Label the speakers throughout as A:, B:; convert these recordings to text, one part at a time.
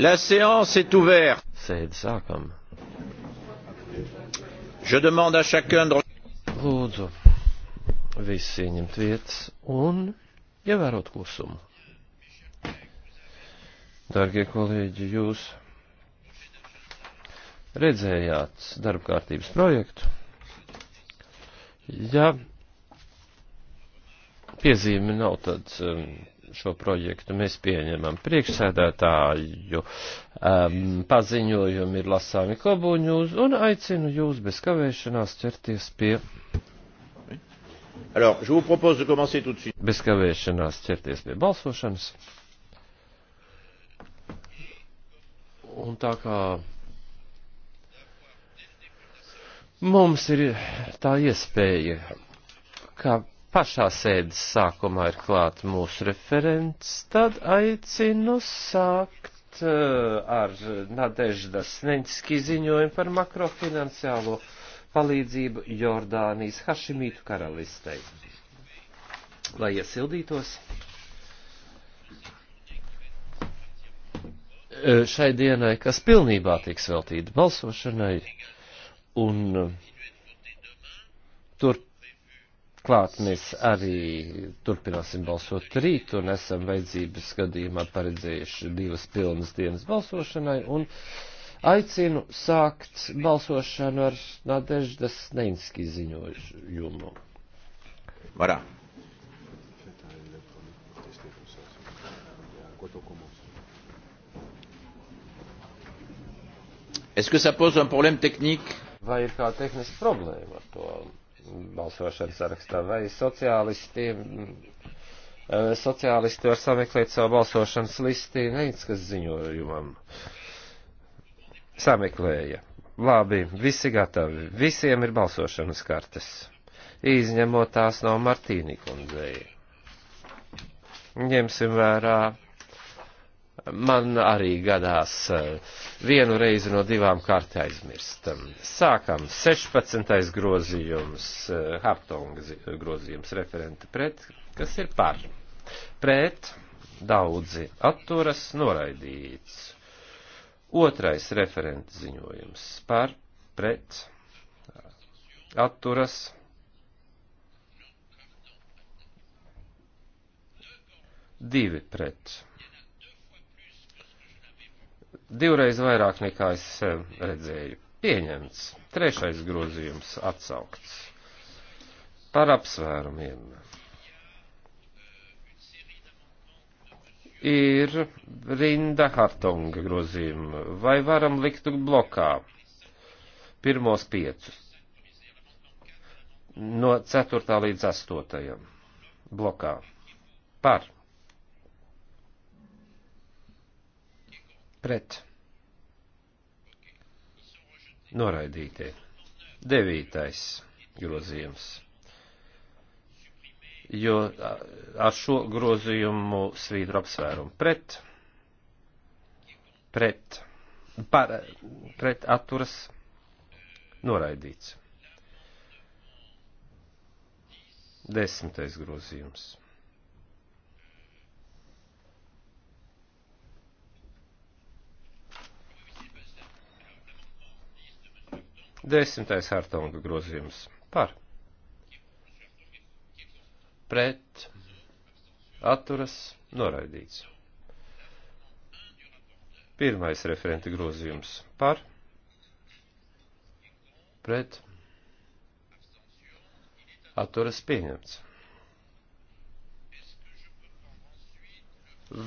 A: La séance est ouverte. Sēdi sākam. Je demande à chacun de... Lūdzu,
B: visi ieņemt vietas un ievērot klusumu. Dargie kolēģi, jūs redzējāt darbkārtības projektu. Ja piezīme nav, tad um, šo projektu mēs pieņemam. Priekšsēdētāju um, paziņojumi ir lasāmi kobuņūs un aicinu jūs bez kavēšanās ķerties pie. Alors,
A: je vous propose de commencer tout de suite.
B: Bez kavēšanās ķerties pie balsošanas. Un tā kā mums ir tā iespēja, ka pašā sēdes sākumā ir klāt mūsu referents, tad aicinu sākt eh, ar Nadeždas Neņski ziņojumu par makrofinansiālo palīdzību Jordānijas Hašimītu karalistei. Lai iesildītos. Eh, šai dienai, kas pilnībā tiks veltīta balsošanai, un eh, turp Turklāt mēs arī turpināsim balsot rīt un esam vajadzības gadījumā paredzējuši divas pilnas dienas balsošanai un aicinu sākt balsošanu ar Nadeždas Neinski ziņojumu. Varā.
A: Est-ce que ça pose un problème technique?
B: Vai ir kā tehniska problēma ar to? balsošanas sarakstā, vai sociālistiem, eh, sociālisti var sameklēt savu balsošanas listi Neinskas ziņojumam. Sameklēja. Labi, visi gatavi, visiem ir balsošanas kartes, izņemot tās no Martīni kundzei. Ņemsim vērā man arī gadās eh, vienu reizi no divām kārtē aizmirst. Sākam 16. grozījums, eh, Hartonga grozījums referenti pret, kas ir par. Pret daudzi atturas noraidīts. Otrais referents ziņojums par pret atturas. Divi pret divreiz vairāk nekā es redzēju. Pieņemts. Trešais grozījums atsaukts. Par apsvērumiem. Ir rinda Hartonga grozījuma. Vai varam likt blokā pirmos piecus? No ceturtā līdz astotajam blokā. Par. pret noraidītie. Devītais grozījums. Jo ar šo grozījumu svītru apsvērumu pret, pret, par, pret atturas noraidīts. Desmitais grozījums. Desmitais Hartonga grozījums par pret atturas noraidīts. Pirmais referenta grozījums par pret atturas pieņemts.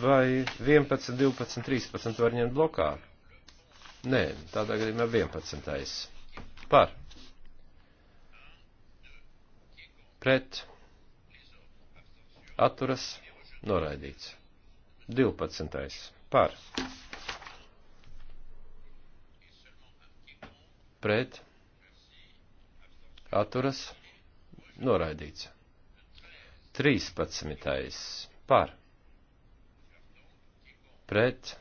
B: Vai 11, 12, 13 var ņemt blokā? Nē, tādā gadījumā 11 par pret atturas noraidīts. 12. par pret atturas noraidīts. 13. par pret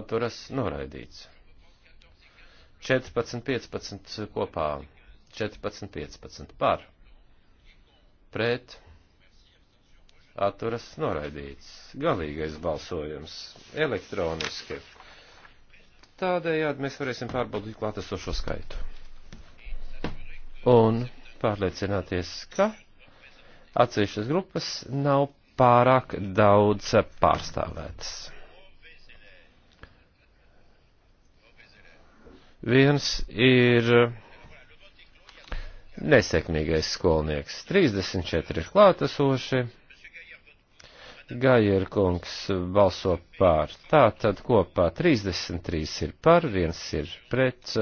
B: atturas noraidīts. 14, 15 kopā. 14, 15 par. Pret. Atturas noraidīts. Galīgais balsojums. Elektroniski. Tādējādi mēs varēsim pārbaudīt klātesošo skaitu. Un pārliecināties, ka atsevišķas grupas nav pārāk daudz pārstāvētas. Viens ir eh, nesekmīgais skolnieks. 34 ir klātesoši. Gajer kungs balso pār. Tā tad kopā 33 ir par, viens ir pret,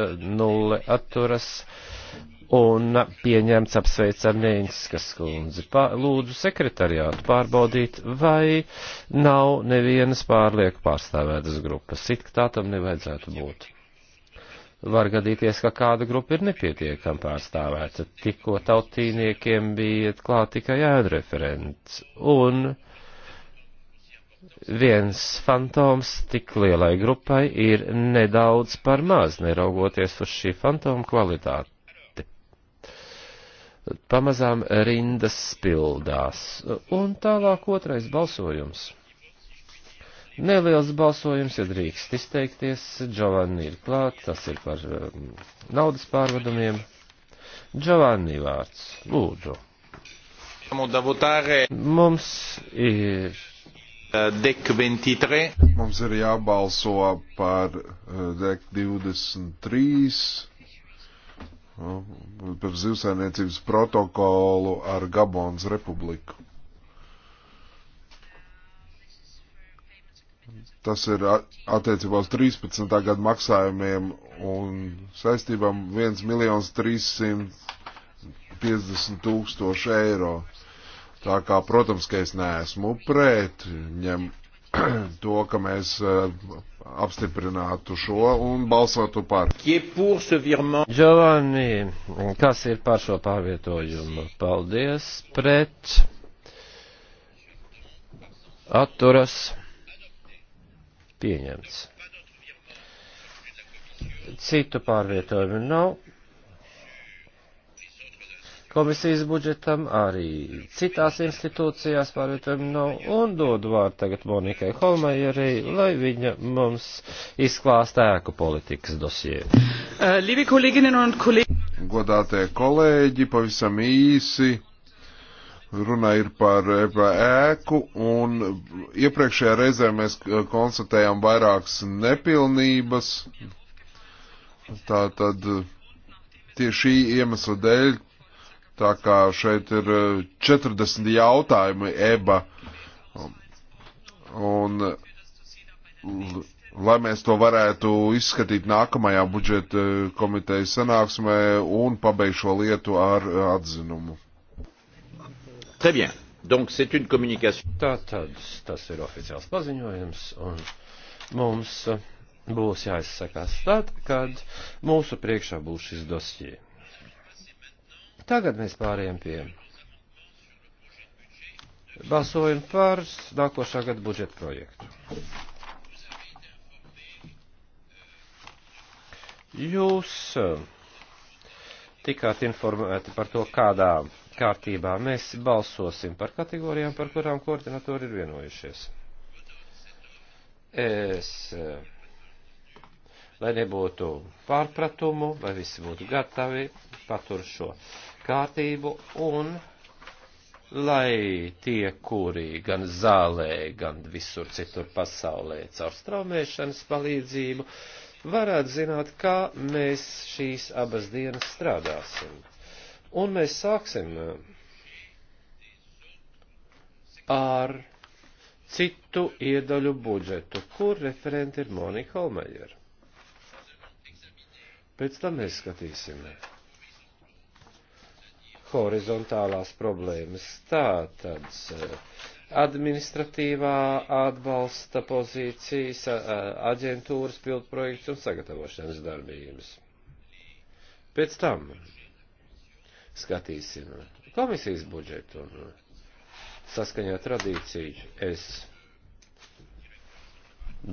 B: nulle atturas un pieņemts apsveicam Neinskas kundzi. Pār, lūdzu sekretariātu pārbaudīt, vai nav nevienas pārlieku pārstāvētas grupas. It kā tā tam nevajadzētu būt var gadīties, ka kāda grupa ir nepietiekami pārstāvēta. Tikko tautīniekiem bija klāt tikai ēdreferents. Un viens fantoms tik lielai grupai ir nedaudz par maz, neraugoties uz šī fantoma kvalitāti. Pamazām rindas pildās. Un tālāk otrais balsojums. Neliels balsojums, ja drīkst izteikties. Giovanni ir klāt, tas ir par um, naudas pārvadumiem. Giovanni vārds, lūdzu.
A: Mums ir. Eh, Dek
C: 23. Mums ir jābalso par eh, Dek 23 eh, par zivsainiecības protokolu ar Gabons republiku. Tas ir attiecībā uz 13. gadu maksājumiem un saistībām 1 miljons 350 tūkstoši eiro. Tā kā, protams, ka es neesmu pret ņem to, ka mēs apstiprinātu šo un balsotu par.
B: Giovanni, kas ir par šo pārvietojumu? Paldies, pret, atturas pieņemts. Citu pārvietojumu nav. Komisijas budžetam arī citās institūcijās pārvietojumu nav un dodu vārdu tagad Monikai Holmajerei, lai viņa mums izklāsta ēku politikas dosie.
C: Uh, Godātie kolēģi, pavisam īsi Runa ir par ēku, un iepriekšējā reizē mēs konstatējām vairākas nepilnības. Tā tad tieši iemesla dēļ, tā kā šeit ir 40 e, jautājumi EBA, un lai mēs to varētu izskatīt nākamajā budžeta e, komitejas sanāksmē un pabeigšu lietu ar atzinumu.
B: Très bien. Donc c'est une communication. Tātad tas ir oficiāls paziņojums un mums būs jāizsakās tad, kad mūsu priekšā būs šis dosie. Tagad mēs pārējām pie balsojuma par nākošā gada budžeta projektu. Jūs eh, tikāt informēti par to, kādā kārtībā mēs balsosim par kategorijām, par kurām koordinatori ir vienojušies. Es, eh, lai nebūtu pārpratumu, lai visi būtu gatavi, patur šo kārtību un lai tie, kuri gan zālē, gan visur citur pasaulē caur straumēšanas palīdzību, varētu zināt, kā mēs šīs abas dienas strādāsim. Un mēs sāksim eh, ar citu iedaļu budžetu, kur referenti ir Monika Holmejer. Pēc tam mēs skatīsim horizontālās problēmas. Tātad eh, administratīvā atbalsta pozīcijas, eh, aģentūras pildprojekts un sagatavošanas darbības. Pēc tam skatīsim komisijas budžetu un saskaņā tradīciju es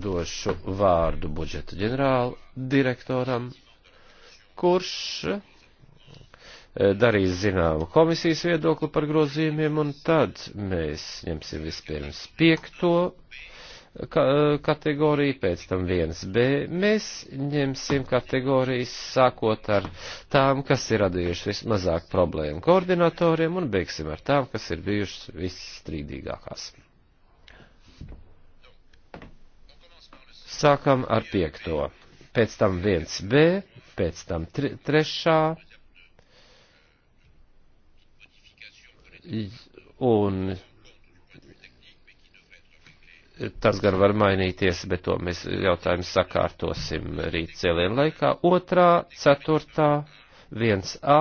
B: došu vārdu budžeta ģenerāla direktoram, kurš eh, darīs zināmu komisijas viedokli par grozījumiem, un tad mēs ņemsim vispirms piekto ka, kategoriju, pēc tam vienas B. Mēs ņemsim kategorijas sākot ar tām, kas ir radījušas vismazāk problēmu koordinatoriem un beigsim ar tām, kas ir bijušas visstrīdīgākās. Sākam ar piekto, pēc tam viens B, pēc tam tre, trešā un tas gan var mainīties, bet to mēs jautājumu sakārtosim rīt cēlienu laikā. Otrā, ceturtā, viens A.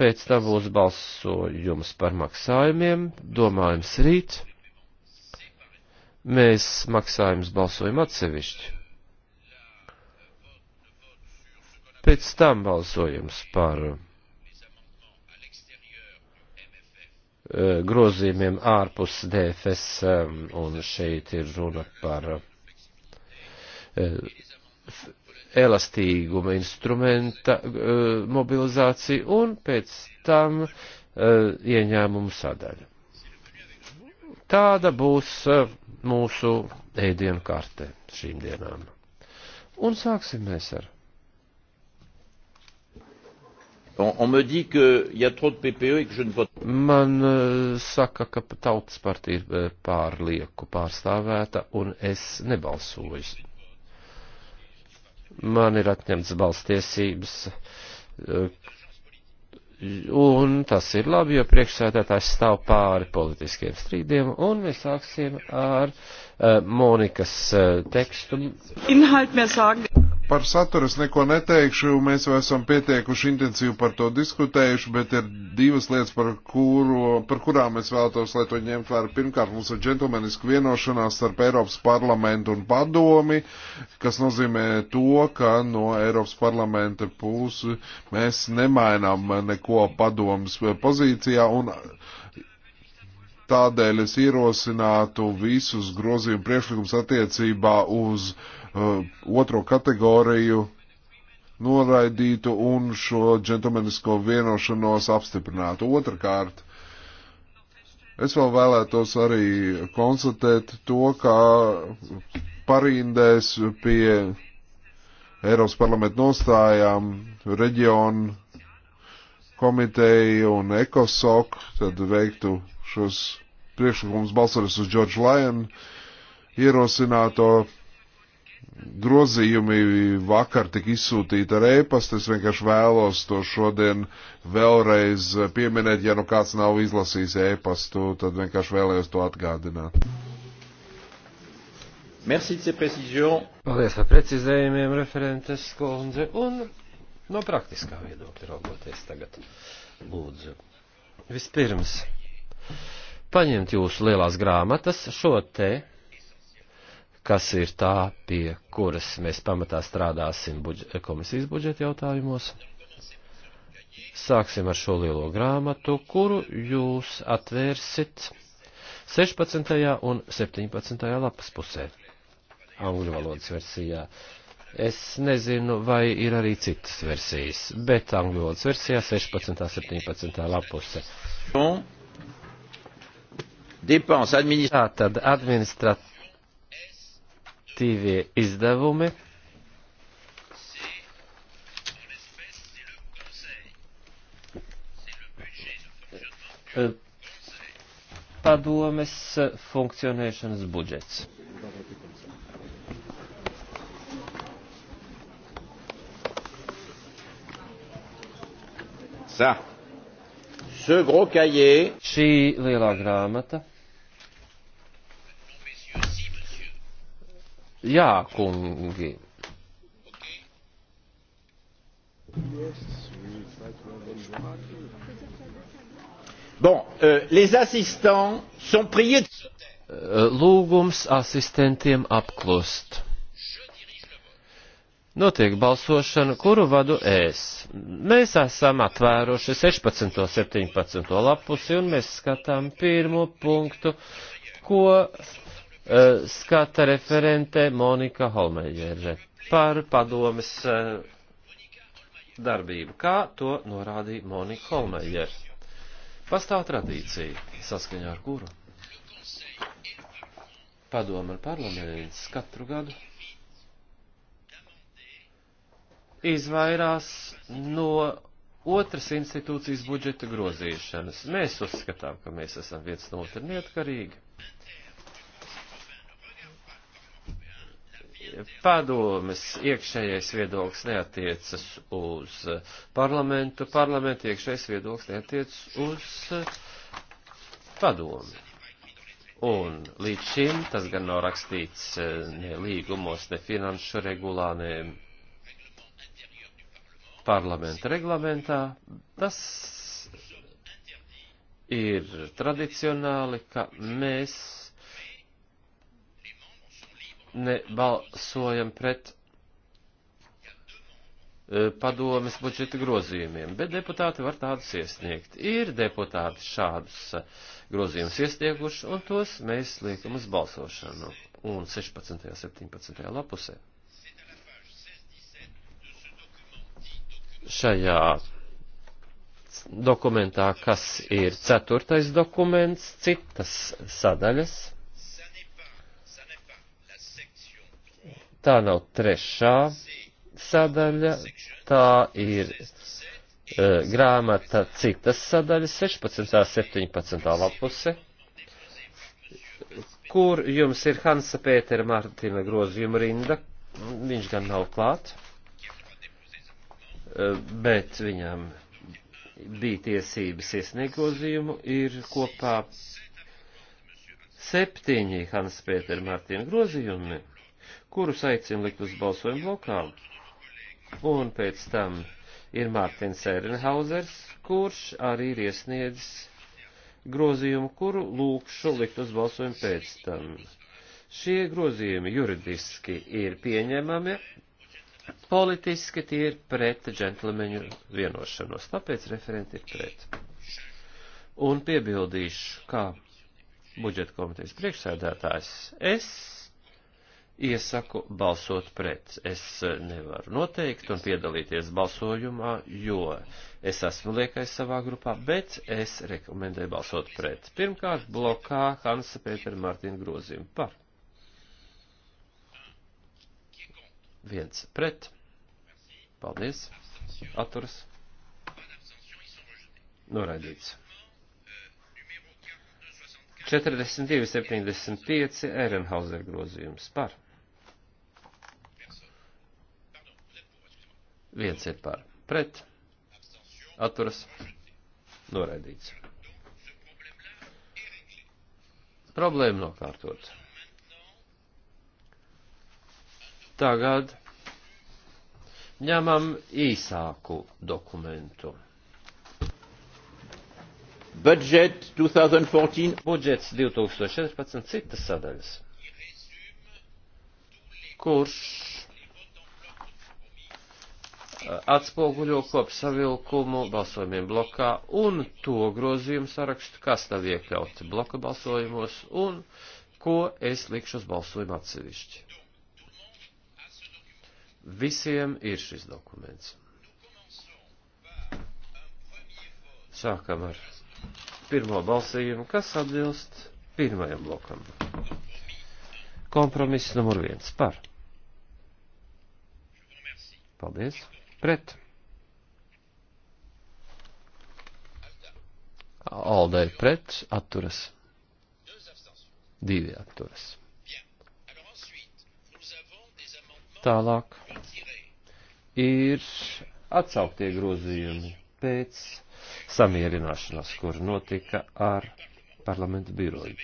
B: Pēc tam būs balsojums par maksājumiem, domājums rīt. Mēs maksājums balsojam atsevišķi. Pēc tam balsojums par maksājumiem Eh, grozījumiem ārpus DFS, un šeit ir runa par eh, elastīguma instrumenta eh, mobilizāciju un pēc tam ieņēmumu sadaļu. Tāda būs mūsu ēdienu kārte šīm dienām. Un sāksim mēs ar On, on me
A: dit qu'il
B: y a trop de PPE et que je ne vote pas. Man uh, saka, ka tautas partija ir eh, pārlieku pārstāvēta un es nebalsoju. Man ir atņemts balstiesības. Uh, un tas ir labi, jo priekšsēdētājs stāv pāri politiskiem strīdiem,
C: un mēs sāksim ar Eh, Monikas eh, tekstu. Par saturu es neko neteikšu, mēs jau esam pietiekuši intensīvi par to diskutējuši, bet ir divas lietas, par, kuru, par kurām es vēlētos, lai to ņemt vērā. Pirmkārt, mums ir džentlmeniska vienošanās starp Eiropas parlamentu un padomi, kas nozīmē to, ka no Eiropas parlamenta puses mēs nemainām neko padomas pozīcijā un Tādēļ es ierosinātu visus grozījumu priekšlikumus attiecībā uz uh, otro kategoriju noraidītu un šo džentlmenisko vienošanos apstiprinātu. Otrakārt, es vēl vēlētos arī konstatēt to, ka parindēs pie Eiropas parlamenta nostājām reģionu komiteju un ekosok, tad veiktu šos priekšlikumus balsoties uz George Lyon ierosināto grozījumi vakar tika izsūtīti ar ēpastu. Es vienkārši vēlos to šodien vēlreiz pieminēt. Ja nu kāds nav izlasījis ēpastu, tad vienkārši vēlējos to atgādināt. Merci de ces précisions.
B: Paldies par precizējumiem, referentes kundze. Un no praktiskā viedokļa raugoties tagad, lūdzu. Vispirms paņemt jūsu lielās grāmatas, šo te, kas ir tā, pie kuras mēs pamatā strādāsim budžet, komisijas budžeta jautājumos. Sāksim ar šo lielo grāmatu, kuru jūs atvērsit 16. un 17. lapas pusē, angļu valodas versijā. Es nezinu, vai ir arī citas versijas, bet angļu valodas versijā 16. un 17. lapuse. Un Depens administratīvie. Tātad administratīvie izdevumi. Padomes funkcionēšanas budžets. Ça. Ce gros cahier. Šī lielā grāmata. Jā, kungi.
A: Bon, euh, les assistants sont priés de...
B: Euh, lūgums asistentiem apklust. Notiek balsošana, kuru vadu es. Mēs esam atvēruši 16. un 17. lapusi un mēs skatām pirmo punktu, ko Eh, skata referente Monika Holmeģere par padomes eh, darbību, kā to norādīja Monika Holmeģere. Pastāv tradīcija, saskaņā ar kuru padoma ar parlaments katru gadu izvairās no otras institūcijas budžeta grozīšanas. Mēs uzskatām, ka mēs esam viens no otra neatkarīgi padomes iekšējais viedoklis neatiecas uz parlamentu, parlamenta iekšējais viedoklis neatiecas uz padomi. Un līdz šim tas gan nav rakstīts eh, ne līgumos, ne finanšu regulā, ne parlamenta reglamentā. Tas ir tradicionāli, ka mēs nebalsojam pret e, padomes budžeta grozījumiem, bet deputāti var tādus iesniegt. Ir deputāti šādus e, grozījumus iesnieguši, un tos mēs liekam uz balsošanu. Un 16. un 17. lapusē. Šajā dokumentā, kas ir ceturtais dokuments, citas sadaļas. tā nav trešā sadaļa, tā ir uh, grāmata citas sadaļas, 16. 17. lapuse, kur jums ir Hansa Pētera Martina grozījuma rinda, viņš gan nav klāt, uh, bet viņam bija tiesības iesniegt grozījumu, ir kopā septiņi Hansa Pētera Martina grozījumi kurus aicinu likt uz balsojumu blokām. Un pēc tam ir Mārtiņš Sērenhauzers, kurš arī ir iesniedzis grozījumu, kuru lūkšu likt uz balsojumu pēc tam. Šie grozījumi juridiski ir pieņemami, politiski tie ir pret džentlmeņu vienošanos, tāpēc referenti ir pret. Un piebildīšu, kā budžeta komitejas priekšsēdētājs, es iesaku balsot pret. Es eh, nevaru noteikt un piedalīties balsojumā, jo es esmu liekais savā grupā, bet es rekomendēju balsot pret. Pirmkārt, blokā Hansa Pētera Martina grozījumu par. Viens pret. Paldies. Atturas. Noraidīts. 42, 75 Ehrenhauser grozījums par Viens ir par pret, atturas, noraidīts. Problēma nokārtot. Tagad ņemam īsāku dokumentu. Budžet 2014. Budžets 2014 citas sadaļas. Kurš atspoguļo kopsavilkumu balsojumiem blokā un to grozījumu sarakstu, kas nav iekļauts bloka balsojumos un ko es likšu uz balsojumu atsevišķi. Visiem ir šis dokuments. Sākam ar pirmo balsījumu, kas atbilst pirmajam blokam. Kompromiss numur viens par. Paldies pret. Alde ir pret, atturas. Divi atturas. Tālāk ir atsauktie grozījumi pēc samierināšanās, kur notika ar parlamentu biroju.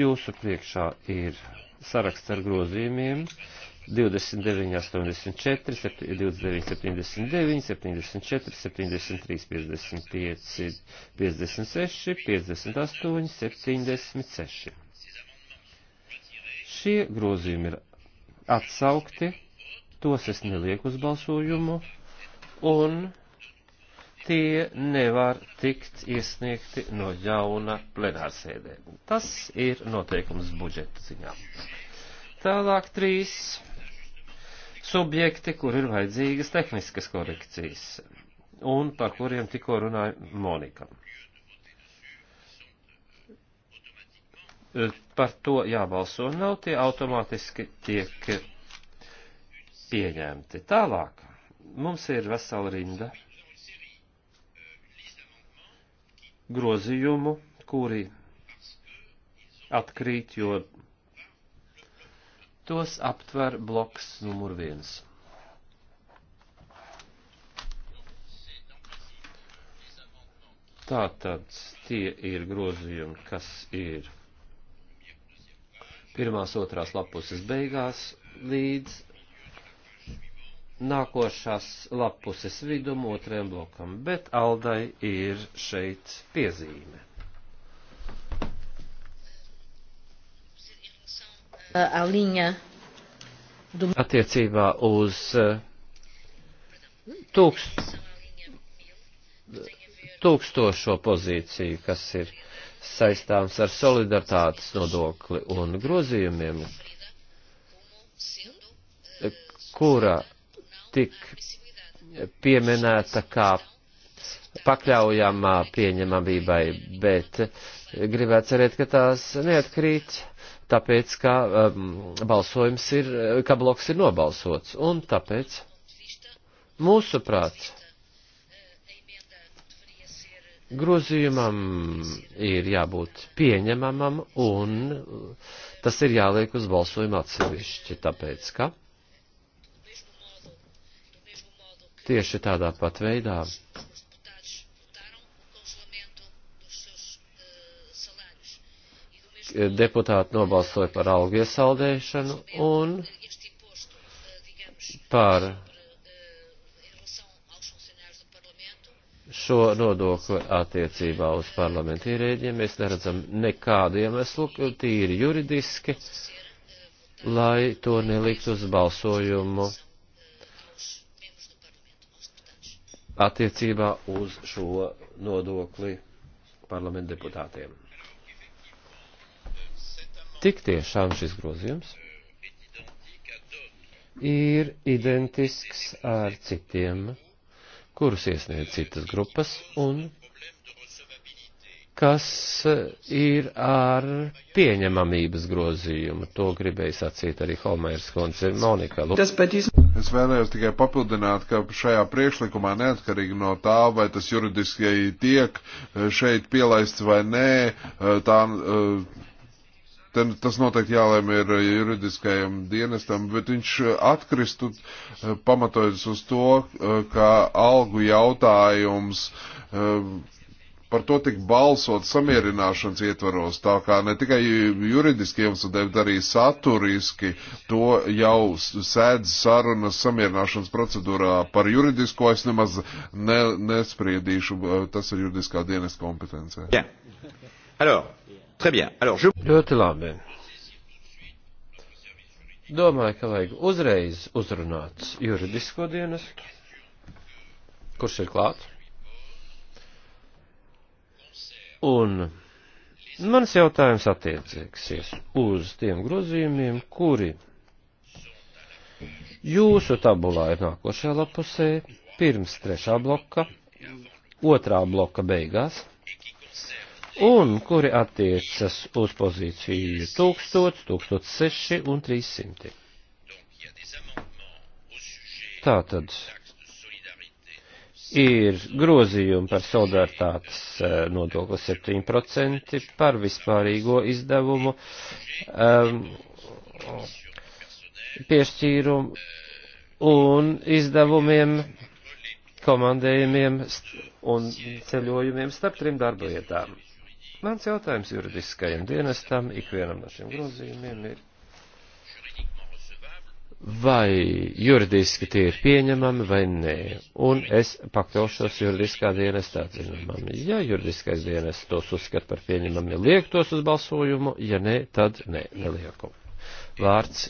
B: Jūsu priekšā ir saraksts ar grozījumiem, 29, 84, 29, 79, 74, 73, 55, 56, 58, 76. Šie grozījumi ir atsaukti, tos es nelieku uz balsojumu, un tie nevar tikt iesniegti no jauna plenārsēdē. Tas ir noteikums budžeta ziņā. Tālāk trīs subjekti, kur ir vajadzīgas tehniskas korekcijas un par kuriem tikko runāja Monika. Par to jābalso nav, tie automātiski tiek pieņemti. Tālāk mums ir vesela rinda grozījumu, kuri atkrīt, jo Tos aptver bloks numur viens. Tātad tie ir grozījumi, kas ir pirmās otrās lapuses beigās līdz nākošās lapuses vidum otrajam blokam, bet Aldai ir šeit piezīme.
D: Auliņa.
B: Attiecībā uz e, tūkst, tūkstošo pozīciju, kas ir saistāms ar solidaritātes nodokli un grozījumiem, kura tik pieminēta kā pakļaujamā pieņemamībai, bet gribētu cerēt, ka tās neatkrīt tāpēc, ka um, balsojums ir, ka bloks ir nobalsots. Un tāpēc, mūsuprāt, grozījumam ir jābūt pieņemamam un tas ir jāliek uz balsojumu atsevišķi, tāpēc, ka tieši tādā pat veidā deputāti nobalsoja par algu iesaldēšanu un par šo nodokli attiecībā uz parlamentierēģiem. Mēs neredzam nekādu iemeslu, tīri juridiski, lai to nelikt uz balsojumu attiecībā uz šo nodokli parlamentu deputātiem. Tik tiešām šis grozījums ir identisks ar citiem, kurus iesniedz citas grupas un kas
C: ir ar
B: pieņemamības grozījumu. To gribēja sacīt arī Homērs Konce Monika. Es
C: vēlējos tikai papildināt, ka šajā priekšlikumā neatkarīgi no tā, vai tas juridiski tiek šeit pielaists vai nē, tā Ten, tas noteikti jālēm ir juridiskajam dienestam, bet viņš atkristu eh, pamatojas uz to, eh, ka algu jautājums eh, par to tik balsot samierināšanas ietvaros, tā kā ne tikai juridiski iemesli, bet arī saturiski to jau sēdz sarunas samierināšanas procedūrā. Par juridisko es nemaz ne, nespriedīšu, tas ir juridiskā dienas kompetencija. Yeah. Alors, Ļoti labi. Domāju,
B: ka vajag uzreiz uzrunāt juridisko dienestu. Kurš ir klāt? Un mans jautājums attiecīgsies uz tiem grozījumiem, kuri jūsu tabulā ir nākošajā lapusē, pirms trešā bloka, otrā bloka beigās un kuri attiecas uz pozīciju 1000, 1006 un 300. Tātad ir grozījumi par solidaritātes eh, nodokli 7%, par vispārīgo izdevumu um, piešķīrumu un izdevumiem, komandējumiem un ceļojumiem starp trim darba vietām. Mans jautājums juridiskajam dienestam, ikvienam no šiem grozījumiem ir, vai juridiski tie ir pieņemami vai nē. Un es pakļaušos juridiskā dienesta atzinumam. Ja juridiskais dienests tos uzskata par pieņemami, liek tos uz balsojumu, ja nē, tad nē, nelieku. Vārds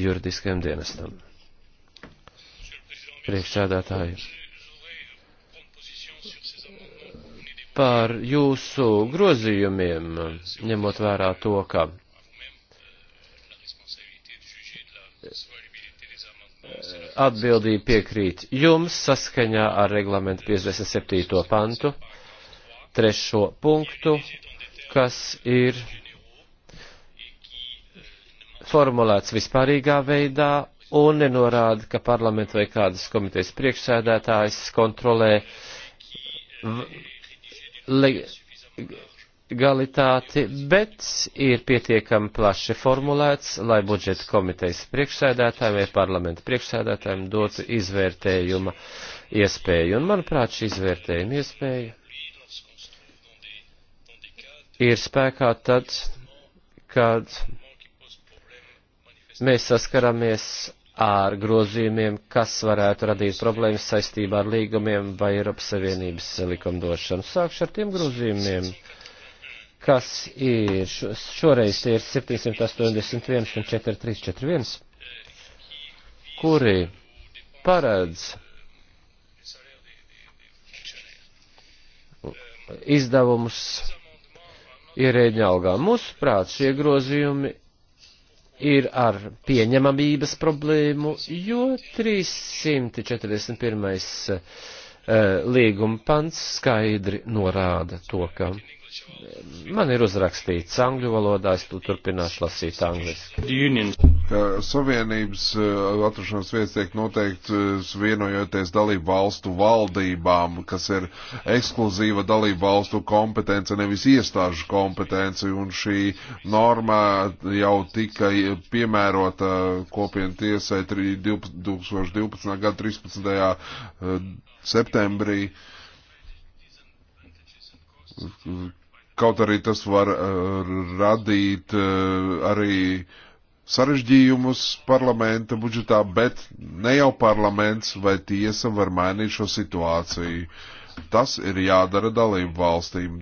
B: juridiskajam dienestam. Priekšsēdētāji. par jūsu grozījumiem, ņemot vērā to, ka
A: eh,
B: atbildība piekrīt jums saskaņā ar reglamentu 57. pantu, trešo punktu, kas ir formulēts vispārīgā veidā un nenorāda, ka parlamenta vai kādas komitejas priekšsēdētājs kontrolē legalitāti, bet ir pietiekami plaši formulēts, lai budžeta komitejas priekšsēdētājiem vai parlamenta priekšsēdētājiem dotu izvērtējuma iespēju. Un, manuprāt, šī izvērtējuma iespēja ir spēkā tad, kad mēs saskaramies ar grozījumiem, kas varētu radīt problēmas saistībā ar līgumiem vai Eiropas Savienības likumdošanu. Sākšu ar tiem grozījumiem, kas ir šoreiz ir 781 un 4341, kuri paredz izdevumus ierēģi algām. Mūsuprāt, šie grozījumi ir ar pieņemamības problēmu, jo 341. Eh, līguma pants skaidri norāda to, ka eh, man ir
C: uzrakstīts angļu valodā, es tu turpināšu lasīt angliski ka Savienības eh, atrašanās vietas tiek noteikts eh, vienojoties dalību valstu valdībām, kas ir ekskluzīva dalību valstu kompetence, nevis iestāžu kompetence, un šī norma jau tika piemērota kopienu tiesai 2012. gada 13. Eh, septembrī kaut arī tas var uh, radīt uh, arī sarežģījumus parlamenta budžetā, bet ne jau parlaments vai tiesa var mainīt šo situāciju. Tas ir jādara dalību valstīm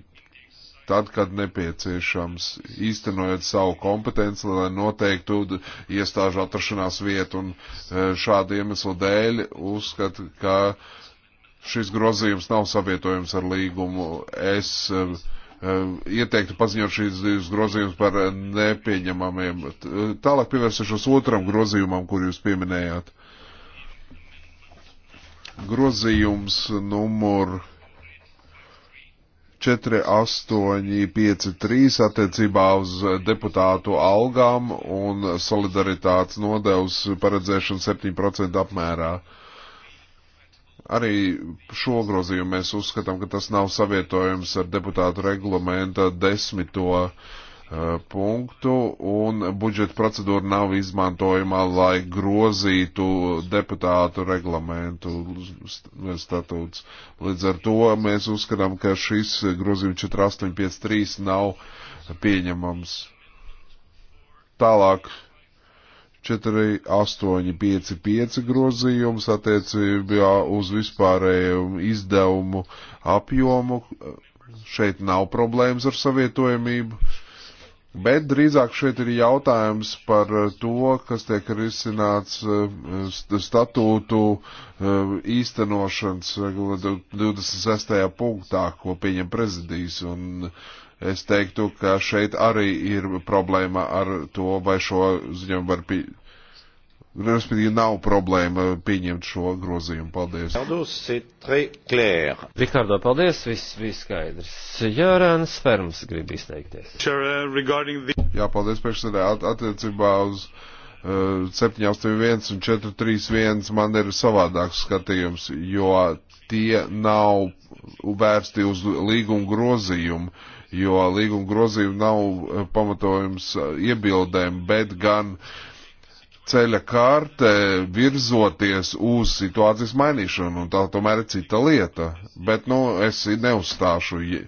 C: tad, kad nepieciešams, īstenojot savu kompetenci, lai noteiktu iestāžu atrašanās vietu un e, šādu iemeslu dēļ uzskatu, ka šis grozījums nav savietojams ar līgumu. Es uh, Ehm, ieteiktu paziņot šīs grozījumus par nepieņemamiem. E, tālāk pievērsīšos otram grozījumam, kur jūs pieminējāt. Grozījums numur 4853 attiecībā uz deputātu algām un solidaritātes nodevs paredzēšanu 7% apmērā. Uh, Arī šo grozījumu mēs uzskatām, ka tas nav savietojams ar deputātu reglamenta desmito uh, punktu, un budžeta procedūra nav izmantojama, lai grozītu deputātu reglamentu statūts. Līdz ar to mēs uzskatām, ka šis grozījums 4853 nav pieņemams. Tālāk 4, 8, 5, 5 grozījums attiecībā uz vispārēju izdevumu apjomu. Šeit nav problēmas ar savietojamību, bet drīzāk šeit ir jautājums par to, kas tiek risināts eh, statūtu eh, īstenošanas 26. punktā, ko pieņem prezidijs. Un, uh, es teiktu, ka šeit arī ir problēma ar to, vai šo ziņojumu var pie... Respektīvi, nav problēma pieņemt šo grozījumu. Paldies.
B: Rikārdo, paldies, viss bija skaidrs. Jārāns Ferms grib izteikties.
C: Uh, Jā, paldies, priekšsēdē, attiecībā uz uh, 781 un 431 man ir savādāks skatījums, jo tie nav vērsti uz līgumu grozījumu jo līguma grozījuma nav eh, pamatojums eh, iebildēm, bet gan ceļa kārte virzoties uz situācijas mainīšanu, un tā tomēr ir cita lieta. Bet, nu, es neuzstāšu. Ja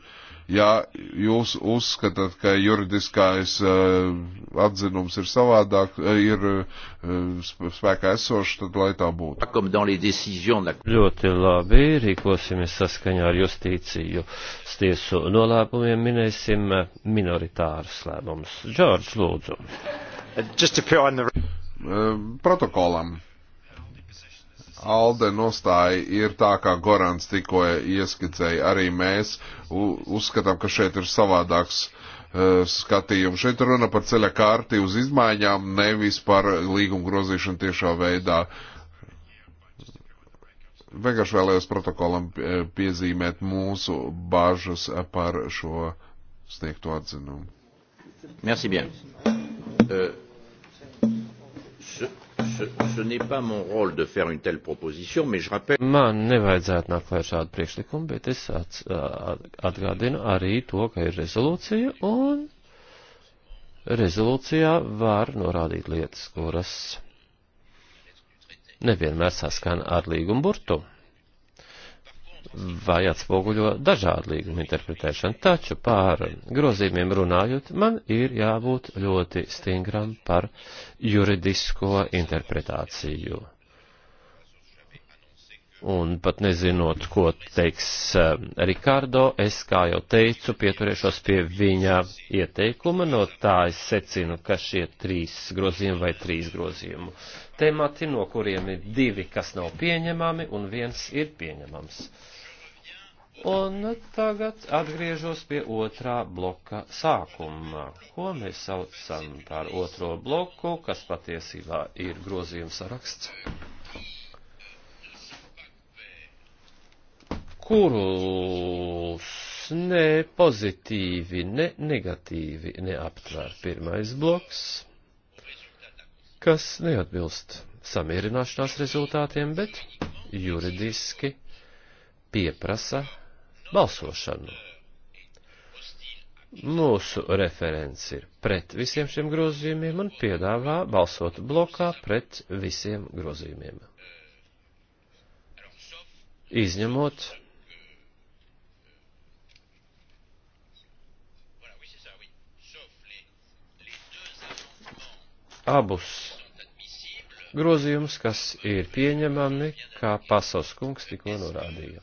C: Ja jūs uzskatāt, ka juridiskais eh, atzinums ir savādāk, eh, ir eh, spēkā esošs, tad lai tā būtu.
B: Ļoti labi, rīkosimies saskaņā ar justīciju tiesu nolēmumiem, minēsim
C: minoritārus lēmumus. Džordž, lūdzu. The... Protokolam Alde nostāja ir tā, kā Gorans tikko ieskicēja. Arī mēs uzskatām, ka šeit ir savādāks uh, skatījums. Šeit runa par ceļa kārti uz izmaiņām, nevis par līgumu grozīšanu tiešā veidā. Vienkārši vēlējos protokolam piezīmēt mūsu bažas par šo sniegto atzinumu. Merci bien. Uh
A: ce, ce n'est pas mon rôle de faire une telle proposition,
B: mais je rappelle. Man nevajadzētu nākt klāt šādu priekšlikumu, bet es at, atgādinu arī to, ka ir rezolūcija, un rezolūcijā var norādīt lietas, kuras nevienmēr saskana ar līgumu burtu vai atspoguļo dažādu līgumu interpretēšanu. Taču pār grozījumiem runājot, man ir jābūt ļoti stingram par juridisko interpretāciju. Un pat nezinot, ko teiks eh, Rikārdo, es, kā jau teicu, pieturēšos pie viņa ieteikuma. No tā es secinu, ka šie trīs grozījumi vai trīs grozījumu temati, no kuriem ir divi, kas nav pieņemami, un viens ir pieņemams. Un tagad atgriežos pie otrā bloka sākuma, ko mēs saucam par otro bloku, kas patiesībā ir grozījums saraksts. kurus ne pozitīvi, ne negatīvi neaptvēr pirmais bloks, kas neatbilst samierināšanās rezultātiem, bet juridiski pieprasa balsošanu. Mūsu referents ir pret visiem šiem grozījumiem un piedāvā balsot blokā pret visiem grozījumiem. Izņemot abus grozījumus, kas ir pieņemami, kā pasaules kungs tikko norādīja.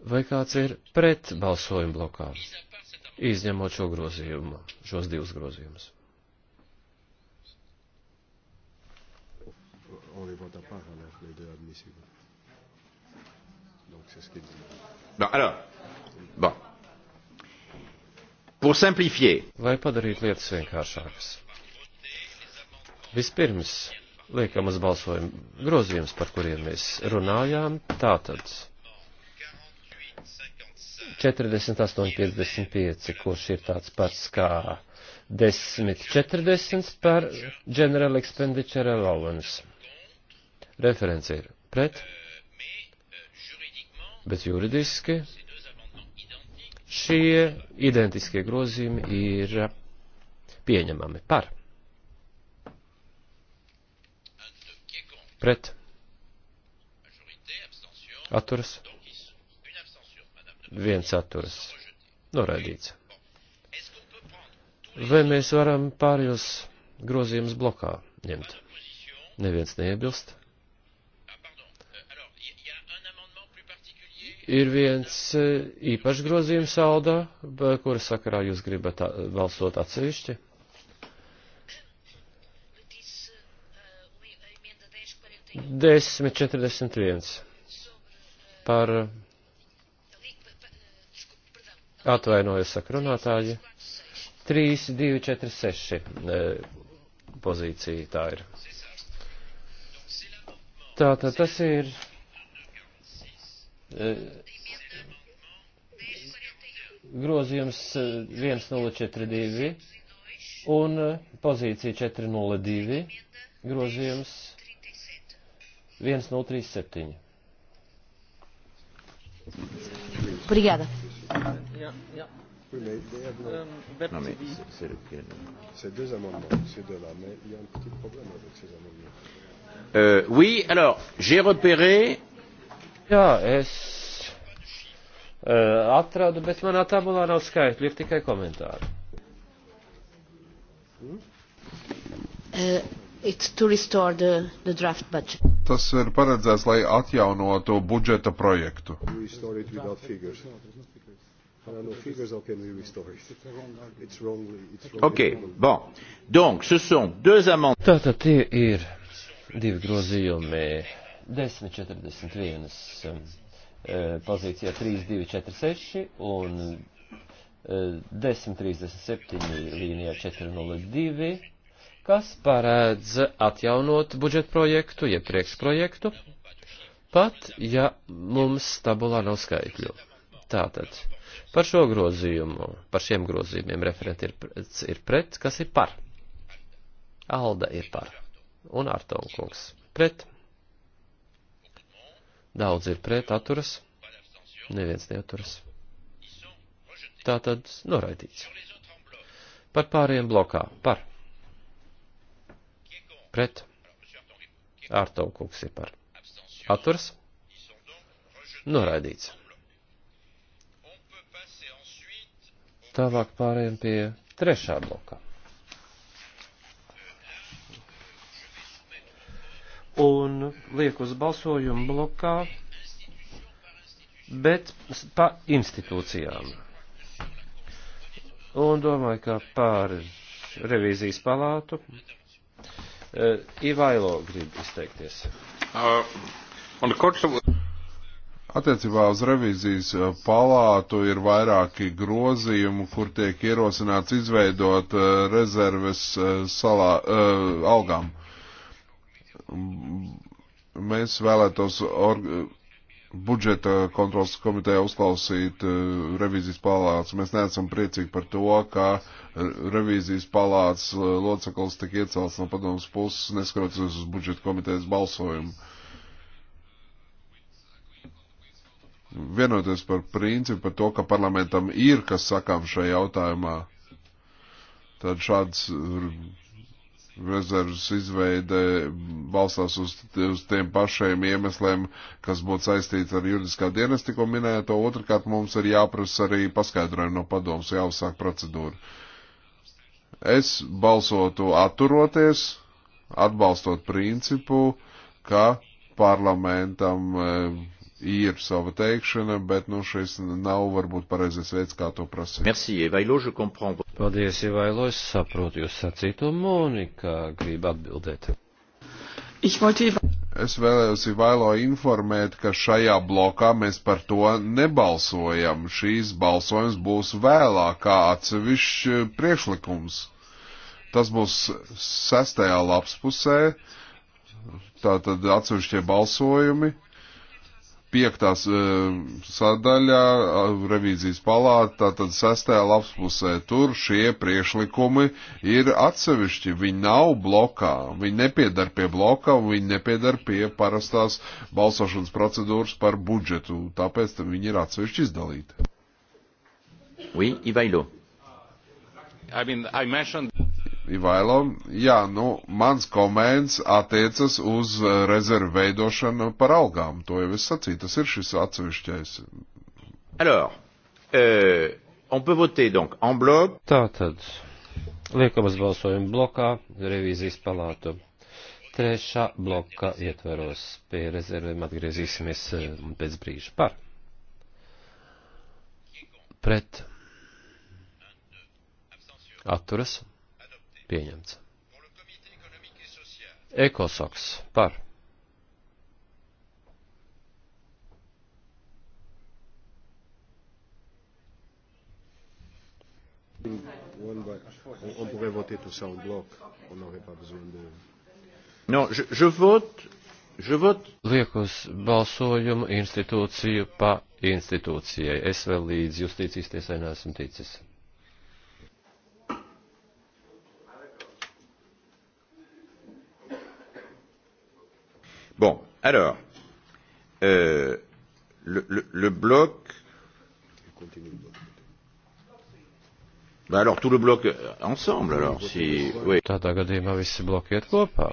B: Vai kāds ir pret balsojumu blokā, izņemot šo grozījumu, šos divus grozījumus? on les vota pas alors les deux admissibles. Donc c'est ce qu'il dit.
A: Bon alors, bon
B: lai padarītu lietas vienkāršākas. Vispirms liekam uz balsojumu grozījums, par kuriem mēs runājām, tātad 48,55, kurš ir tāds pats kā 10,40 par General Expenditure Allowance. Referents ir pret, bet juridiski Šie identiskie grozījumi ir pieņemami par. Pret. Atturas. Viens atturas. Noraidīts. Vai mēs varam pārējos grozījumus blokā ņemt? Neviens neiebilst. ir viens e, īpašs grozījums saldā, kura sakarā jūs gribat balsot atsevišķi. Desmit četrdesmit viens par atvainojos sakrunātāji. 3, 2, 4, 6 pozīcija tā ir. Tātad tas ir Eh, grozījums 1042 eh, un eh, pozīcija 402 grozījums 1037.
D: Obrigada. Yeah, yeah.
B: Oui, mais il y a de... euh, non, mais c'est lequel C'est deux amendements, c'est de là, mais il y a un petit problème avec ces amendements. Euh, oui, alors, j'ai repéré Jā, es uh, atradu, bet manā tabulā nav skaitļi, ir tikai komentāri.
C: Hmm?
D: Uh. The, the
C: Tas ir paredzēts, lai atjaunotu budžeta projektu. Okay. Bon. Donc, ce sont
A: deux amendements. Tātad tie ir divi
B: grozījumi 10.41 um, e, pozīcijā 3246 un 10.37 e, līnijā 402, kas parēdz atjaunot budžetu projektu, jeb priekšprojektu, pat ja mums tabulā nav skaitļu. Tātad par šo grozījumu, par šiem grozījumiem referenti ir, ir pret, kas ir par. Alda ir par. Un Artaunkungs pret Daudz ir pret, atturas. Neviens neaturas. Tā tad noraidīts. Par pāriem blokā. Par. Pret. Ārtaukungs ir par. Atturas. Noraidīts. Tālāk pārējiem pie trešā bloka. un liek uz balsojumu blokā, bet pa institūcijām. Un domāju, ka pār revīzijas palātu uh, Ivailo grib izteikties. Uh,
C: Attiecībā uz revīzijas e, palātu ir vairāki grozījumi, kur tiek ierosināts izveidot e, rezerves salā, uh, algām. Uh, Mēs vēlētos or, budžeta kontrolas komitejā uzklausīt uh, revīzijas palāts. Mēs neesam priecīgi par to, ka revīzijas palāts uh, loceklis tika iecelts no padomas puses, neskatoties uz budžeta komitejas balsojumu. Vienoties par principu, par to, ka parlamentam ir kas sakām šajā jautājumā, tad šāds eh, rezervas izveide balstās uz, uz tiem pašiem iemesliem, kas būtu saistīti ar juridiskā dienas tikko minēto. Otrakārt, mums ir jāprasa arī paskaidrojumi no padomus, jāuzsāk procedūra. Es balsotu atturoties, atbalstot principu, ka parlamentam. E, ir sava teikšana, bet nu, šis nav varbūt pareizais veids, kā to prasīt. Merci, Evailo, je comprends.
B: Paldies, Evailo, es saprotu jūs
C: sacīto, Monika
B: grib atbildēt.
C: Es vēlējos Ivailo informēt, ka šajā blokā mēs par to nebalsojam. Šīs balsojums būs vēlāk kā atsevišķs priekšlikums. Tas būs sestajā lapspusē, tātad atsevišķie balsojumi piektās e, sadaļā revīzijas palāta, tātad sestajā lapspusē tur šie priešlikumi ir atsevišķi, viņi nav blokā, viņi nepiedar pie blokā, viņi nepiedar pie parastās balsošanas procedūras par budžetu, tāpēc viņi ir atsevišķi izdalīti. Oui, Ivailo. I mean, I Ivailam, jā, nu, mans komēns attiecas uz eh, rezervu veidošanu par algām. To jau es sacīju, tas ir šis atsevišķais. Alors,
A: euh,
B: on peut voter donc en bloc.
C: Tātad, liekam uz balsojumu blokā,
B: revīzijas palātu. Trešā bloka ietveros pie rezerviem atgriezīsimies eh, pēc brīža par. Pret. Atturas. Pieņemts. Ekosoks par. One by, on, on pourrait voter tout ça en bloc. On n'aurait pas besoin de. Non, je, je vote. Je vote. Liek uz balsojumu institūciju pa institūcijai. Es vēl līdz justīcijas tiesai neesmu ticis.
A: Bon, alors, euh, le, le, le bloc. Bah alors tout le bloc euh,
B: ensemble alors si oui. Tādā gadījumā visi bloki iet kopā.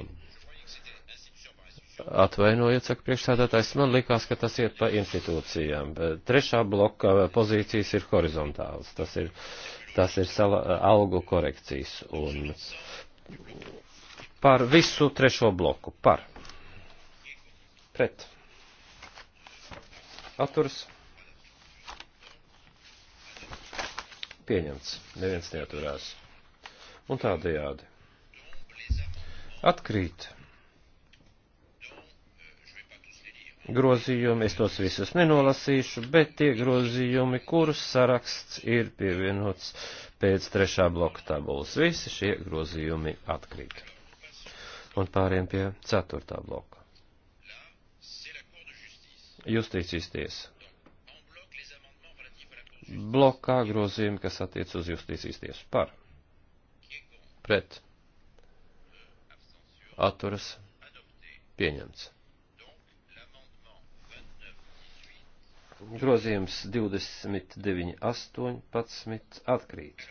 B: Atvainojiet, saka priekšsēdētājs, man likās, ka tas iet pa institūcijām. Trešā bloka pozīcijas ir horizontāls, tas ir, tas ir sala, algu korekcijas un par visu trešo bloku, par pret atturs pieņemts, neviens neaturās. Un tādējādi atkrīt grozījumi, es tos visus nenolasīšu, bet tie grozījumi, kurus saraksts ir pievienots pēc trešā bloka tabulas, visi šie grozījumi atkrīt. Un pāriem pie ceturtā bloka justīcijas tiesa. Blokā grozījumi, kas attiec uz justīcijas tiesu par. Pret. Atturas. Pieņemts. Grozījums 29, 18 atkrīt.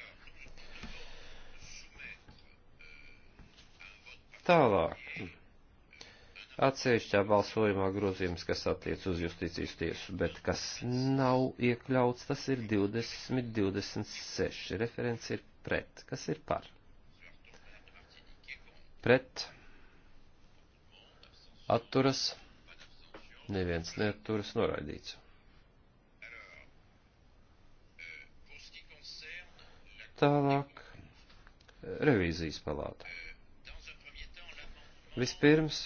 B: Tālāk atsevišķā balsojumā grozījums, kas attiec uz justīcijas tiesu, bet kas nav iekļauts, tas ir 20, 26. Referents ir pret. Kas ir par? Pret. Atturas. Neviens neatturas noraidīts. Tālāk. Revīzijas palāta. Vispirms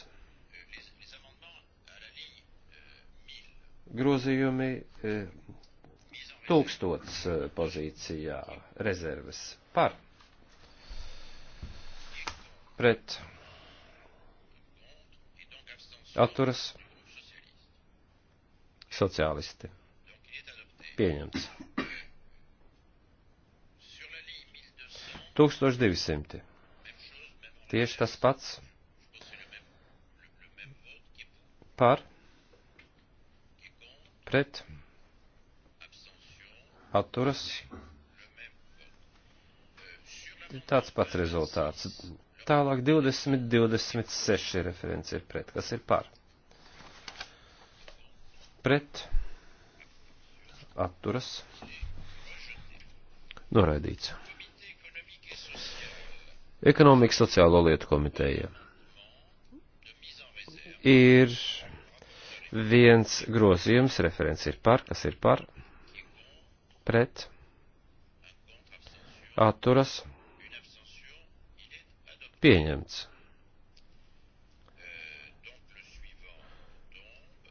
B: grozījumi e, tūkstots e, pozīcijā rezerves par pret atturas sociālisti pieņemts. 1200. Tieši tas pats par pret, atturas, tāds pats rezultāts. Tālāk 20, 26 referents ir pret, kas ir par. Pret, atturas, noraidīts. Ekonomikas sociālo lietu komiteja ir Viens grozījums referents ir par, kas ir par, pret, atturas, pieņemts.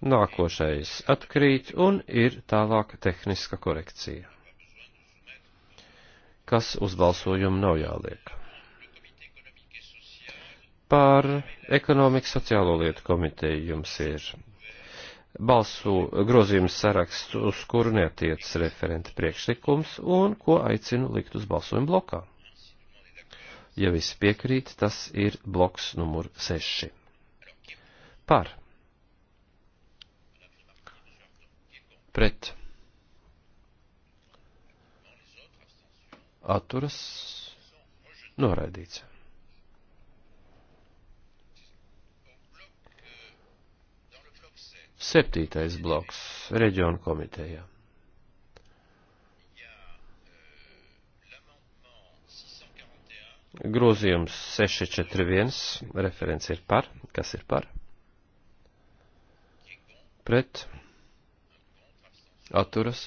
B: Nākošais atkrīt un ir tālāk tehniska korekcija, kas uz balsojumu nav jāliek. Par ekonomikas sociālo lietu komiteju jums ir balsu grozījums saraksts, uz kuru neatiecas referenta priekšlikums un ko aicinu likt uz balsojumu blokā. Ja visi piekrīt, tas ir bloks numur 6. Par. Pret. Atturas. Noraidīts. Septītais bloks reģionu komitejā. Grozījums 641, referents ir par, kas ir par? Pret, atturas.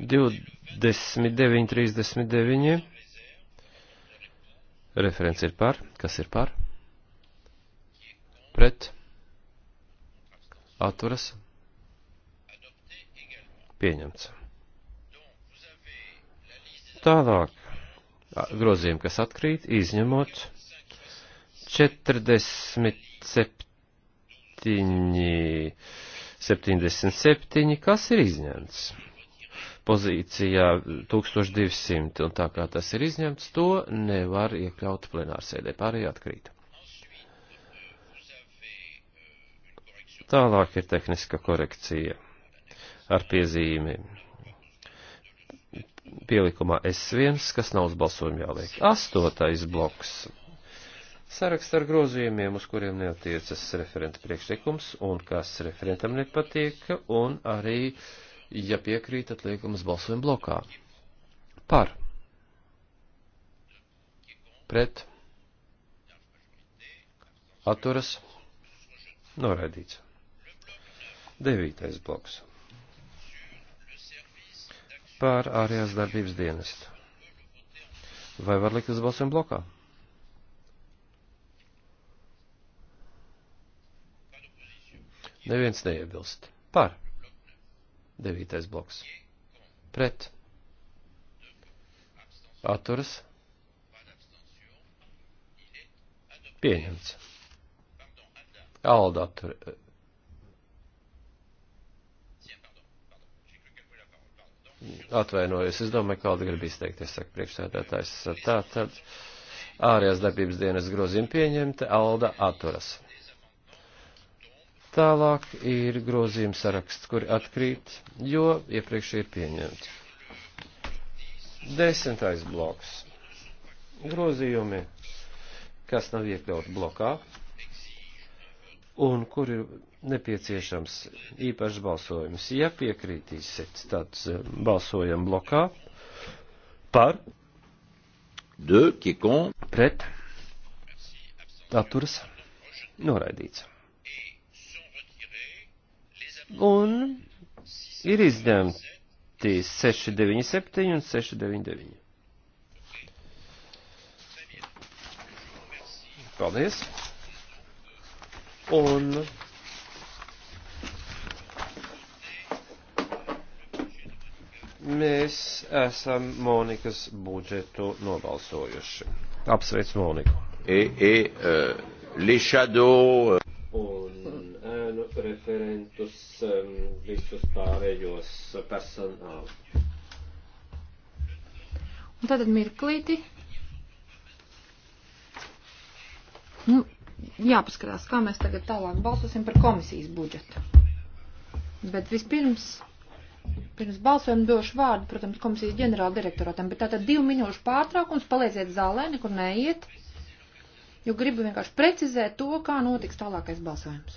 B: 29, 39, referents ir par, kas ir par? pret atturas pieņemts. Tālāk grozījumi, kas atkrīt, izņemot 47, 77, kas ir izņemts pozīcijā 1200, un tā kā tas ir izņemts, to nevar iekļaut plenārsēdē, pārējā atkrīt. Tālāk ir tehniska korekcija ar piezīmi pielikumā S1, kas nav uz balsojumu jāliek. Astotais bloks. Saraksts ar grozījumiem, uz kuriem neatiecas referenta priekšlikums un kas referentam nepatīk, un arī, ja piekrīt, atliekam uz balsojumu blokā. Par. Pret. Atturas. Noraidīts. Devītais bloks. Pār ārējās darbības dienestu. Vai var likt uz balsojumu blokā? Neviens neiebilst. Par. Devītais bloks. Pret. Atturas. Pieņemts. Alda attur, Atvainojos, es domāju, ka Alde grib izteikties, saka priekšsēdētājs. Tā tad ārējās darbības dienas grozījumi pieņemti, Alda atturas. Tālāk ir grozījums saraksts, kuri atkrīt, jo iepriekš ir pieņemti. Desmitais bloks. Grozījumi, kas nav iekļauti blokā un kuri nepieciešams īpašs balsojums. Ja piekrītīsiet, tad eh, balsojam blokā par, de, qui compte, pret, atturas, noraidīts. Un ir izņemti 697 un 699. Paldies! Un Mēs esam Monikas budžetu nobalsojuši.
A: Apsveic Moniku. E, e, uh, e, lišado. E.
B: Un ēnu uh, referentus um, visus pārējos personālu.
D: Un tad mirklīti. Nu, jāpaskatās, kā mēs tagad tālāk balsosim par komisijas budžetu. Bet vispirms Pirms balsojuma došu vārdu, protams, komisijas ģenerāla direktoratam, bet tātad divu minūšu pārtraukums, palieciet zālē, nekur neiet, jo gribu vienkārši precizēt to, kā notiks tālākais balsojums.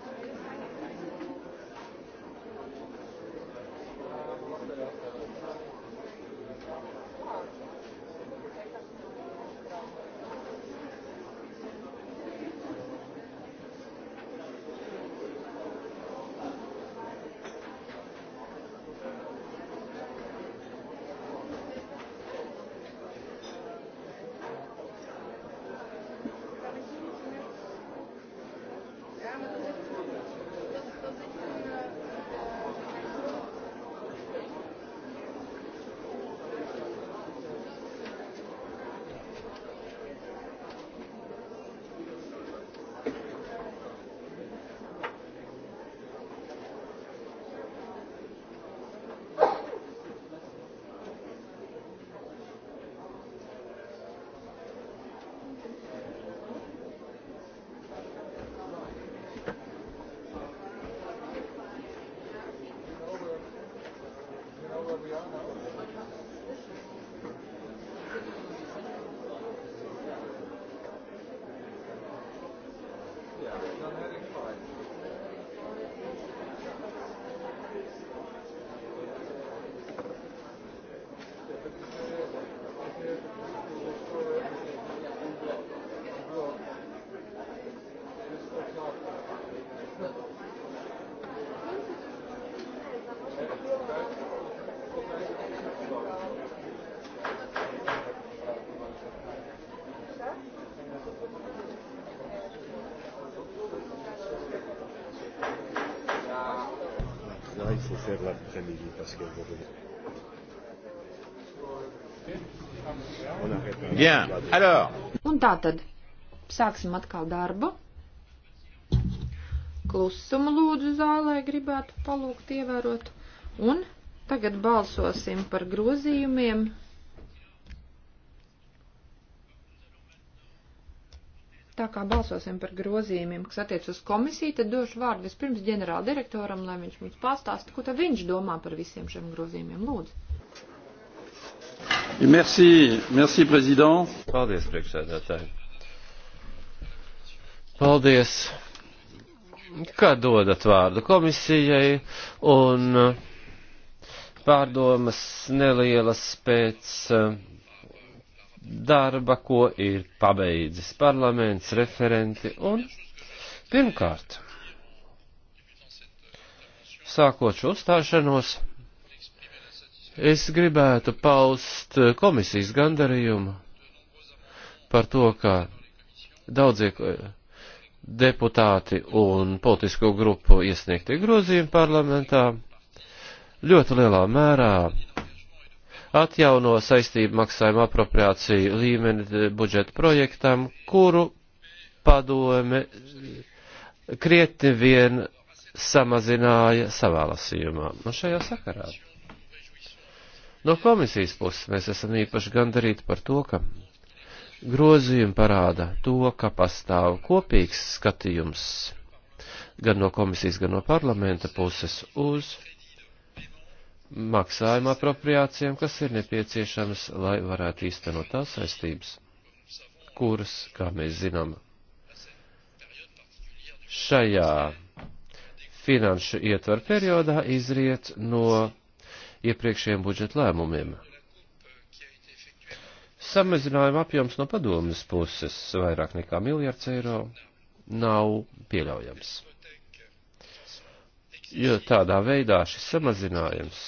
B: faut faire l'après-midi parce qu'elle va
A: venir. Bien, alors.
D: Un tātad, sāksim atkal darbu. Klusumu lūdzu zālē gribētu palūgt ievērot. Un tagad balsosim par grozījumiem kā balsosim par grozījumiem, kas attiec uz komisiju, tad došu vārdu vispirms ģenerāldirektoram, lai viņš mums pastāsta, ko tad viņš domā par visiem šiem grozījumiem. Lūdzu.
A: Merci, merci, prezident. Paldies, priekšsēdētāji.
B: Paldies, ka dodat vārdu komisijai un pārdomas nelielas pēc uh, darba, ko ir pabeidzis parlaments, referenti un pirmkārt, sākot šo uzstāšanos, es gribētu paust komisijas gandarījumu par to, ka daudzie eh, deputāti un politisko grupu iesniegtie grozījumi parlamentā ļoti lielā mērā atjauno saistību maksājumu apropriāciju līmeni budžeta projektam, kuru padome krietni vien samazināja savā lasījumā. Un nu, šajā sakarā. No komisijas puses mēs esam īpaši gandarīti par to, ka grozījumi parāda to, ka pastāv kopīgs skatījums gan no komisijas, gan no parlamenta puses uz maksājuma apropriācijām, kas ir nepieciešamas, lai varētu īstenot tās saistības, kuras, kā mēs zinām, šajā finanšu ietvaru periodā izriet no iepriekšējiem budžeta lēmumiem. Samazinājuma apjoms no padomas puses vairāk nekā miljards eiro nav pieļaujams. Jo tādā veidā šis samazinājums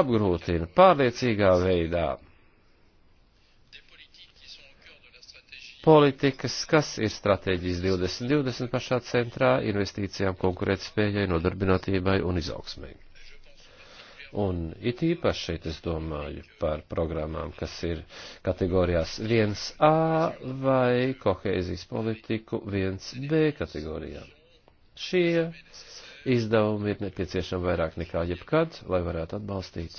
B: apgrūtina pārliecīgā veidā politikas, kas ir stratēģijas 2020 pašā centrā, investīcijām, konkurētspējai, nodarbinātībai un izaugsmai. Un it īpaši šeit es domāju par programmām, kas ir kategorijās 1A vai kohēzijas politiku 1B kategorijā. Šie izdevumi ir nepieciešami vairāk nekā jebkad, lai varētu atbalstīt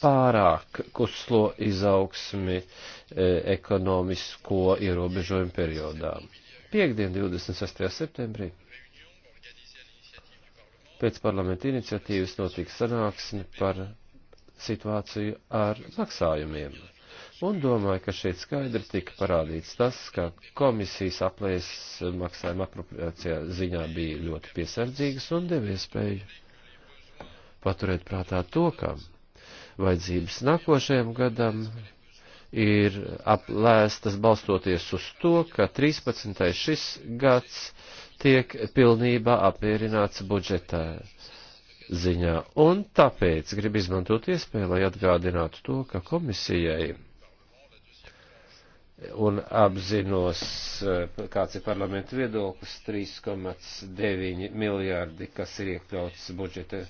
B: pārāk kuslo izaugsmi e, ekonomisko ierobežojumu periodā. Piektdien, 26. septembrī, pēc parlamenta iniciatīvas notiks sanāksme par situāciju ar maksājumiem un domāju, ka šeit skaidri tika parādīts tas, ka komisijas aplēs maksājuma apropriācijā ziņā bija ļoti piesardzīgas un deva iespēju paturēt prātā to, ka vajadzības nākošajam gadam ir aplēstas balstoties uz to, ka 13. šis gads tiek pilnībā apmierināts budžetā ziņā. Un tāpēc grib izmantot iespēju, lai atgādinātu to, ka komisijai un apzinos, eh, kāds ir parlamenta viedoklis, 3,9 miljārdi, kas ir iekļauts budžeta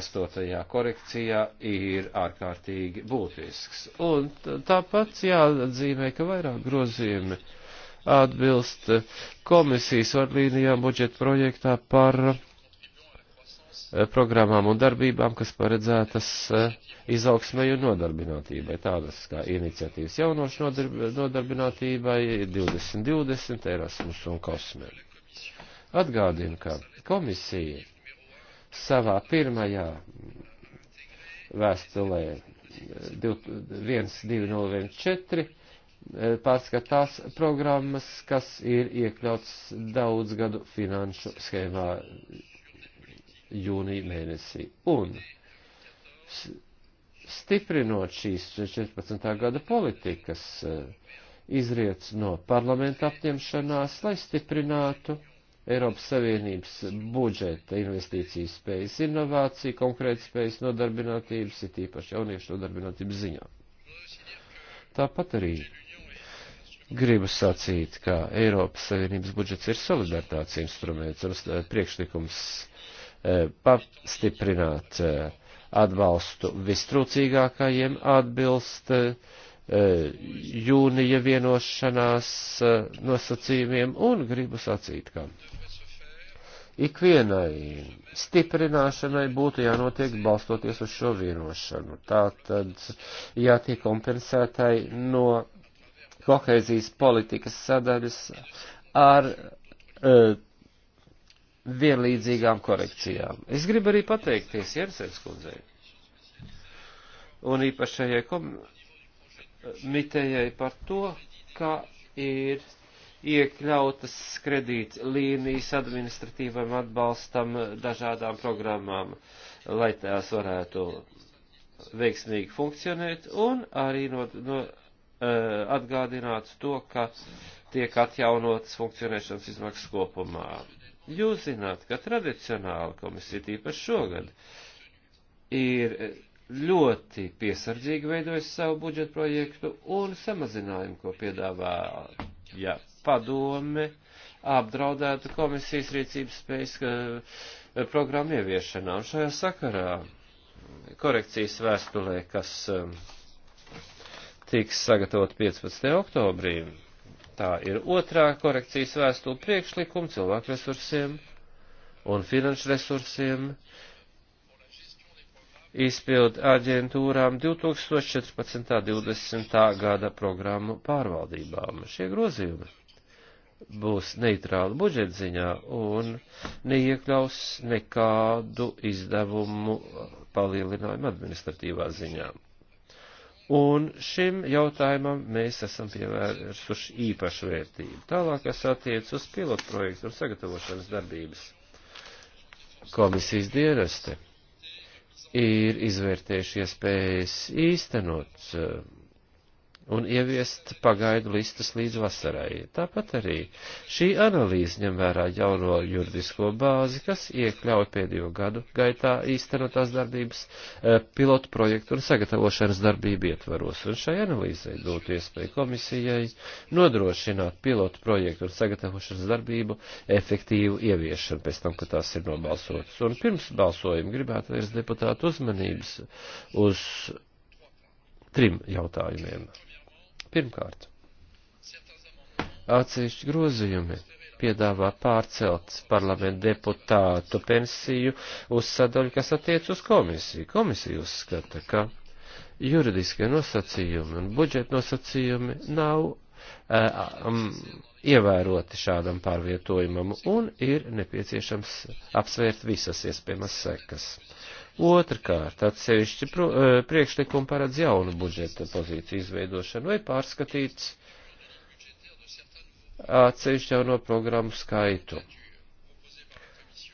B: astotajā korekcijā, ir ārkārtīgi būtisks. Un tāpat jāatzīmē, ka vairāk grozījumi atbilst komisijas vadlīnijām budžeta projektā par Eh, programmām un darbībām, kas paredzētas eh, izaugsmai un nodarbinātībai, tādas kā iniciatīvas jaunošu nodarbinātībai, 2020, Erasmus un Kosme. Atgādinu, ka komisija savā pirmajā vēstulē 1204 eh, pārskatās programmas, kas ir iekļauts daudzgadu finanšu schēmā jūnija mēnesī. Un stiprinot šīs 14. gada politikas, eh, izriec no parlamenta apņemšanās, lai stiprinātu Eiropas Savienības budžeta investīcijas spējas, inovāciju, konkrēt spējas nodarbinātības, ir tīpaši jauniešu nodarbinātības ziņā. Tāpat arī gribu sacīt, ka Eiropas Savienības budžets ir solidaritātes instruments un eh, priekšlikums Eh, pastiprināt eh, atbalstu vistrūcīgākajiem atbilst eh, jūnija vienošanās nosacījumiem un gribu sacīt, ka ikvienai stiprināšanai būtu jānotiek balstoties uz šo vienošanu. Tā tad jātiek kompensētai no kohēzijas politikas sadaļas ar e, vienlīdzīgām korekcijām. Es gribu arī pateikties Jensens kundzei un īpašajai komitejai par to, ka ir iekļautas kredīt līnijas administratīvam atbalstam dažādām programmām, lai tās varētu veiksmīgi funkcionēt, un arī no, no, eh, atgādināts to, ka tiek atjaunotas funkcionēšanas izmaksas kopumā. Jūs zināt, ka tradicionāla komisija tīpaši šogad ir ļoti piesardzīgi veidojas savu budžetu projektu un samazinājumu, ko piedāvā ja, padome, apdraudētu komisijas rīcības spējas eh, programmu ieviešanā. Un šajā sakarā korekcijas vēstulē, kas eh, tiks sagatavot 15. oktobrī, Tā ir otrā korekcijas vēstule priekšlikuma cilvēku resursiem un finanšu resursiem izpildu aģentūrām 2014.-20. gada programmu pārvaldībām. Šie grozījumi būs neitrāli budžetziņā un neiekļaus nekādu izdevumu palielinājumu administratīvā ziņām. Un šim jautājumam mēs esam pievērsuši īpašu vērtību. Tālāk, kas attiec uz pilotprojektu un sagatavošanas darbības komisijas dienesti, ir izvērtējuši iespējas īstenot un ieviest pagaidu listas līdz vasarai. Tāpat arī šī analīze ņem vērā jauno juridisko bāzi, kas iekļauj pēdējo gadu gaitā īstenotās darbības eh, pilotu projektu un sagatavošanas darbību ietvaros, un šai analīzei dotu iespēju komisijai nodrošināt pilotu projektu un sagatavošanas darbību efektīvu ieviešanu pēc tam, kad tās ir nobalsotas. Un pirms balsojuma gribētu vērst deputātu uzmanības uz trim jautājumiem. Pirmkārt, atsevišķi grozījumi piedāvā pārcelt parlamentu deputātu pensiju uz sadaļu, kas attiec uz komisiju. Komisija uzskata, ka juridiskie nosacījumi un budžeta nosacījumi nav um, ievēroti šādam pārvietojumam un ir nepieciešams apsvērt visas iespējamas sekas. Otrkārt, atsevišķi e, priekšlikumi paredz jaunu budžeta pozīciju izveidošanu vai pārskatīts atsevišķi jauno programmu skaitu.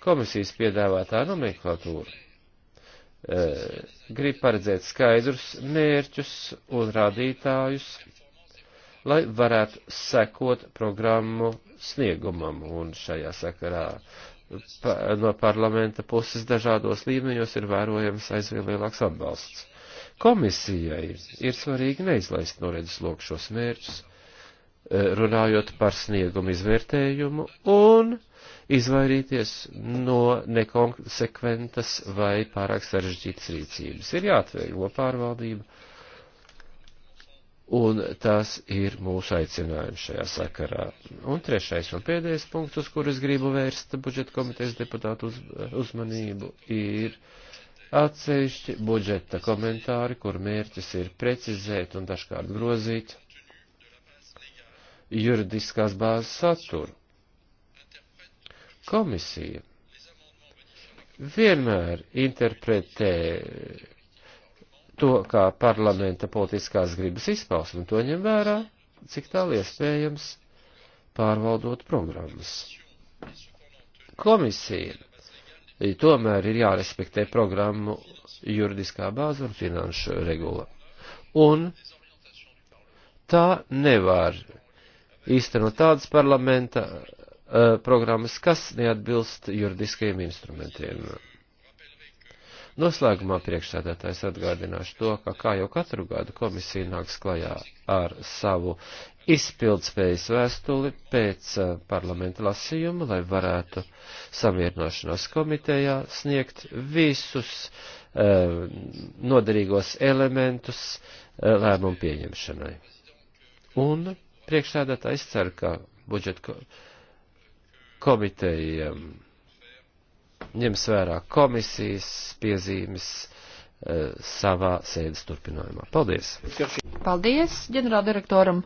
B: Komisijas piedāvātā nomenklatūra e, grib paredzēt skaidrus mērķus un rādītājus, lai varētu sekot programmu sniegumam un šajā sakarā no parlamenta puses dažādos līmeņos ir vērojams aizvien lielāks atbalsts. Komisijai ir svarīgi neizlaist no redzes lok šos mērķus, eh, runājot par sniegumu izvērtējumu un izvairīties no nekonsekventas vai pārāk sarežģītas rīcības. Ir jāatvieglo pārvaldība Un tas ir mūsu aicinājums šajā sakarā. Un trešais un pēdējais punkts, uz kuru es gribu vērst budžeta komitejas deputātu uz, uzmanību, ir atsevišķi budžeta komentāri, kur mērķis ir precizēt un dažkārt grozīt juridiskās bāzes saturu. Komisija vienmēr interpretē to kā parlamenta politiskās gribas izpausmi un to ņem vērā, cik tālu iespējams pārvaldot programmas. Komisija tomēr ir jārespektē programmu juridiskā bāze un finanšu regula. Un tā nevar īstenot tādas parlamenta uh, programmas, kas neatbilst juridiskajiem instrumentiem. Noslēgumā priekšsēdētājs atgādināšu to, ka kā jau katru gadu komisija nāks klajā ar savu izpildspējas vēstuli pēc eh, parlamenta lasījuma, lai varētu samierināšanās komitejā sniegt visus eh, noderīgos elementus eh, lēmumu pieņemšanai. Un priekšsēdētājs cer, ka budžeta komiteja eh, ņems vērā komisijas piezīmes e, savā sēdes turpinājumā. Paldies!
D: Paldies ģenerāldirektoram!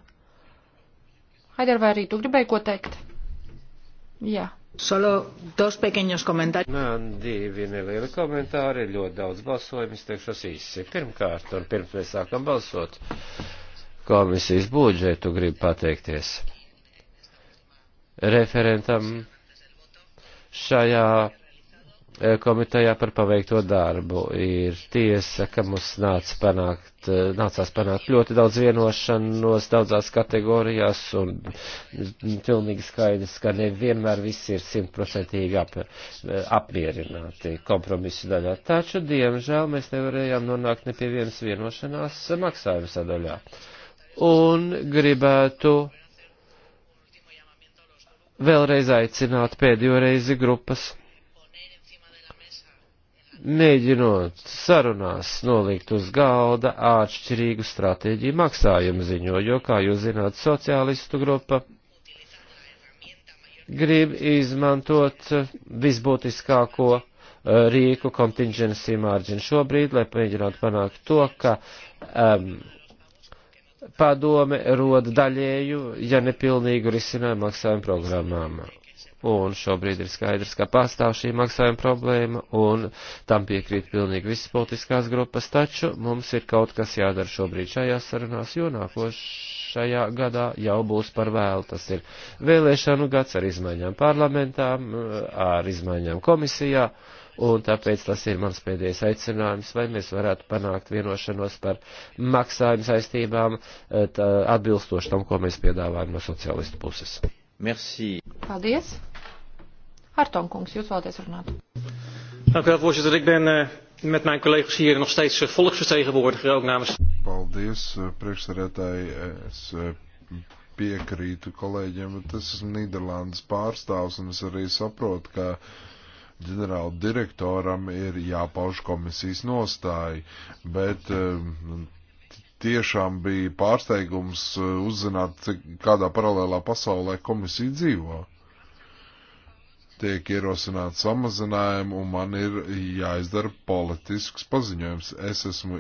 D: Haider, vai arī tu gribēji ko teikt? Jā.
B: Solo dos pequeños comentarios. Man divi nelieli komentāri, ļoti daudz balsojumu, es teikšos īsi. Pirmkārt, un pirms mēs sākam balsot, komisijas budžetu grib pateikties referentam šajā Eh, komitejā par paveikto darbu. Ir tiesa, ka mums nāca panākt, eh, nācās panākt ļoti daudz vienošanos daudzās kategorijās un pilnīgi skaidrs, ka nevienmēr visi ir simtprocentīgi ap, eh, apmierināti kompromisu daļā. Taču, diemžēl, mēs nevarējām nonākt ne pie vienas vienošanās maksājuma sadaļā. Un gribētu vēlreiz aicināt pēdējo reizi grupas mēģinot sarunās nolikt uz galda atšķirīgu stratēģiju maksājumu ziņo, jo, kā jūs zināt, sociālistu grupa grib izmantot visbūtiskāko eh, rīku contingency margin šobrīd, lai mēģinātu panākt to, ka um, padome roda daļēju, ja nepilnīgu risinājumu maksājumu programmām un šobrīd ir skaidrs, ka pastāv šī maksājuma problēma, un tam piekrīt pilnīgi visas politiskās grupas, taču mums ir kaut kas jādara šobrīd šajās sarunās, jo nākošajā gadā jau būs par vēlu. Tas ir vēlēšanu gads ar izmaiņām parlamentām, ar izmaiņām komisijā, un tāpēc tas ir mans pēdējais aicinājums, vai mēs varētu panākt vienošanos par maksājumu saistībām eh, atbilstoši tam, ko mēs piedāvājam no socialistu puses.
A: Merci.
D: Paldies. Hartong kungs, jūs vēlaties runāt.
C: Dank u wel, voorzitter. Ik ben uh, met mijn collega's hier nog steeds uh, volksvertegenwoordiger, ook namens. Paldies, eh, priekšsarētāji. Es piekrītu kolēģiem, bet es esmu Nīderlandes pārstāvs un es arī saprotu, ka ģenerāla direktoram ir jāpauž komisijas nostāja, bet tiešām bija pārsteigums uh, uzzināt, kādā paralēlā pasaulē komisija dzīvo. Tiek ierosināt samazinājumu, un man ir jāizdara politisks paziņojums. Es esmu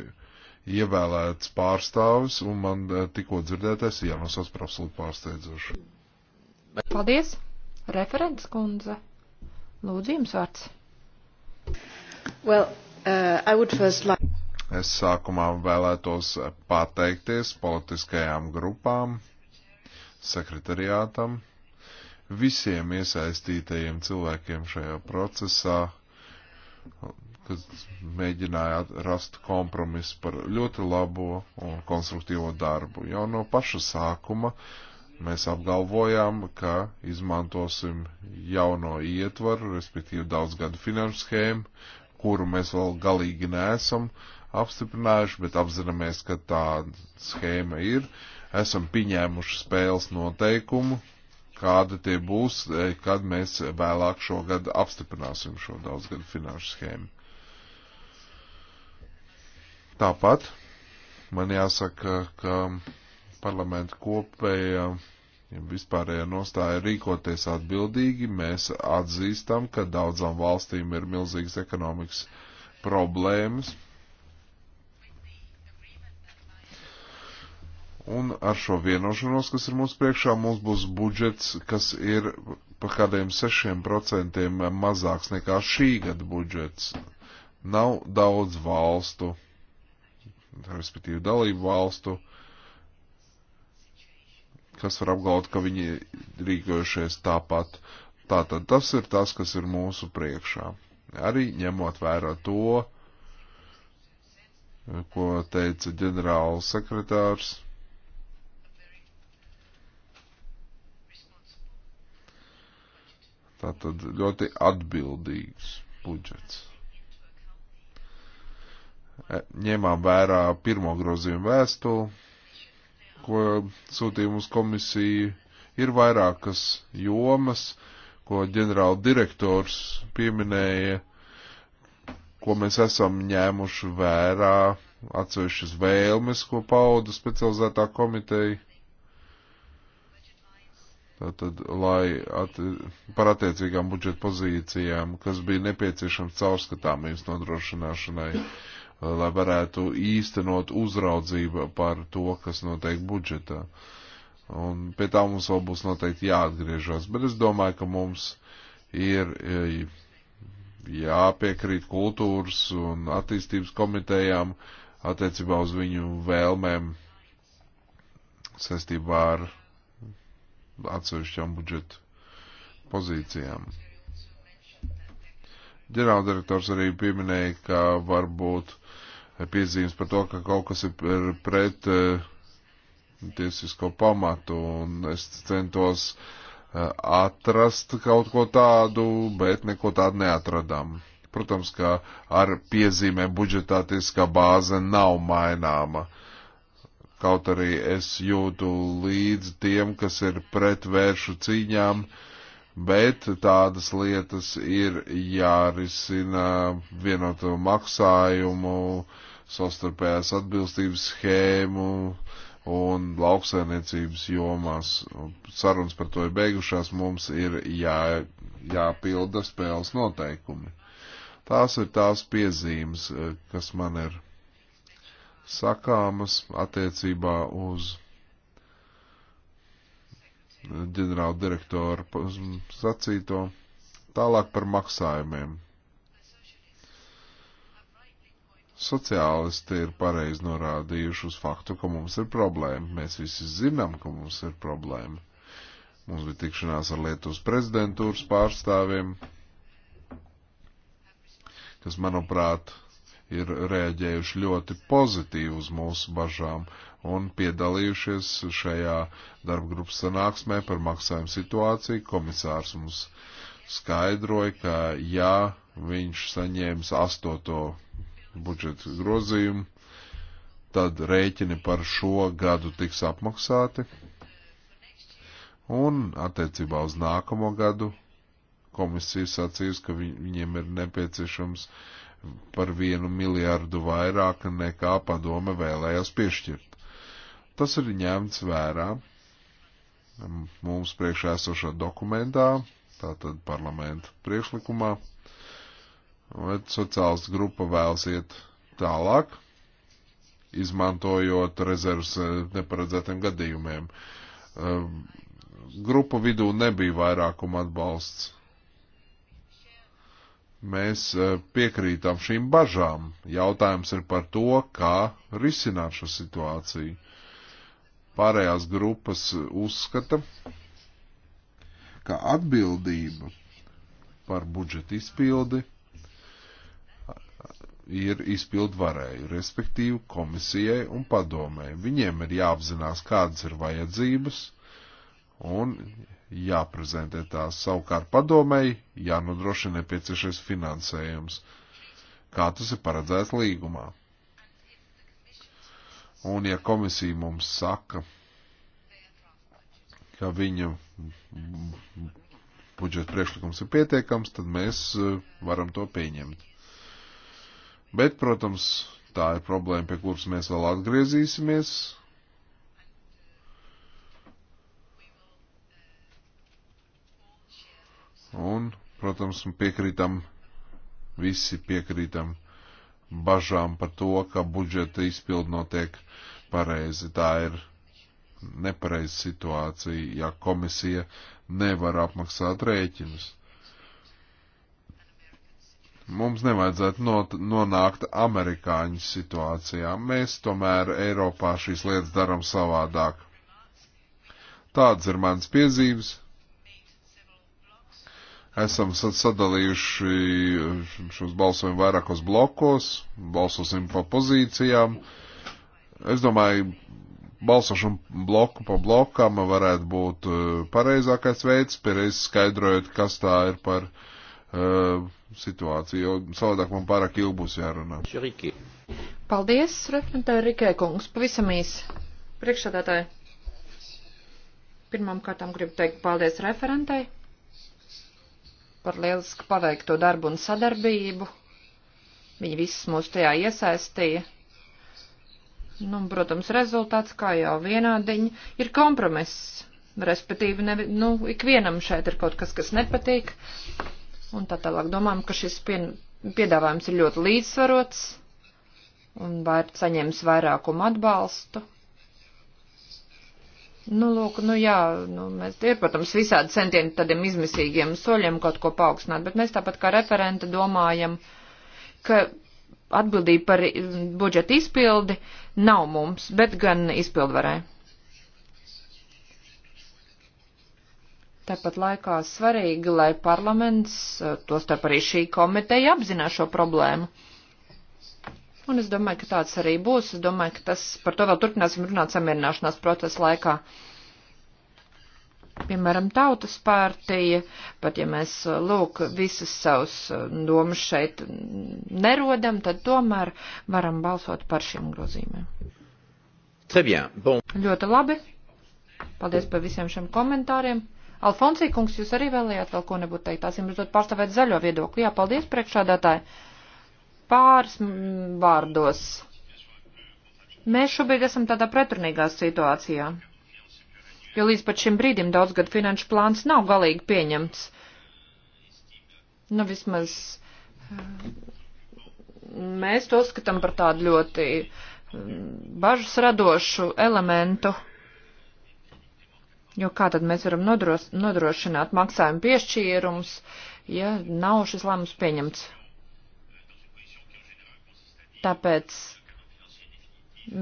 C: ievēlēts pārstāvis, un man uh, tikko dzirdētais jānosauc par absolūti pārsteidzošu.
D: Paldies! Referents kundze. Lūdzu, jums vārds. Well, uh, I would first like...
C: Es sākumā vēlētos pateikties politiskajām grupām, sekretariātam, visiem iesaistītajiem cilvēkiem šajā procesā, kas mēģinājāt rast kompromisu par ļoti labo un konstruktīvo darbu. Jau no paša sākuma mēs apgalvojām, ka izmantosim jauno ietvaru, respektīvi daudzgadu finanšu schēmu, kuru mēs vēl galīgi nesam uh, apstiprinājuši, bet apzināmies, ka tā schēma ir. Esam pieņēmuši spēles noteikumu, kāda tie būs, e, kad mēs vēlāk šogad apstiprināsim šo daudzgadu finanšu schēmu. Tāpat man jāsaka, ka parlamenta kopēja ja vispārējā nostāja rīkoties atbildīgi. Mēs atzīstam, ka daudzām valstīm ir milzīgas ekonomikas problēmas, Un ar šo vienošanos, kas ir mūsu priekšā, mums būs budžets, kas ir pa kādiem 6% mazāks nekā šī gada budžets. Nav daudz valstu, respektīvi dalību valstu, kas var apgalvot, ka viņi rīkojušies tāpat. Tātad tas ir tas, kas ir mūsu priekšā. Arī ņemot vērā to, ko teica ģenerāls sekretārs Tātad ļoti atbildīgs budžets. E, Ņēmām vērā pirmo grozījumu vēstuli, ko sūtīja mums komisija. Ir vairākas jomas, ko ģenerāla direktors pieminēja, ko mēs esam ņēmuši vērā, atsevišķas vēlmes, ko pauda specializētā komiteja Tātad, lai at, par attiecīgām budžeta pozīcijām, kas bija nepieciešams caurskatāmības nodrošināšanai, lai varētu īstenot uzraudzību par to, kas notiek budžetā. Un pie tā mums vēl būs noteikti jāatgriežas, bet es domāju, ka mums ir jāpiekrīt kultūras un attīstības komitejām attiecībā uz viņu vēlmēm saistībā ar atsevišķām budžetu pozīcijām. Ģenerāldirektors arī pieminēja, ka varbūt piezīmes par to, ka kaut kas ir pret eh, tiesisko pamatu, un es centos eh, atrast kaut ko tādu, bet neko tādu neatradām. Protams, ka ar piezīmēm budžetā tiesiskā bāze nav maināma. Uh, Kaut arī es jūtu līdzi tiem, kas ir pret vēršu cīņām, bet tādas lietas ir jārisina vienoto maksājumu, sastarpējās atbilstības schēmu un lauksainiecības jomās. Sarunas par to ir beigušās, mums ir jā, jāpilda spēles noteikumi. Tās ir tās piezīmes, eh, kas man ir sakāmas attiecībā uz ģenerāla direktora sacīto. Tālāk par maksājumiem. Sociālisti ir pareizi norādījuši uz faktu, ka mums ir problēma. Mēs visi zinām, ka mums ir problēma. Mums bija tikšanās ar Lietuvas prezidentūras pārstāvjiem, kas, manuprāt, ir rēģējuši ļoti pozitīvi uz mūsu bažām un piedalījušies šajā darba grupas sanāksmē par maksājumu situāciju. Komisārs mums skaidroja, ka jā, viņš saņēmis astoto budžeta grozījumu, tad rēķini par šo gadu tiks apmaksāti. Un attiecībā uz nākamo gadu komisija sacījusi, ka viņiem ir nepieciešams uh, par vienu miljārdu vairāk nekā padome vēlējās piešķirt. Tas ir ņemts vērā mums priekšā esošā dokumentā, tātad parlamenta priekšlikumā, bet sociālistu grupa vēlas iet tālāk, izmantojot rezervas eh, neparedzētiem gadījumiem. Ehm, grupu vidū nebija vairākuma atbalsts Mēs eh, piekrītam šīm bažām. Jautājums ir par to, kā risināt šo situāciju. Pārējās grupas uzskata, ka atbildība par budžeta izpildi ir izpildvarēju, respektīvi komisijai un padomē. Viņiem ir jāapzinās, kādas ir vajadzības, un jāprezentē tās savukārt padomēji, jānodrošina nepieciešais finansējums, kā tas ir paredzēts līgumā. Un ja komisija mums saka, ka viņa budžeta priekšlikums ir pietiekams, tad mēs eh, varam to pieņemt. Bet, protams, tā ir problēma, pie kuras mēs vēl atgriezīsimies, Un, protams, piekrītam, visi piekrītam bažām par to, ka budžeta izpildu notiek pareizi. Tā ir nepareiza situācija, ja komisija nevar apmaksāt rēķinus. Mums nevajadzētu not, nonākt amerikāņu situācijā. Mēs tomēr Eiropā šīs lietas darām savādāk. Tāds ir mans piezīmes. Esam sadalījuši eh, šos balsojumus vairākos blokos, balsosim pa pozīcijām. Es domāju, balsošana bloku pa blokam varētu būt eh, pareizākais veids, pirms skaidrojot, kas tā ir par uh, situāciju, jo savādāk man pārāk ilgi būs jārunā.
D: Paldies, referentē Rikē kungs, pavisam īsi. Priekšsādātāji, pirmām kārtām gribu teikt paldies referentei par lielisku paveikto darbu un sadarbību. Viņi visus mūs tajā iesaistīja. Nu, protams, rezultāts, kā jau vienādiņa, ir kompromiss. Respektīvi, ne, nu, ikvienam šeit ir kaut kas, kas nepatīk. Un tā tālāk domājam, ka šis pien, piedāvājums ir ļoti līdzsvarots un var saņems vairākumu atbalstu. Nu, lūk, nu jā, nu, mēs ir, protams, visādi centieni tādiem izmisīgiem soļiem kaut ko paaugstināt, bet mēs tāpat kā referenta domājam, ka atbildība par budžeta izpildi nav mums, bet gan izpildvarai. Tāpat laikā svarīgi, lai parlaments, tostarp arī šī komiteja, apzinā šo problēmu Un es domāju, ka tāds arī būs. Es domāju, ka tas par to vēl turpināsim runāt samierināšanās procesa laikā. Piemēram, tautas pārtīja, pat ja mēs, lūk, visas savus uh, domas šeit nerodam, tad tomēr varam balsot par šiem grozījumiem. Bon. Ļoti labi. Paldies par visiem šiem komentāriem. Alfonsī kungs, jūs arī vēlējāt vēl ko nebūtu teikt, tās jums dot pārstāvēt zaļo viedokli. Jā, paldies priekšādātāji pāris vārdos. Mēs šobrīd esam tādā pretrunīgā situācijā, jo līdz pat šim brīdim daudzgad finanšu plāns nav galīgi pieņemts. Nu, vismaz eh, mēs to skatām par tādu ļoti eh, bažas radošu elementu. Jo kā tad mēs varam nodros, nodrošināt maksājumu piešķīrums, ja nav šis lēmums pieņemts? Tāpēc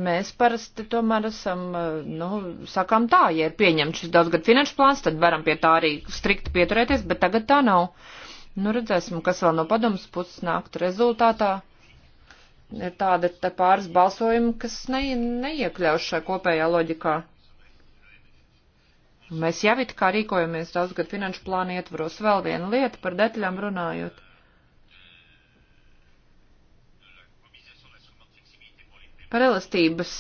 D: mēs parasti tomēr esam, nu, sakām tā, ja ir pieņemts šis daudzgad finanšu plāns, tad varam pie tā arī strikti pieturēties, bet tagad tā nav. Nu, redzēsim, kas vēl no padomas puses nākt rezultātā. Ir tāda tā pāris balsojumi, kas ne, neiekļauš šajā kopējā loģikā. Mēs jau it kā rīkojamies daudzgad finanšu plānu ietvaros. Vēl viena lieta par detaļām runājot. Par elastības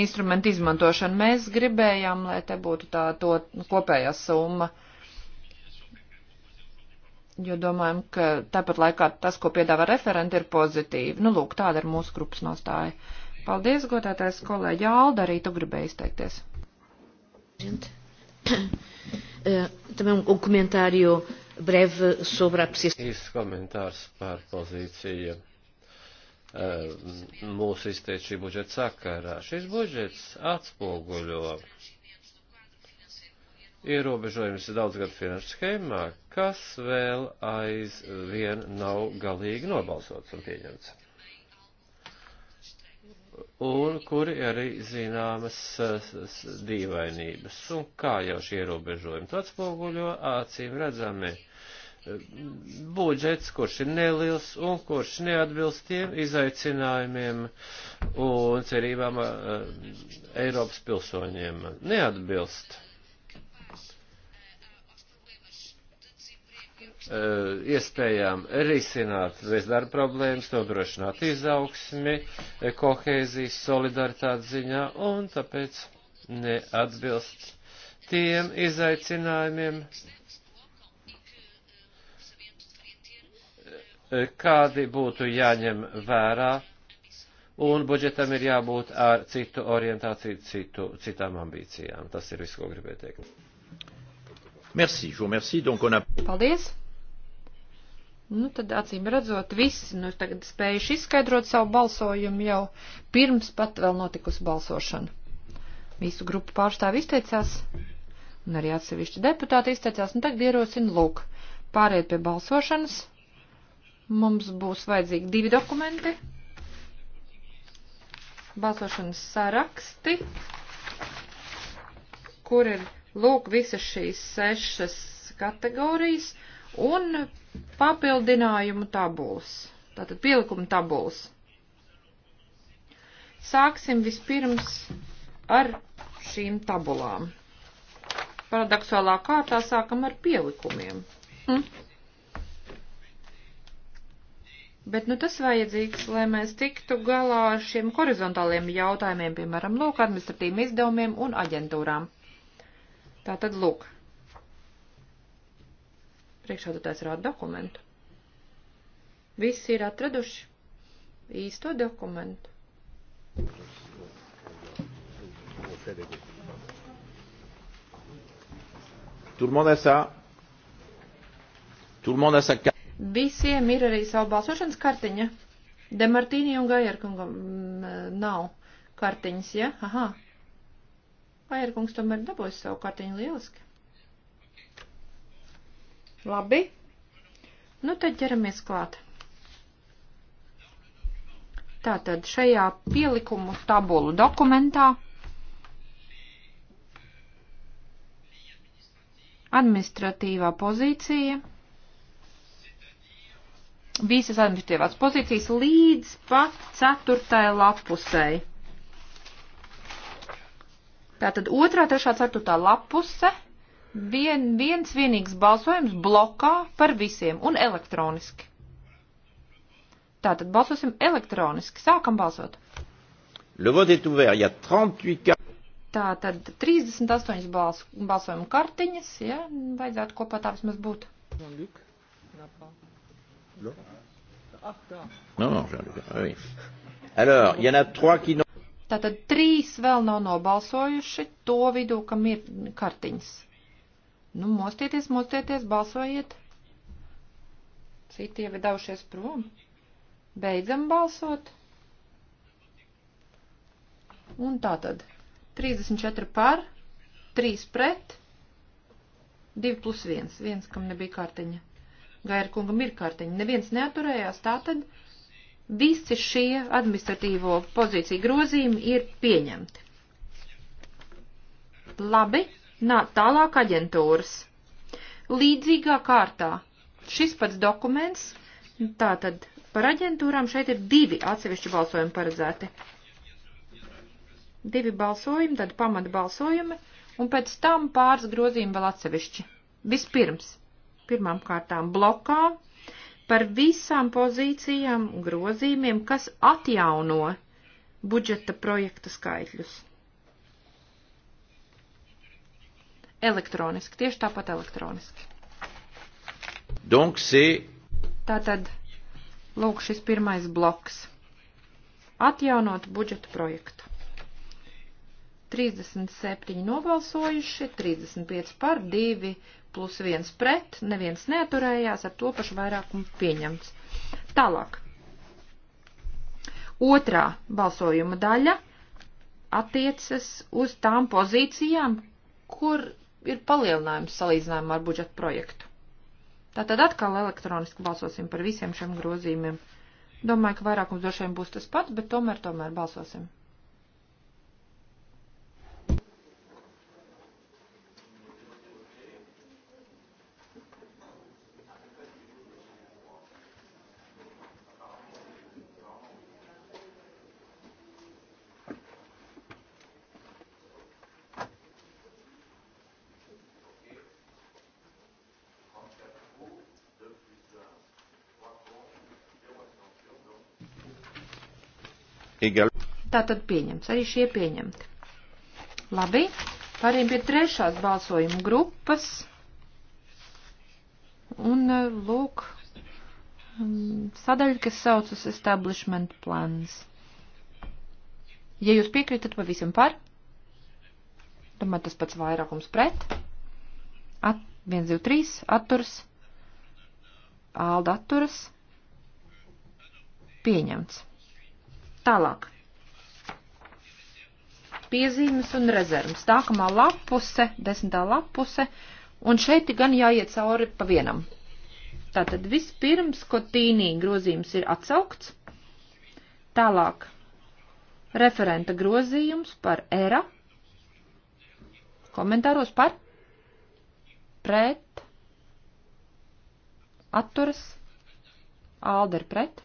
D: instrumentu izmantošanu mēs gribējām, lai te būtu tā to kopējā summa. Jo domājam, ka tāpat laikā tas, ko piedāvā referenti, ir pozitīvi. Nu, lūk, tāda ir mūsu grupas nostāja. Paldies, godētais kolēģi Alda, arī tu gribēji izteikties. Também um comentário breve
B: sobre a apreciação. Esse comentário para a posição Eh, mūsu izteikt šī budžeta sakarā. Šis budžets atspoguļo ierobežojums daudzgadu finanšu schēmā, kas vēl aizvien nav galīgi nobalsots un pieņemts. Un kuri arī zināmas eh, dīvainības. Un kā jau šie ierobežojumi atspoguļo, acīm redzami. Uh, budžets, kurš ir neliels un kurš neatbilst tiem izaicinājumiem un cerībām uh, Eiropas pilsoņiem. Neatbilst. Uh, iespējām risināt bezdarba problēmas, nodrošināt izaugsmi, kohēzijas, solidaritātes ziņā un tāpēc neatbilst tiem izaicinājumiem, kādi būtu jāņem vērā, un budžetam ir jābūt ar citu orientāciju, citu, citām ambīcijām. Tas ir viss, ko gribēju teikt.
A: Merci, jo merci, donc on a...
D: Paldies! Nu, tad acīm redzot, visi nu, tagad spējuši izskaidrot savu balsojumu jau pirms pat vēl notikusi balsošana. Visu grupu pārstāvi izteicās, un arī atsevišķi deputāti izteicās, un tagad ierosina lūk pāriet pie balsošanas. Mums būs vajadzīgi divi dokumenti. Balsošanas saraksti, kur ir lūk visas šīs sešas kategorijas un papildinājumu tabulas. Tātad pielikuma tabulas. Sāksim vispirms ar šīm tabulām. Paradoksuālā kārtā sākam ar pielikumiem. Hm? Bet nu, tas vajadzīgs, lai mēs tiktu galā ar šiem horizontāliem jautājumiem, piemēram, lūk, administratīviem izdevumiem un aģentūrām. Tā tad lūk. Priekšādātājs rāda dokumentu. Visi ir atraduši īsto dokumentu.
A: Tout le monde a ça. Tout le monde a sa carte.
D: Visiem ir arī savu balsošanas kartiņa. Demartīni un Gajerkungam mm, nav kartiņas, ja? Aha. Gajerkungs tomēr dabūs savu kartiņu lieliski. Labi. Nu tad ķeramies klāt. Tātad šajā pielikumu tabulu dokumentā administratīvā pozīcija visas administratīvās pozīcijas līdz pat ceturtai lapusei. Tātad otrā, trešā, ceturtā lapuse, vien, viens vienīgs balsojums blokā par visiem un elektroniski. Tātad balsosim elektroniski. Sākam balsot.
A: Le vote est ouvert. Il y a 38
D: Tātad 38 bals, balsojumu kartiņas, ja, vajadzētu kopā tā vismaz būt. Un Luc,
A: Non Non, non, oui. Alors, il y en a trois qui n'ont.
D: Tātad trīs vēl nav nobalsojuši to vidū, kam ir kartiņas. Nu, mostieties, mostieties, balsojiet. Citi jau ir devušies prom. Beidzam balsot. Un tātad 34 par, 3 pret, 2 plus 1, 1, kam nebija kartiņa. Gairkungam ir kartiņa. Neviens neaturējās, tātad visi šie administratīvo pozīciju grozījumi ir pieņemti. Labi, nā, tālāk aģentūras. Līdzīgā kārtā šis pats dokuments, tātad par aģentūrām šeit ir divi atsevišķi balsojumi paredzēti. Divi balsojumi, tad pamata balsojumi, un pēc tam pāris grozījumi vēl atsevišķi. Vispirms pirmām kārtām blokā par visām pozīcijām grozījumiem, kas atjauno budžeta projekta skaitļus. Elektroniski, tieši tāpat elektroniski. Donc, Tātad, lūk, šis pirmais bloks. Atjaunot budžeta projektu. 37 nobalsojuši, 35 par, 2 plus viens pret, neviens neaturējās, ar to pašu vairākumu pieņemts. Tālāk. Otrā balsojuma daļa attiecas uz tām pozīcijām, kur ir palielinājums salīdzinājumā ar budžetu projektu. Tātad atkal elektroniski balsosim par visiem šiem grozījumiem. Domāju, ka vairākums droši vien būs tas pats, bet tomēr, tomēr balsosim. Egal. Tātad pieņemts. Arī šie pieņemti. Labi. Pārējiem pie trešās balsojuma grupas. Un, eh, lūk, mm, sadaļa, kas saucas Establishment Plans. Ja jūs piekrītat pavisam par, domāju, tas pats vairākums pret. At, 1, 2, 3, atturs, ālda atturas, pieņemts. Tālāk. Piezīmes un rezerves. Nākamā lapuse, desmitā lapuse, un šeit gan jāiet cauri pa vienam. Tātad vispirms, ko tīnī grozījums ir atsaukts, tālāk referenta grozījums par era, komentāros par, pret, atturas, alder pret.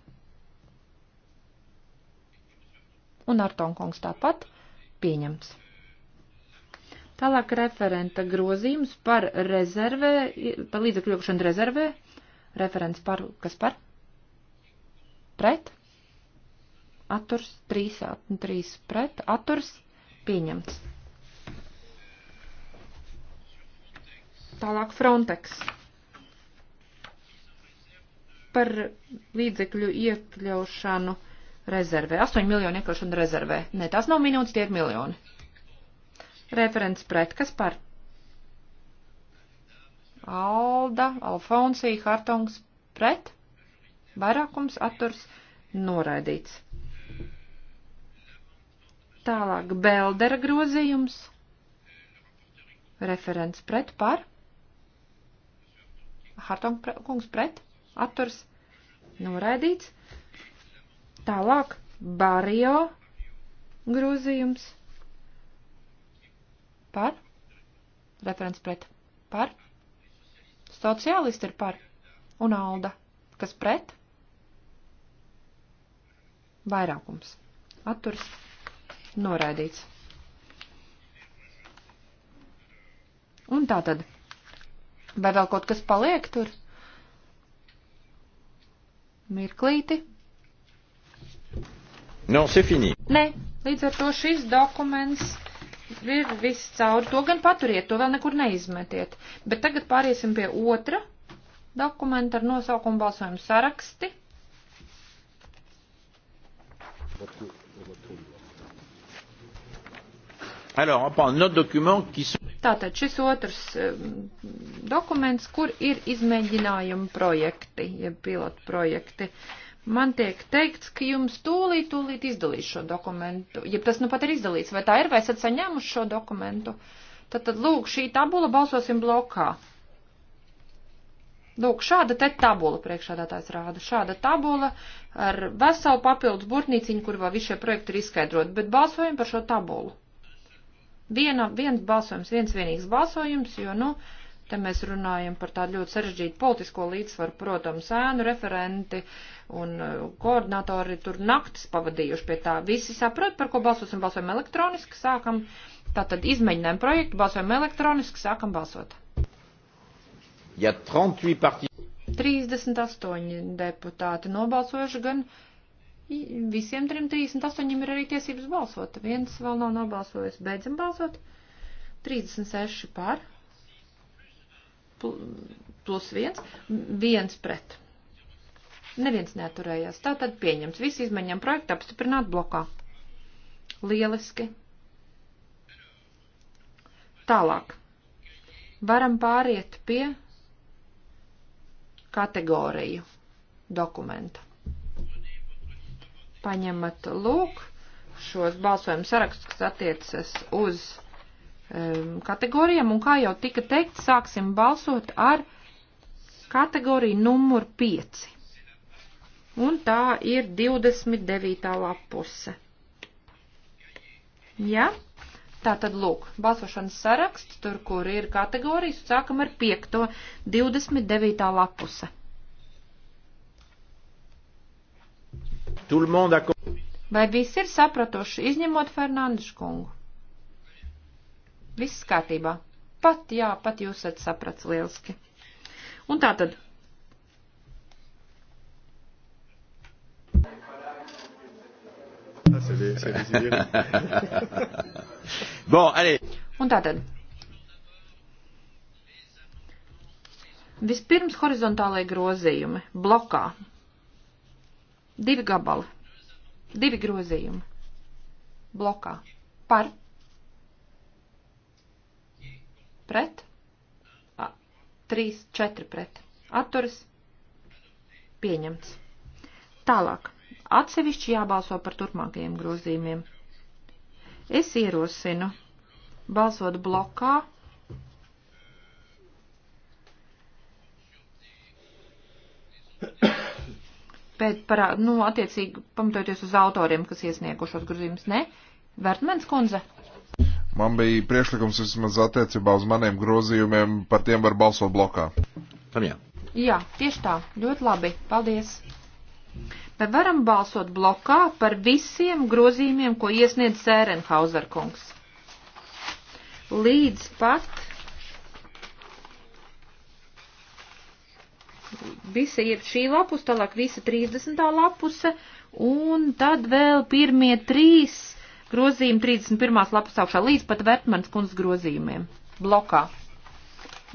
D: un Artonkungs tāpat pieņems. Tālāk referenta grozījums par rezervē, par līdzekļu iekšanu rezervē. Referents par, kas par? Pret? Atturs, trīs, at, trīs pret, atturs, pieņemts. Tālāk Frontex. Par līdzekļu iekļaušanu rezervē. 8 miljoni iekļaušana rezervē. Nē, tās nav minūtes, tie ir miljoni. Referents pret, kas par? Alda, Alfonsija, Hartungs pret. Vairākums atturs noraidīts. Tālāk Beldera grozījums. Referents pret par. Hartung kungs pret. Atturs noraidīts. Tālāk Barrio grozījums par, referents pret, par, sociālisti ir par, un Alda, kas pret, vairākums, atturs, noraidīts. Un tā tad, vai vēl kaut kas paliek tur? Mirklīti,
A: Non, c'est fini.
D: Nē, līdz ar to šis dokuments ir viss cauri. To gan paturiet, to vēl nekur neizmetiet. Bet tagad pāriesim pie otra dokumenta ar nosaukumu balsojumu saraksti.
A: Alors, on prend notre document qui sont...
D: Tātad šis otrs um, dokuments, kur ir izmēģinājuma projekti, ja pilotu projekti. Uh, Man tiek teikts, ka jums tūlīt, tūlīt izdalīs šo dokumentu. Ja tas nu pat ir izdalīts, vai tā ir, vai esat saņēmuši šo dokumentu? Tad, tad lūk, šī tabula balsosim blokā. Lūk, šāda te tabula priekšādātājs rāda. Šāda tabula ar veselu papildus burtnīciņu, kur vēl visi šie projekti ir izskaidrot, bet balsojam par šo tabulu. Viena, viens balsojums, viens vienīgs balsojums, jo, nu, uh, Te mēs runājam par tādu ļoti sarežģītu politisko līdzsvaru, protams, ēnu referenti un uh, koordinatori tur naktis pavadījuši pie tā. Visi saprat, par ko balsosim, balsojam elektroniski, sākam, tātad izmēģinājam projektu, balsojam elektroniski, sākam balsot.
A: Ja 38 partij...
D: 38 deputāti nobalsojuši gan visiem 338 ir arī tiesības balsot. Viens vēl nav nobalsojis. Beidzam balsot. 36 par plus viens, viens pret. Neviens neaturējās. Tā tad pieņemts. Visi izmaiņām projektu apstiprināt blokā. Lieliski. Tālāk. Varam pāriet pie kategoriju dokumenta. Paņemat lūk šos balsojumu sarakstus, kas attiecas uz um, kategorijām, un kā jau tika teikt, sāksim balsot ar kategoriju numur 5. Un tā ir 29. lapuse. Ja? Tā tad lūk, balsošanas saraksts, tur, kur ir kategorijas, sākam ar 5. 29. lapuse. Vai visi ir sapratoši, izņemot Fernandes kungu? Viss kārtībā. Pat, jā, pat jūs esat saprats lieliski. Un tā tad.
A: Ah, bon, allez.
D: Un tā tad. Vispirms horizontālai grozījumi blokā. Divi gabali. Divi grozījumi blokā. Par pret, 3, 4 pret, atturas, pieņemts. Tālāk, atsevišķi jābalso par turpmākajiem grozījumiem. Es ierosinu balsot blokā pēc par, nu, attiecīgi pamatojoties uz autoriem, kas iesniegušos grozījumus, ne? Vertmens kundze?
C: Man bija priekšlikums vismaz attiecībā uz maniem grozījumiem, par tiem var balsot blokā. Tamjā.
D: Jā, tieši tā. Ļoti labi. Paldies. Bet varam balsot blokā par visiem grozījumiem, ko iesniedz Sērenhauser kungs. Līdz pat visa ir šī lapus, tālāk visa 30. lapuse, un tad vēl pirmie trīs Grozījumi 31. lapas augšā līdz pat Vertmans kundzes grozījumiem. Blokā.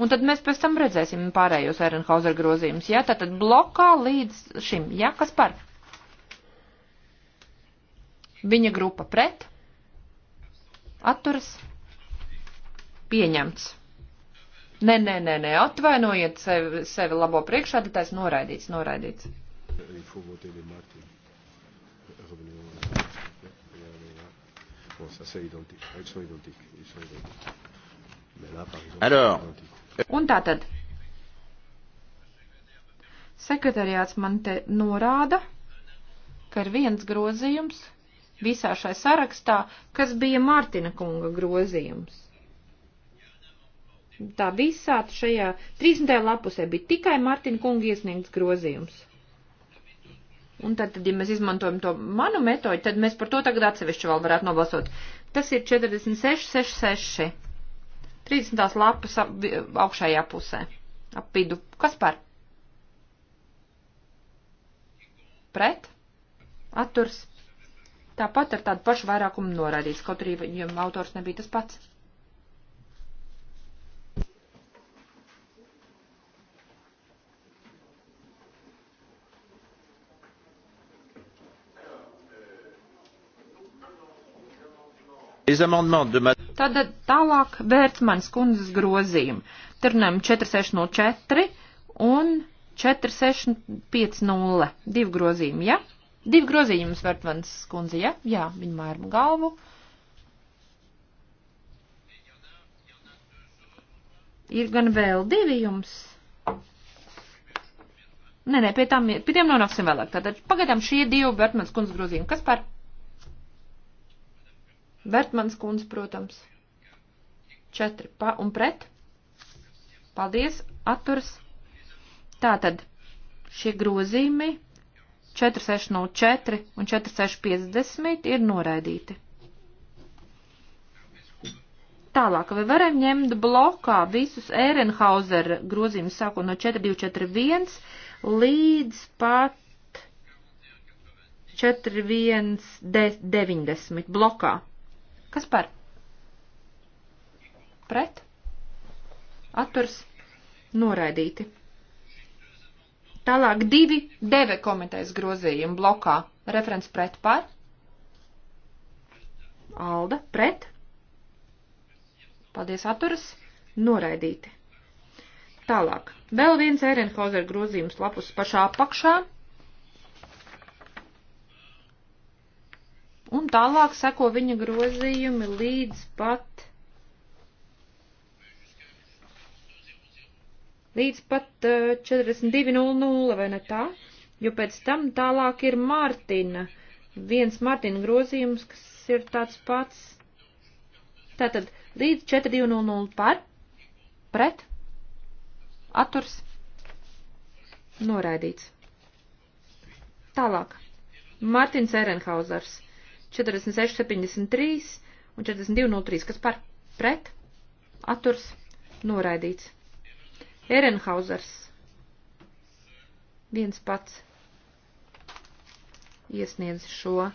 D: Un tad mēs pēc tam redzēsim pārējos Ehrenhauser grozījumus. Jā, ja? tad blokā līdz šim. Jā, ja? kas par? Viņa grupa pret. Atturas. Pieņemts. Nē, nē, nē, nē, atvainojiet sevi, sevi labo priekšādātājs, noraidīts, noraidīts.
B: Bon, ça c'est identique. Elles sont identiques. Ils sont identiques. Mais là, par exemple,
A: Alors.
D: Euh, Un tātad. Sekretariāts man te norāda, ka ir viens grozījums visā šai sarakstā, kas bija Mārtina kunga grozījums. Tā visā šajā 30. lapusē bija tikai Mārtina kunga iesniegts grozījums. Un tad, tad, ja mēs izmantojam to manu metodi, tad mēs par to tagad atsevišķi vēl varētu nobalsot. Tas ir 46, 66, 30. lapas ap, augšējā pusē, ap vidu. Kas par? Pret? Atturs? Tāpat ar tādu pašu vairākumu norādīts, kaut arī viņam autors nebija tas pats.
A: Tad
D: tālāk Vērtsmanis kundzes grozījumi. Turnēm 4604 un 4650. Divi grozījumi, ja? Divi grozījumi Vērtsmanis kundze, ja? Jā, viņa mērma galvu. Ir gan vēl divi jums. Nē, nē, pie, tām, pie tiem nonāksim vēlāk. Tātad pagaidām šie divi Vērtsmanis kundzes grozījumi. Kas par? Vertmans kundze, protams. 4 pa un pret. Paldies, atturs. Tātad šie grozījumi 4604 un 4650 ir noraidīti. Tālāk, vai varam ņemt blokā visus Ehrenhauser grozījumus sākot no 4241 līdz pat 4190 blokā? Kas par? Pret? Atturs noraidīti. Tālāk divi deve komitejas grozījumi blokā. Referents pret par. Alda pret. Paldies, atturas. Noraidīti. Tālāk. Vēl viens Ehrenhauser grozījums lapus pašā apakšā. Un tālāk seko viņa grozījumi līdz pat. Līdz pat 42.00, eh, vai ne tā? Jo pēc tam tālāk ir Mārtina. Viens Mārtina grozījums, kas ir tāds pats. Tātad līdz 42.00 par, pret, aturs, noraidīts. Tālāk. Mārtiņš Ehrenhauzers 46, 73 un 42, 03, kas par pret atturs noraidīts. Erenhauzers viens pats iesniedz šo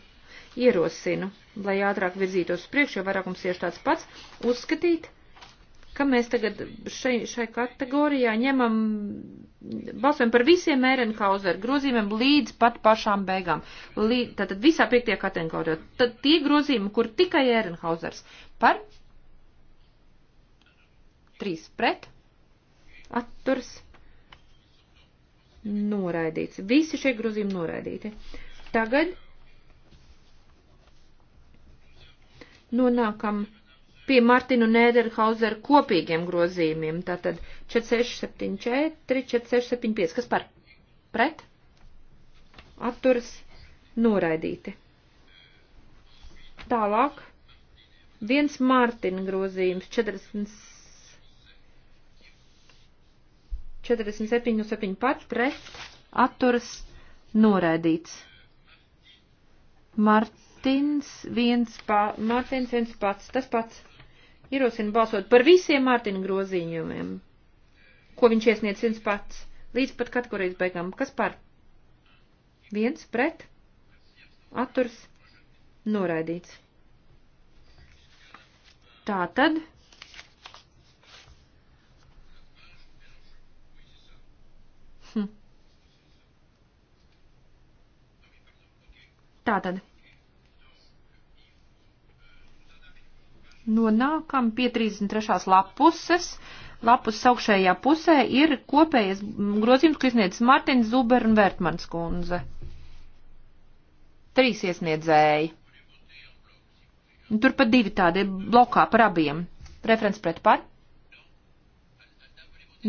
D: ierosinu, lai ātrāk virzītos uz priekšu, jo vairākums tieši tāds pats, uzskatīt ka mēs tagad šai, šai kategorijā ņemam, balsojam par visiem Mērenhauser grozījumiem līdz pat pašām beigām. Līdz, tātad visā piektajā kategorijā. Tad tie grozījumi, kur tikai Mērenhausers par 3 pret atturs noraidīts. Visi šie grozījumi noraidīti. Tagad nonākam pie Martinu Nēderhauseru kopīgiem grozījumiem. Tātad 4674, 4675. Kas par? Pret? Atturas noraidīti. Tālāk. Viens Mārtina grozījums 40, 47 no 7 pat pret atturas noraidīts. Mārtins viens, pa, Mārtins viens pats, tas pats Ierosinu balsot par visiem Mārtiņa grozījumiem, ko viņš iesniedz viens pats, līdz pat kategorijas beigām. Kas par? Viens pret, atturs, noraidīts. Tā tad. Hm. Tā tad. Nonākam pie 33. lapuses. Lapus augšējā pusē ir kopējas grozījums, ko izniedz Mārtiņš Zuber un Vērtmans kundze. Trīs iesniedzēji. Tur pat divi tādi blokā par abiem. Referents pret par.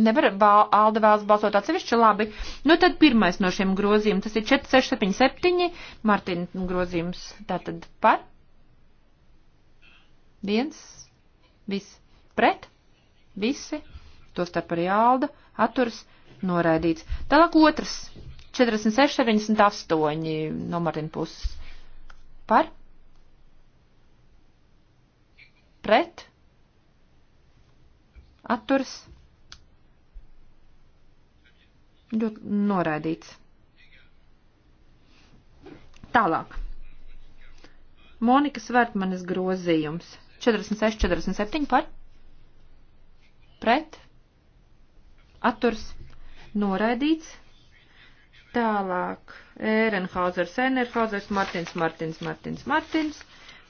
D: Nevar bal, Alda vēlas balsot atsevišķi labi. Nu tad pirmais no šiem grozījumiem, tas ir 4677 Martina grozījums, tātad par viens, viss, pret, visi, to starp arī alda, atturs, noraidīts. Tālāk otrs, 46, 78 no Martina puses. Par? Pret? Atturs? Ļoti noraidīts. Tālāk. Monikas Vērtmanes grozījums 46, 47 par, pret, atturs, noraidīts. Tālāk, Ērenhauzers, Ērenhauzers, Martins, Martins, Martins, Martins.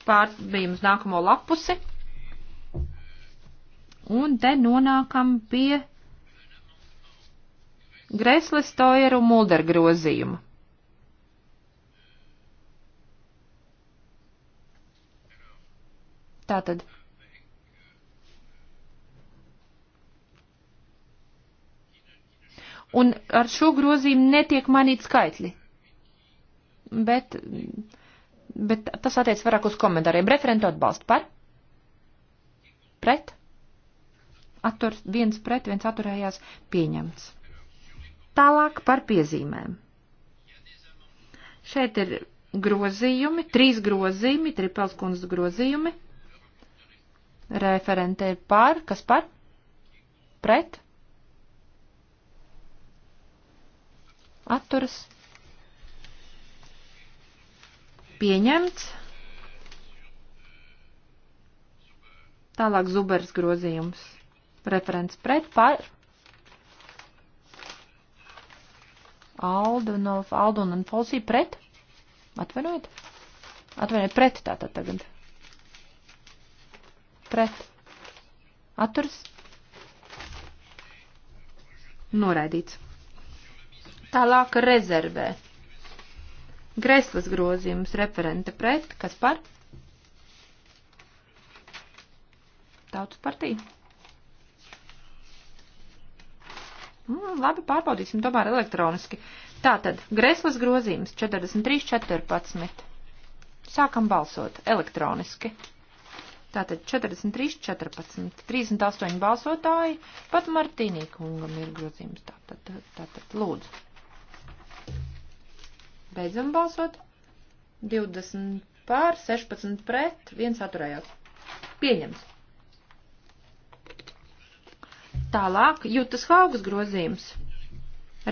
D: Pār bija mums nākamo lapusi. Un te nonākam pie Gresles, Tojeru, Mulder grozījuma. Tātad. Un ar šo grozījumu netiek mainīt skaitļi. Bet, bet tas attiec vairāk uz komentāriem. Referentu atbalstu par? Pret? Attur, viens pret, viens atturējās pieņemts. Tālāk par piezīmēm. Šeit ir grozījumi, trīs grozījumi, tripelskundas grozījumi. Referente ir par, kas par? Pret? Atturas? Pieņemts. Tālāk zubers grozījums. Referents pret par. Aldu no Aldu un Falsī pret. Atvainojiet. Atvainojiet pret tātad tagad pret atturs noraidīts. Tālāk rezervē. Greslas grozījums referente pret, kas par? Tautas partija. Mm, labi, pārbaudīsim tomēr elektroniski. Tātad, greslas grozījums 43.14. Sākam balsot elektroniski. Tātad 43, 14, 38 balsotāji, pat Martīnī kungam ir grozījums. Tātad, tātad lūdzu. Beidzam balsot. 20 pār, 16 pret, viens atturējās. Pieņems. Tālāk jūtas haugas grozījums.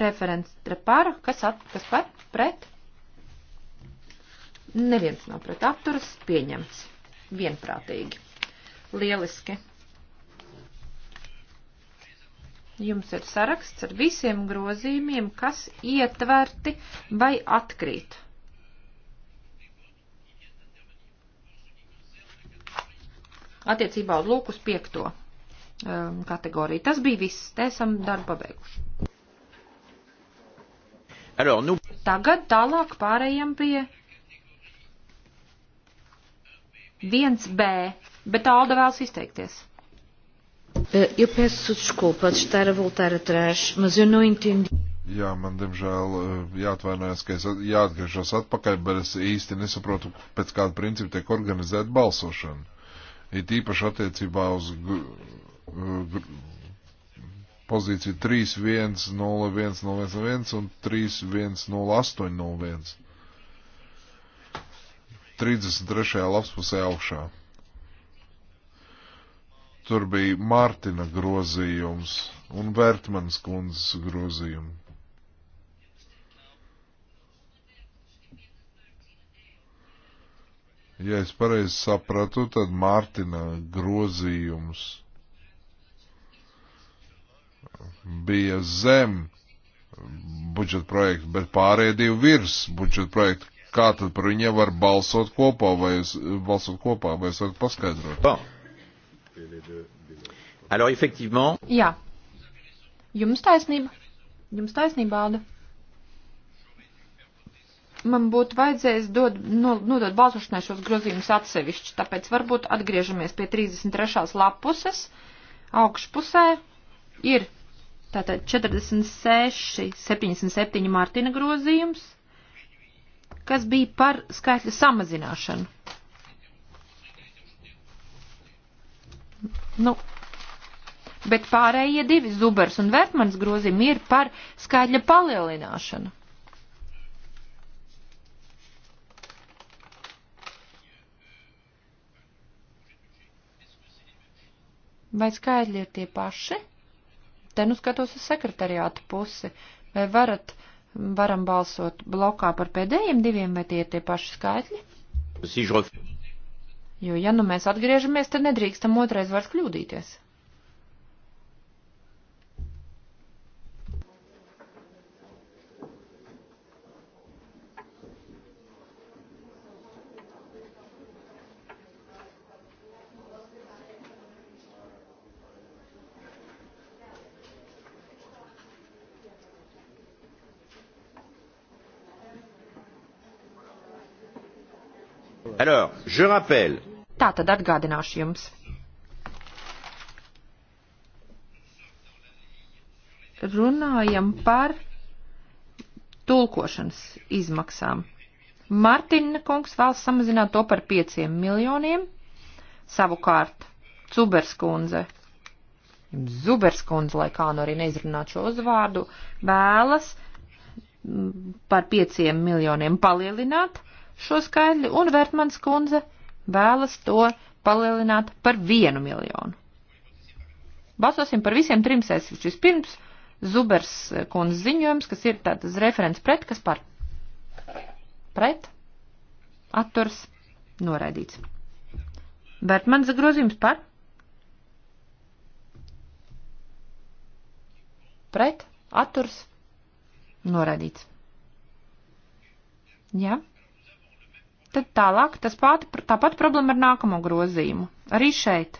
D: Referents trepara, kas, at, kas pat pret? Neviens nav pret apturas, pieņemts vienprātīgi. Lieliski. Jums ir saraksts ar visiem grozījumiem, kas ietverti vai atkrīt. Attiecībā uz lūkus piekto um, kategoriju. Tas bija viss. Te esam darbu pabeiguši. Alors, nu... Tagad tālāk pārējām pie 1B, bet Alda vēlas izteikties.
C: Eh, eu peço
D: desculpa de estar a voltar atrás, mas eu não entendi.
C: Jā, man diemžēl eh, jāatvainojas, ka es jāatgriežos atpakaļ, bet es īsti nesaprotu, pēc kāda principa tiek organizēta balsošana. It īpaši attiecībā uz eh, pozīciju 310101 un 310801. 33. lapspusē augšā. Tur bija Mārtiņa grozījums un Vērtmanas kundzes grozījums. Ja es pareizi sapratu, tad Mārtiņa grozījums bija zem budžeta projekta, bet pārējie divi virs budžeta projekta Kā tad par viņiem var balsot kopā, vai jūs, balsot kopā, vai jūs varat paskaidrot? Bon. Alors, effectivement.
D: Jā. Jums taisnība. Jums taisnība, Āda. Man būtu vajadzējis dod, no, nodot balsošanai šos grozījumus atsevišķi, tāpēc varbūt atgriežamies pie 33. lapuses augšpusē. Ir tātad 46, 77 Mārtina grozījums kas bija par skaitļa samazināšanu. Nu, bet pārējie divi Zubers un Vertmans grozījumi ir par skaitļa palielināšanu. Vai skaitļi ir tie paši? Te nu skatos uz sekretariātu pusi. Vai varat uh, varam balsot blokā par pēdējiem diviem, vai tie ir tie paši skaitļi?
A: Jo,
D: ja nu mēs atgriežamies, tad nedrīkstam otrais vairs kļūdīties.
A: Alors, je rappelle.
D: Tā tad atgādināšu jums. Runājam par tulkošanas izmaksām. Martina kungs vēlas samazināt to par pieciem miljoniem. Savukārt, Cuberskundze, Zuberskundze, lai kā nu arī neizrunāt šo uzvārdu, vēlas par pieciem miljoniem palielināt šo skaidri, un Vērtmans kundze vēlas to palielināt par vienu miljonu. Balsosim par visiem trim sesijas. Vispirms Zubers kundze ziņojums, kas ir tāds referents pret, kas par pret, atturs, noraidīts. Vērtmans grozījums par pret, atturs, noraidīts. Jā. Ja? Tad tālāk, tas pāti, tāpat problēma ar nākamo grozījumu. Arī šeit.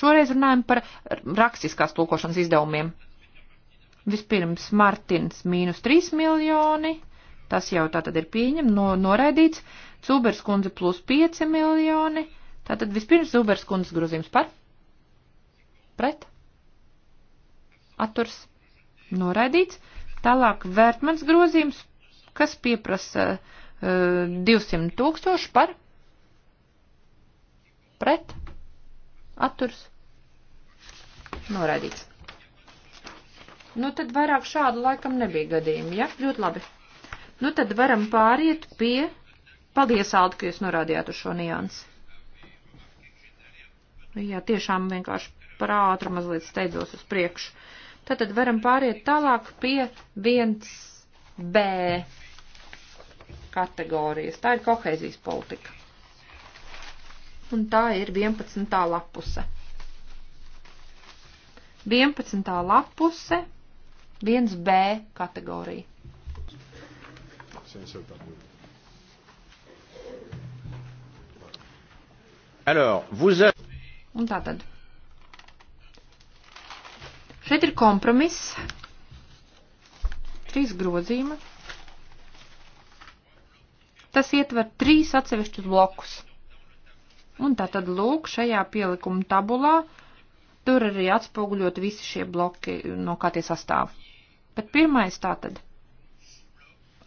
D: Šoreiz runājam par rakstiskās tulkošanas izdevumiem. Vispirms Martins mīnus 3 miljoni, tas jau tātad ir pieņem, no, noraidīts, Cūbers kundze plus 5 miljoni, tātad vispirms Cūbers kundzes grozījums par, pret, atturs, noraidīts, tālāk Vērtmans grozījums kas pieprasa uh, eh, 200 tūkstoši par pret atturs norādīts. Nu, tad vairāk šādu laikam nebija gadījumi, ja? Ļoti labi. Nu, tad varam pāriet pie. Paldies, Aldi, ka jūs norādījāt uz šo niansi. Nu, jā, tiešām vienkārši par ātru mazliet steidzos uz priekšu. Tātad varam pāriet tālāk pie 1B kategorijas. Tā ir kohēzijas politika. Un tā ir 11. lapuse. 11. lapuse, 1B kategorija.
A: Alors, vous avez... Un tātad.
D: Šeit ir kompromiss. Trīs grozījumi. Tas ietver trīs atsevišķus blokus. Un tā tad lūk, šajā pielikuma tabulā tur arī atspoguļot visi šie bloki, no kā tie sastāv. Bet pirmais tātad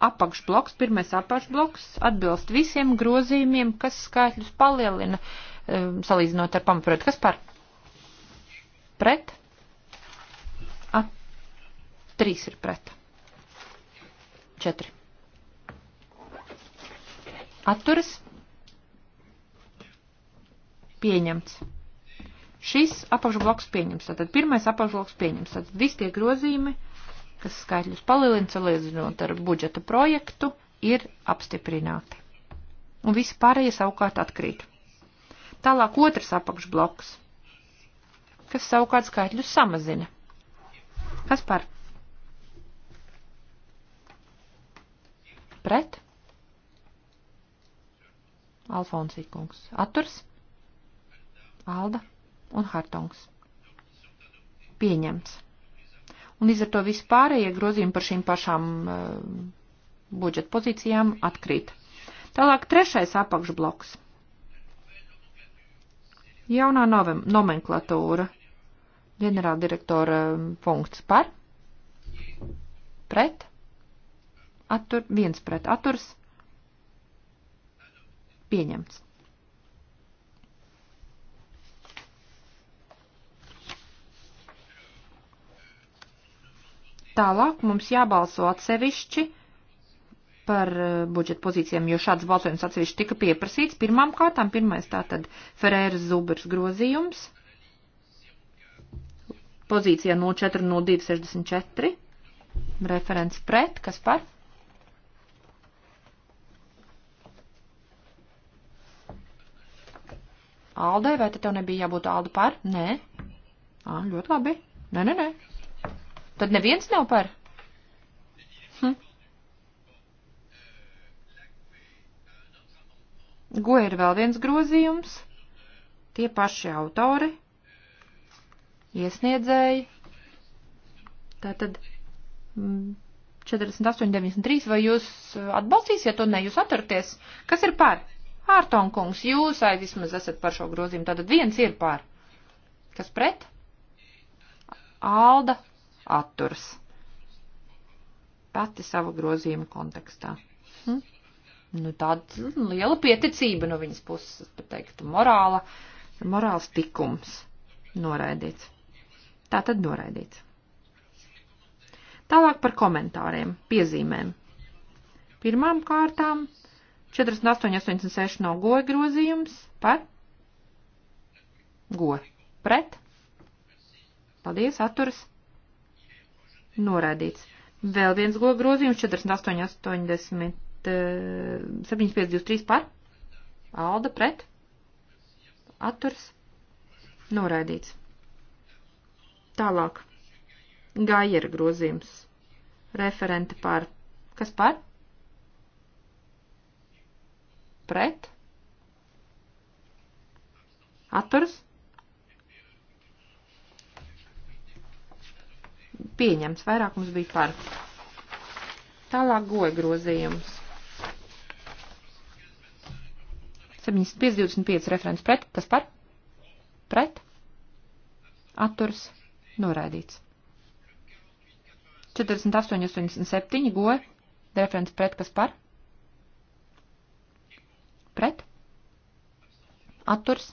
D: apakšbloks, pirmais apakšbloks atbilst visiem grozījumiem, kas skaitļus palielina, um, salīdzinot ar pamatprotu. Kas par? Pret? A, trīs ir pret. Četri. Atturas? Pieņemts. Šis apakšbloks pieņems. Tātad pirmais apakšbloks pieņems. Tātad visi tie grozījumi, kas skaitļus palielina salīdzinot ar budžeta projektu, ir apstiprināti. Un visi pārējie savukārt atkrīt. Tālāk otrs apakšbloks, kas savukārt skaitļus samazina. Kas par? Pret? Alfonsī kungs. Atturs, Alda un Hartungs. Pieņemts. Un līdz ar to visi pārējie grozījumi par šīm pašām uh, budžeta pozīcijām atkrīt. Tālāk trešais apakšbloks. Jaunā novem, nomenklatūra. Ģenerāldirektora mm, punkts par. Pret. Attur, viens pret. Atturs Pieņemts. Tālāk mums jābalso atsevišķi par eh, budžeta pozīcijām, jo šāds balsojums atsevišķi tika pieprasīts. Pirmām kārtām, pirmais tātad Ferēras Zubers grozījums, pozīcijā 040264, referents pret, kas par? Aldai, vai te tev nebija jābūt Aldu par? Nē. Ā, ļoti labi. Nē, nē, nē. Tad neviens nav par? Hm. Go ir vēl viens grozījums. Tie paši autori, iesniedzēji. Tātad 48, mm, 93, vai jūs eh, atbalstīsiet to? Nē, jūs atturties. Kas ir par? Hārtonkungs, jūs aizvismaz esat par šo grozījumu, tātad viens ir pār. Kas pret? Alda atturs. Pati savu grozījumu kontekstā. Hm? Nu, tāda liela pieticība no viņas puses, es pat teiktu, morāla, morāls tikums noraidīts. Tā tad noraidīts. Tālāk par komentāriem, piezīmēm. Pirmām kārtām 48,86 no goja grozījums par go. Pret. Paldies, atturas. Noraidīts. Vēl viens goja grozījums 48,80. 7523 eh, par. Alda pret. Atturs. Noraidīts. Tālāk. Gaiera grozījums. Referente par. Kas par? pret, atturas, pieņemts, vairākums bija par. Tālāk goja grozījums. 75-25 referents pret, kas par? Pret, atturas, noraidīts. 48-87 goja referents pret, kas par? Pret? Atturs?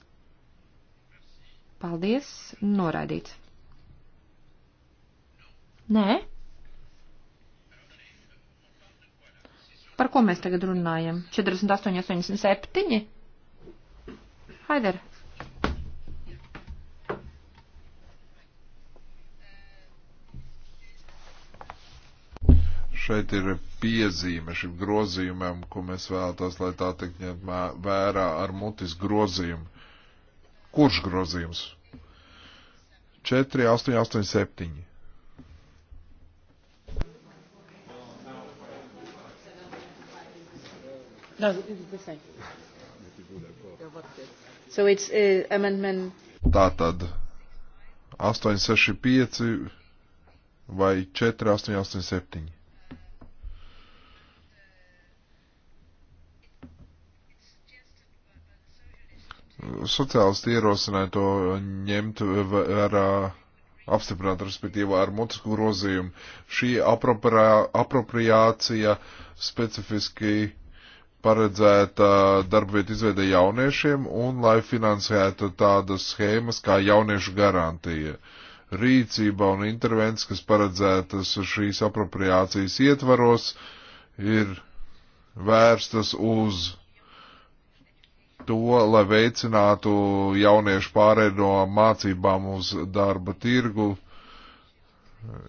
D: Paldies, noraidīts. Nē? Par ko mēs tagad runājam? 48, 87? Haider!
C: Šeit ir piezīme šim grozījumam, ko mēs vēlētos, lai tā tiek ņemt vērā ar mutis grozījumu. Kurš grozījums? 4, 8, 8, 7. No, it's the same. So it's
A: uh, amendment.
C: Tātad 865 vai 4887. Sociālisti ierosināja to ņemt vērā, apstiprināt, respektīvi, ar mutisku grozījumu. Šī apropriācija specifiski paredzēta darbvietu izveide jauniešiem un lai finansētu tādas schēmas kā jauniešu garantija. Rīcība un intervences, kas paredzētas šīs apropriācijas ietvaros, ir vērstas uz to, lai veicinātu jauniešu pārēju no mācībām uz darba tirgu,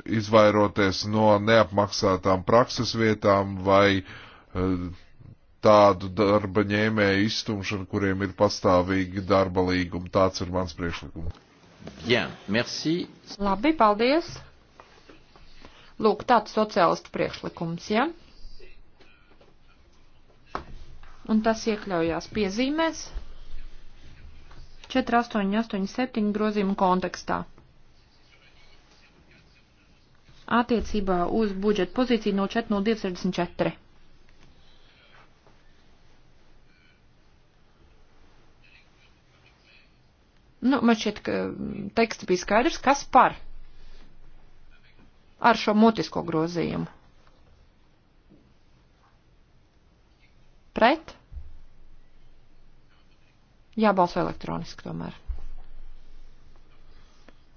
C: izvairoties no neapmaksātām prakses vietām vai eh, tādu darba ņēmēju izstumšanu, kuriem ir pastāvīgi darba līgumi. Tāds ir mans priekšlikums.
A: Jā, merci.
D: Labi, paldies. Lūk, tāds sociālistu priekšlikums, jā. Ja? un tas iekļaujās piezīmēs 4887 grozījumu kontekstā. Attiecībā uz budžeta pozīciju no 4264. Nu, man šķiet, ka teksts bija skaidrs, kas par ar šo mutisko grozījumu. Jābalso elektroniski tomēr.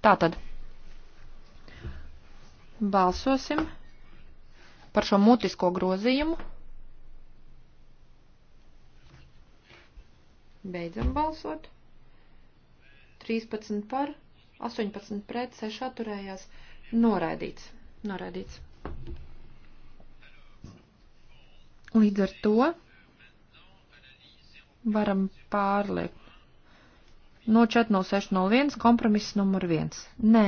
D: Tātad. Balsosim par šo mutisko grozījumu. Beidzam balsot. 13 par, 18 pret, 6 atturējās. Noraidīts. Noraidīts. Līdz ar to varam pārliekt. No 4601 kompromiss numur 1. Nē.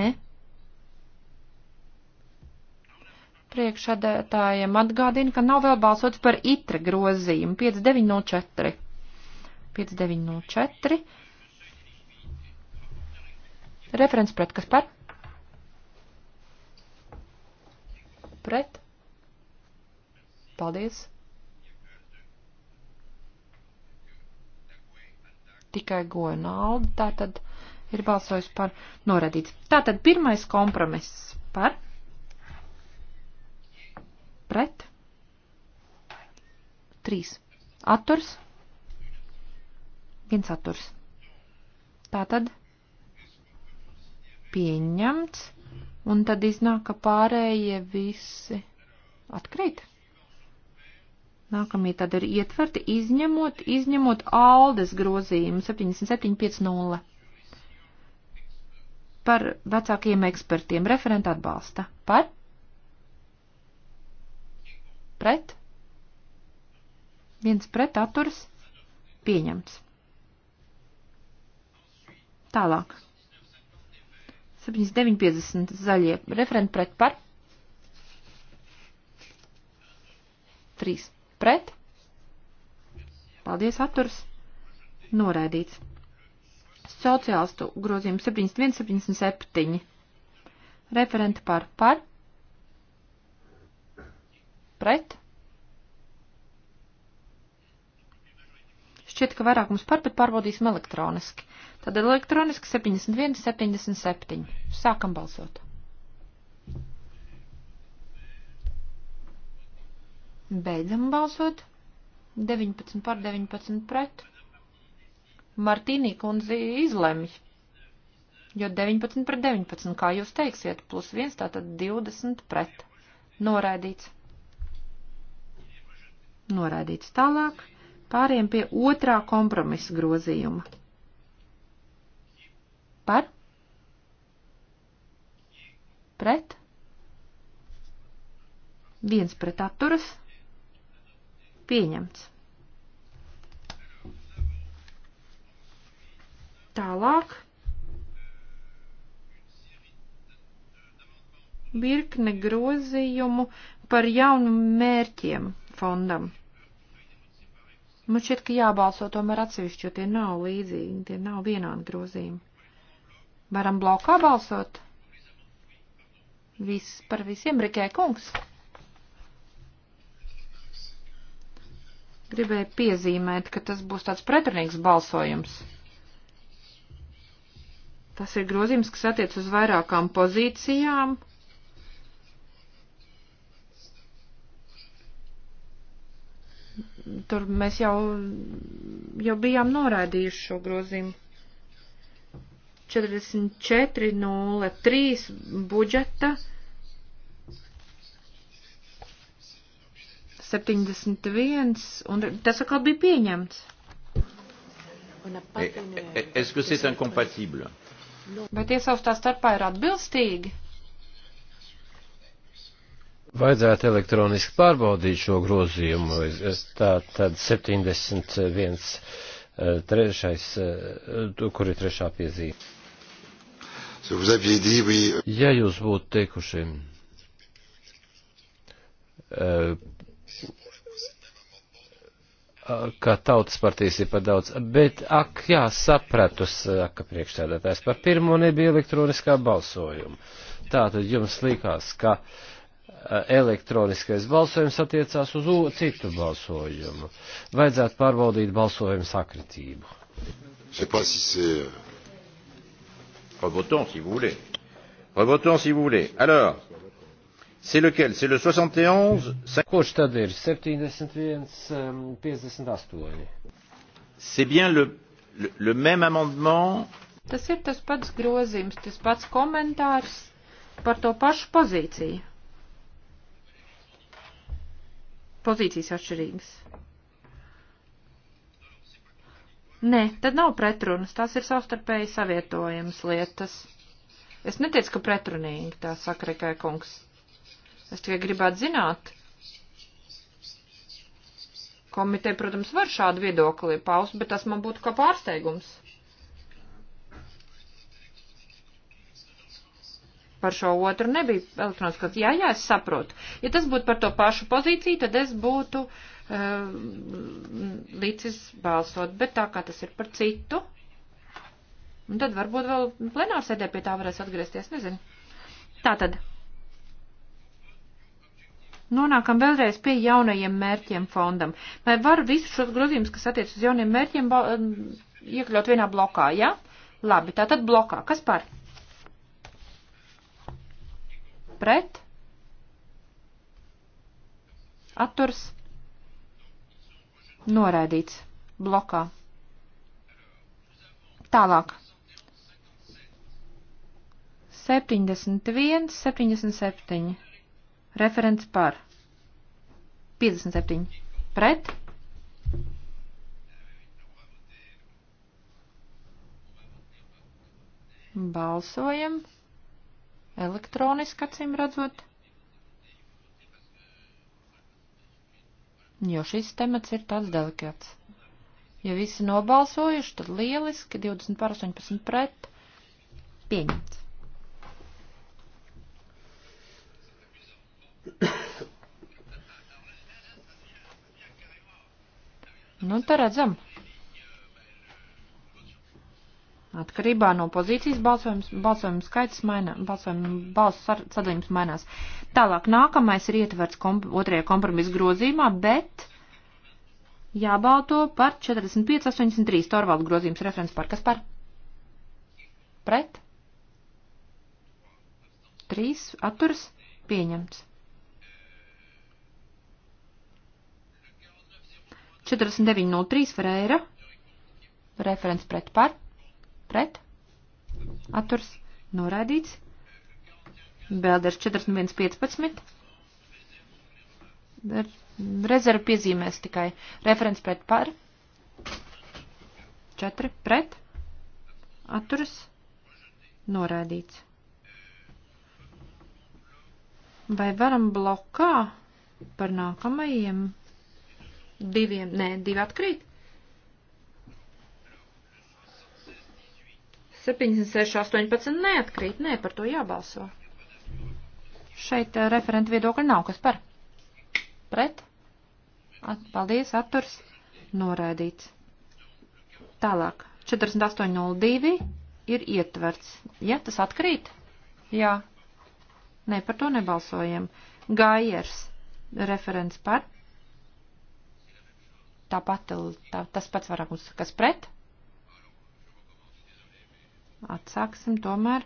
D: Priekšsēdētājiem atgādina, ka nav vēl balsots par itra grozījumu 5904. 5904. Referents pret kas par? Pret. Paldies. tikai goja naudu, tātad ir balsojis par noradīts. Tātad pirmais kompromiss par pret 3 atturs, viens atturs. Tātad pieņemts, un tad iznāk, ka pārējie visi atkrīt. Nākamie tad ir ietverti, izņemot, izņemot Aldes grozījumu 7750 par vecākajiem ekspertiem. Referenta atbalsta. Par? Pret? Viens pret atturs pieņemts. Tālāk. 7950 zaļie. Referenta pret par? 3 Pret? Paldies, atturs. Noraidīts. Sociālistu grozījums 7177. Referenta par par. Pret? šķiet, ka vairākums par, bet pārbaudīsim elektroniski. Tad elektroniski 71, 77. Sākam balsot. Beidzam balsot. 19 par 19 pret. Martīnī kundze izlemj. Jo 19 par 19, kā jūs teiksiet, plus 1, tātad 20 pret. Noraidīts. Noraidīts tālāk. Pāriem pie otrā kompromisa grozījuma. Par? Pret? Viens pret atturas. Pieņemts. Tālāk. Virkne grozījumu par jaunu mērķiem fondam. Man šķiet, ka jābalso tomēr atsevišķi, jo tie nav līdzīgi, tie nav vienādi grozījumi. Varam blokā balsot? Viss par visiem, Rikē kungs. Gribēju piezīmēt, ka tas būs tāds pretrunīgs balsojums. Tas ir grozījums, kas attiec uz vairākām pozīcijām. Tur mēs jau, jau bijām noraidījuši šo grozījumu. 44.03 budžeta 71, un tas atkal bija pieņemts. Eh, eh, eh,
A: est-ce que c'est incompatible?
D: Bet nu. iesaustā starpā ir atbilstīgi.
B: Vajadzētu elektroniski pārbaudīt šo grozījumu. Tā tad 71, trešais, kur ir trešā piezīme. Ja jūs būtu teikuši Uh, ka tautas partijas ir par daudz, bet, ak, jā, sapratu, saka uh, priekšsēdētājs, par pirmo nebija elektroniskā balsojuma. Tātad jums likās, ka uh, elektroniskais balsojums attiecās uz citu balsojumu. Vajadzētu pārbaudīt balsojumu sakritību.
A: Euh, Rebotons, si vous voulez. Rebotons, si vous voulez. Alors, C'est lequel C'est le
B: 71 Kurš tad ir 71, 58?
A: C'est bien le, le, le même amendement.
D: Tas ir tas pats grozījums, tas pats komentārs par to pašu pozīciju. Pozīcijas atšķirīgas. Nē, tad nav pretrunas, tās ir savstarpēji savietojamas lietas. Es neteicu, ka pretrunīgi, tā saka Rekai kungs. Es tikai gribētu zināt. Komiteja, protams, var šādu viedokli paust, bet tas man būtu kā pārsteigums. par šo otru nebija elektroniskās. Jā, jā, es saprotu. Ja tas būtu par to pašu pozīciju, tad es būtu uh, līdzis balsot, bet tā kā tas ir par citu, un tad varbūt vēl plenārsēdē pie tā varēs atgriezties, nezinu. Tātad. Nonākam vēlreiz pie jaunajiem mērķiem fondam. Vai var visus šos grozījumus, kas attiec uz jauniem mērķiem, iekļaut vienā blokā, ja? Labi, tātad blokā. Kas par? Pret? Atturs? Noraidīts. Blokā. Tālāk. 71, 77. Referents par 57 pret. Balsojam elektroniski, acīm redzot. Jo šis temats ir tāds delikāts. Ja visi nobalsojuši, tad lieliski 20 par 18 pret pieņemts. Nu, te redzam. Atkarībā no pozīcijas balsojums, balsojums skaits maina, balsojums balsu sadalījums mainās. Tālāk nākamais ir ietverts komp otrajā kompromisa grozījumā, bet jābalto par 45.83 Torvaldu grozījums referents par kas par? Pret? Trīs atturas pieņemts. 49.03 Ferreira. Referents pret par. Pret. Atturs. Noraidīts. Bēlders 41.15. Rezervu piezīmēs tikai referents pret par. 4 pret. Atturas. Noraidīts. Vai varam blokā par nākamajiem? Diviem, nē, divi atkrīt. 76, 18 neatkrīt, nē, par to jābalso. Šeit eh, referenta viedokļa nav, kas par? Pret? At, paldies, atturs, noraidīts. Tālāk, 48.02 ir ietverts. Ja, tas atkrīt? Jā. Nē, par to nebalsojam. Gājers, referents par? Tāpat tā, tas pats varakums, kas pret. Atsāksim tomēr.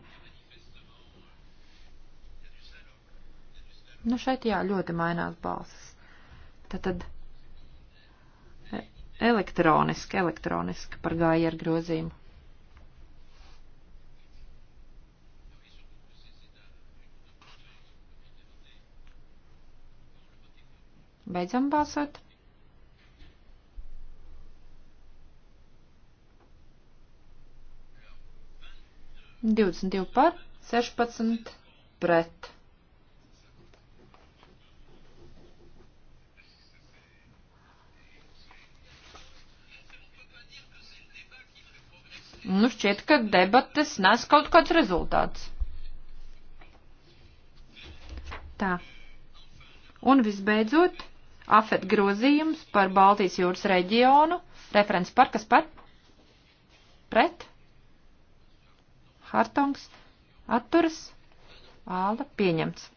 D: Nu šeit jā, ļoti mainās balsis. Tātad e, elektroniski, elektroniski par gāju ar grozījumu. Beidzam balsot. 22 par, 16 pret. Nu, šķiet, ka debates nes kaut kāds rezultāts. Tā. Un visbeidzot, afet grozījums par Baltijas jūras reģionu, referents par kas par? Pret? Hartongs atturas āla pieņemts.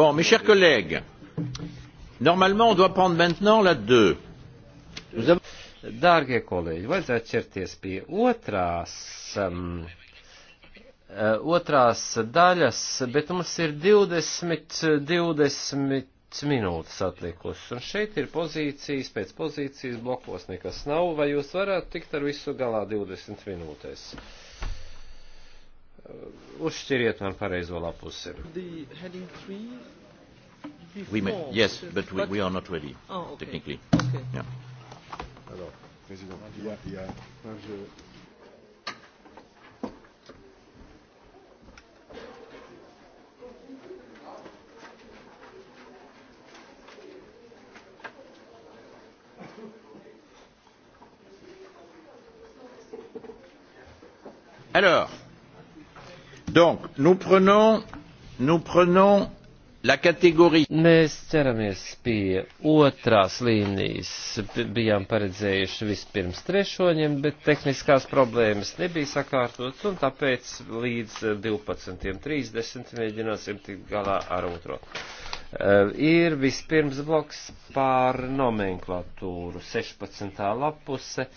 A: Bon, mes chers collègues, normalement on doit prendre maintenant la 2.
B: Avons... Dārgie kolēģi, vajadzētu ķerties pie otrās, um, uh, otrās daļas, bet mums ir 20, 20 minūtes atlikušas, un šeit ir pozīcijas, pēc pozīcijas blokos nekas nav, vai jūs varētu tikt ar visu galā 20 minūtēs? Uh, Uh, uzšķiriet man pareizo lapusi.
A: We may, yes, but we, we are not ready, oh, okay. technically.
B: Okay. Yeah. Alors, président, il y a, il y a, moi je,
A: alors Donc, nous prenons, nous prenons
B: la catégorie. Mēs ķeramies pie otrās līnijas. Bijām paredzējuši vispirms trešoņiem, bet tehniskās problēmas nebija sakārtotas, un tāpēc līdz 12.30 mēģināsim tikt galā ar otro. Uh, ir vispirms bloks pār nomenklatūru 16. lapuse.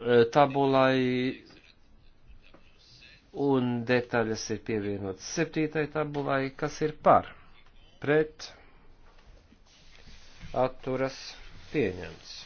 B: Uh, tabulai un detaļas ir pievienotas septītai tabulai, kas ir par, pret, atturas, pieņemts.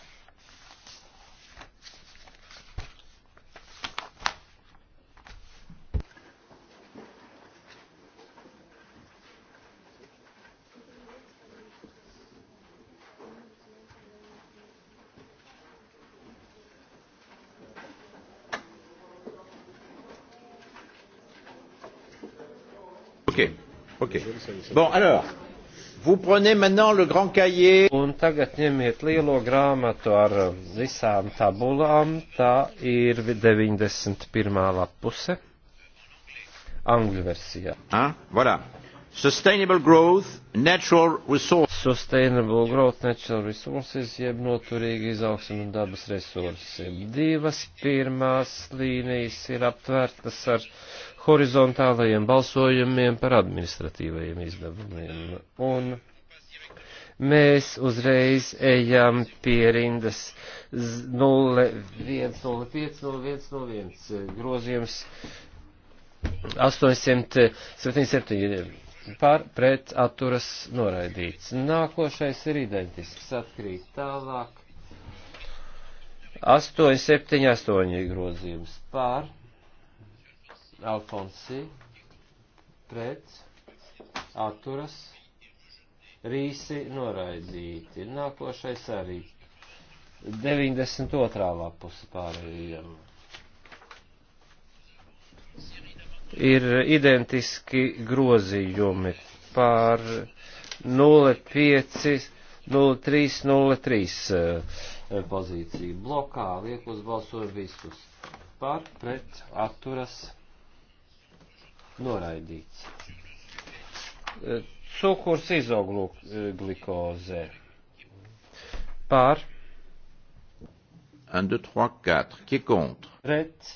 B: Bon, alors, vous prenez maintenant le grand cahier. Un tagad ņemiet lielo grāmatu ar uh, visām tabulām. Tā ir 91. lapuse. Angļu versijā. Ah, voilà. Sustainable growth, natural resources. Sustainable growth, natural resources, jeb noturīgi izaugsme un dabas resursi. Divas pirmās līnijas ir aptvērtas ar horizontālajiem balsojumiem par administratīvajiem izdevumiem. Un mēs uzreiz ejam pie rindas 01050101 grozījums 877 par pret atturas noraidīts. Nākošais ir identisks, atkrīt tālāk. 878 grozījums par pret Alfonsī pret atturas rīsi noraidīti. Nākošais arī 92. lapusi pārējiem. Ir identiski grozījumi pār 05, 03, 03 pozīciju blokā. Liek uz balsojumu visus. Pār pret atturas noraidīts. Eh, cukurs izoglikoze
A: par 1, 2, 3, 4, qui est contre
B: Pret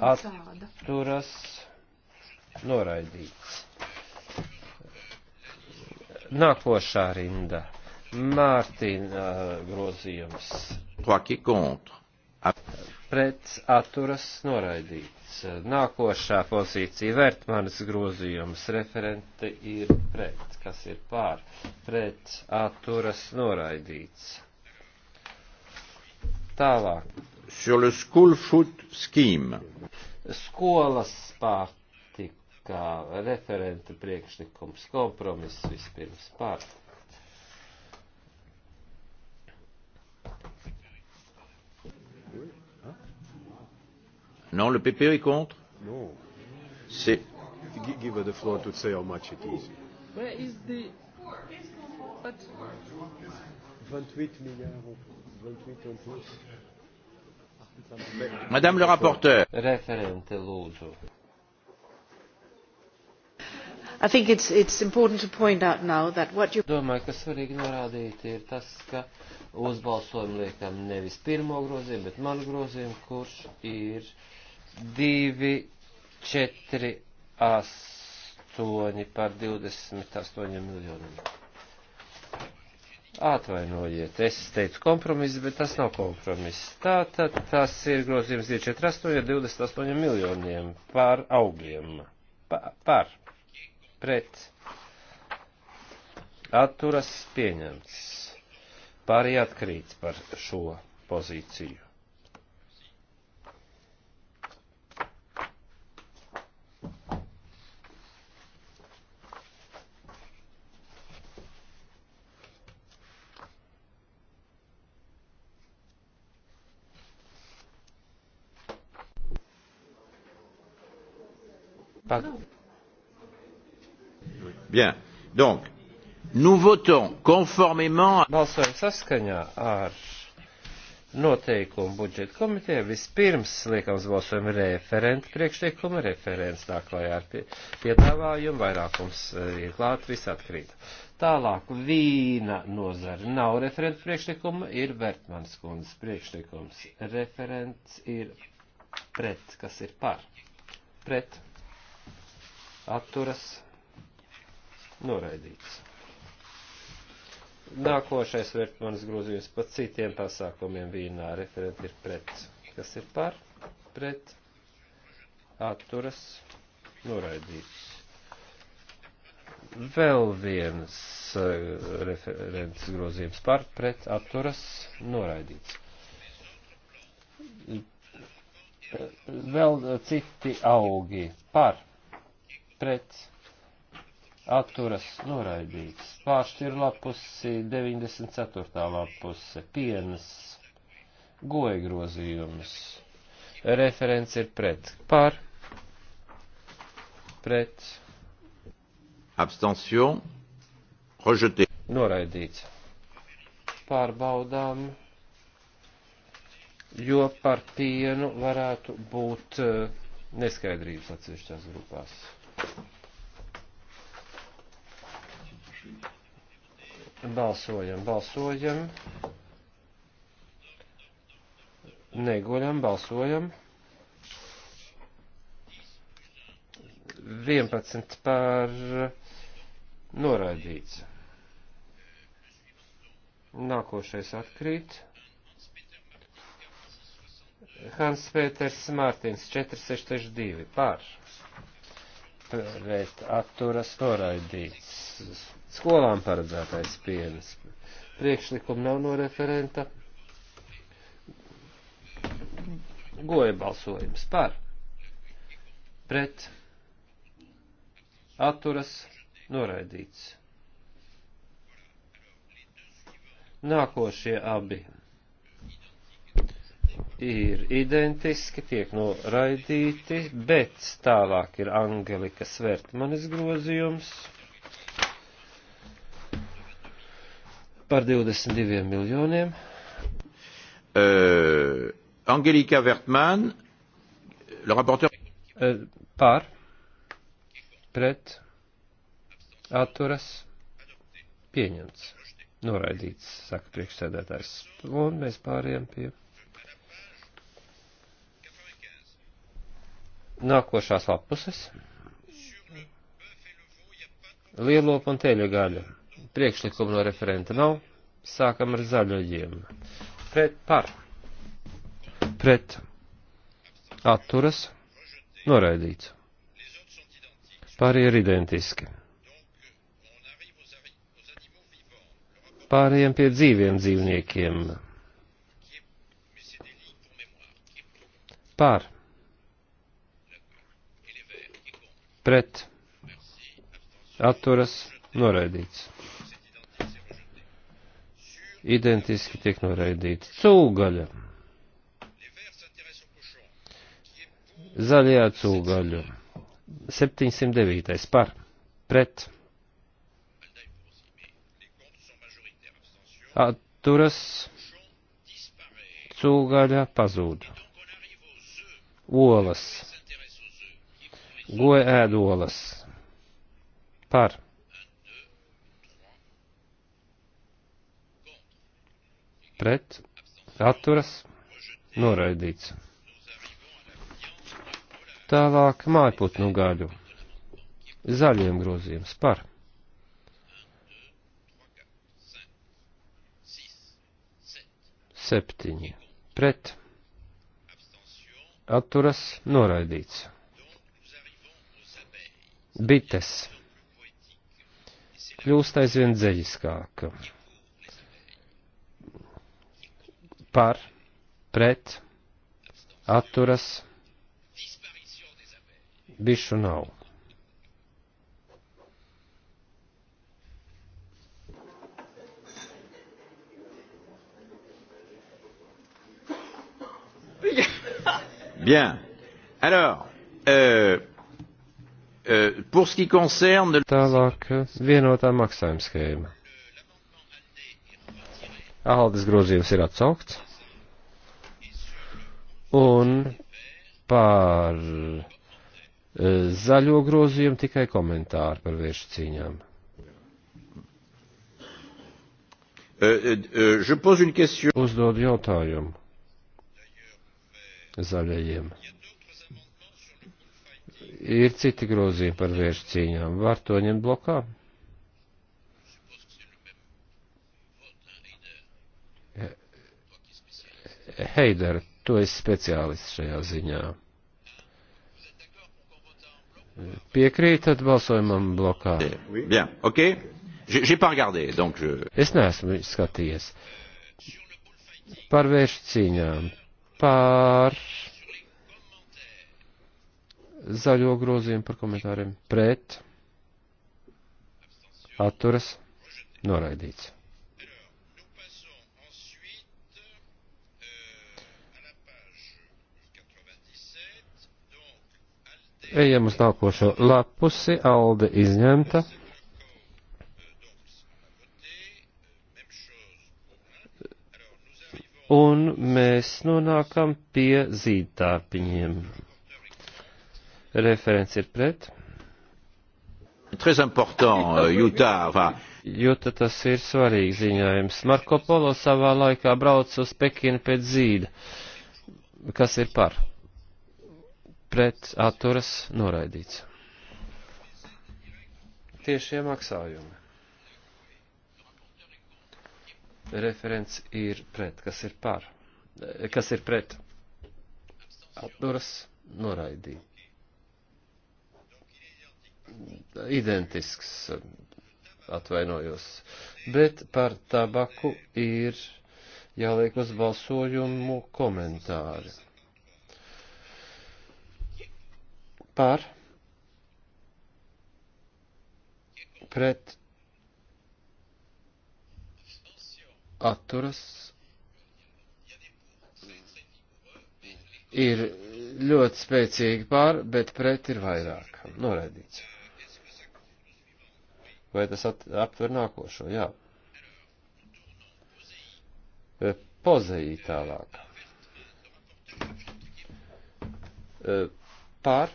B: atturas noraidīts. Nākošā rinda. Mārtiņa grozījums. Pret atturas noraidīts. Nākošā pozīcija vērtmanas grozījums. Referente ir pret. Kas ir pār? Pret atturas noraidīts. Tālāk.
A: Sur le school food scheme.
B: Skolas pārtikā referenta priekšlikums kompromiss vispirms pārtikā
A: Non, le PPE est contre No. C'est...
B: Give her the floor to say how much it is. Where is the... But... 28 milliards, 28, 28. Madame le rapporteur. Referente, lūdzu. I think it's, it's important to point out now that what you... Domāju, ka svarīgi norādīt ir tas, ka uz balsojumu liekam nevis pirmo grozījumu, bet manu grozījumu, kurš ir uh, 2, 4, 8 par 28 miljoniem. Atvainojiet, es teicu kompromiss, bet tas nav kompromiss. Tātad tas ir grozījums 248 ar 28 miljoniem par augļiem. Pa, par. Pret. Atturas pieņemts. Pārējā atkrīt par šo pozīciju.
A: Bien. Donc, nous votons
B: conformément. Balsojam saskaņā ar noteikumu budžeta komiteja. Vispirms liekam uz balsojumu referentu priekšteikumu, referents tā klājā ar piedāvājumu, vairākums eh, ir klāt, viss atkrīt. Tālāk vīna nozara nav referenta priekšlikuma, ir Vertmans kundzes priekšlikums. Referents ir pret, kas ir par. Pret. Atturas noraidīts. Nākošais vērtmanas grozījums pa citiem pasākumiem vīnā referenti ir pret. Kas ir par? Pret. Atturas. Noraidīts. Vēl viens eh, referents grozījums par, pret, atturas, noraidīts. Vēl citi augi par, pret, atturas noraidīts. Pāršķir lapusi 94. lapuse pienas goja grozījums. Referents ir pret. Par. Pret.
A: Abstention. Rejeté. Noraidīts.
B: Pārbaudām. Jo par pienu varētu būt eh, neskaidrības atsevišķās grupās. Balsojam, balsojam. Neguļam, balsojam. 11 pār noraidīts. Nākošais atkrīt. Hans Pēters Mārtins 462 pār. Pret atturas noraidīts skolām paredzētais piens. Priekšlikumu nav no referenta. Goja balsojums par, pret, atturas, noraidīts. Nākošie abi ir identiski, tiek noraidīti, bet tālāk ir Angelika Svertmanis grozījums.
A: par 22 miljoniem. Uh, Angelika
B: Vertman, le rapporteur. Uh, par, pret, atturas, pieņemts, noraidīts, saka priekšsēdētājs. Un mēs pāriem pie. Nākošās lapuses. Lielopu un teļu gaļu priekšlikumu no referenta nav. Sākam ar zaļajiem. Pret par. Pret. Atturas. Noraidīts. Pārējie ir identiski. Pārējiem pie dzīviem dzīvniekiem. Pār. Pret. Atturas. Noraidīts identiski tiek noraidīti. Cūgaļa. Zaļajā cūgaļu. 709. par. Pret. Atturas. Cūgaļa pazūd. Olas. Goja ēd olas. Par. pret, atturas, noraidīts. Tālāk mājputnu gaļu. Zaļiem grozījums par. Septiņi. Pret. Atturas noraidīts. Bites. Kļūst aizvien dzeļiskāka. par, pret, atturas, bišu nav.
A: Bien. Alors, euh, euh,
B: pour ce qui concerne... Tālāk vienotā maksājuma schēma. Aldes grozījums ir atsaukts. Un par e, zaļo grozījumu tikai komentāri par viešu cīņām. E, e, Uzdod jautājumu zaļajiem. Ir citi grozījumi par viešu cīņām. Var to ņemt blokā? Heidera, tu esi speciālists šajā ziņā. Piekrītat balsojumam blokā? Bien, ok. J'ai pas regardé, donc je... Es neesmu skatījies. Par vēršu cīņām. Par zaļo grozījumu par komentāriem. Pret. Atturas. Noraidīts. Ejam uz nākošo lapusi, Alde izņemta. Un mēs nonākam pie zīdtāpiņiem. Referents ir pret. Très important, euh, Jutā. Enfin. Juta tas ir svarīgs ziņojums. Marko Polo savā laikā brauca uz Pekinu pēc zīda. Kas ir par? pret atturas noraidīts. Tiešie maksājumi. Referents ir pret, kas ir par, kas ir pret. Atturas noraidīja. Identisks, atvainojos. Bet par tabaku ir jāliek uz balsojumu komentāri. par pret atturas ir ļoti spēcīgi pār, bet pret ir vairāk. Noraidīts. Vai tas at, aptver nākošo? Jā. E, Pozeī tālāk. E, pār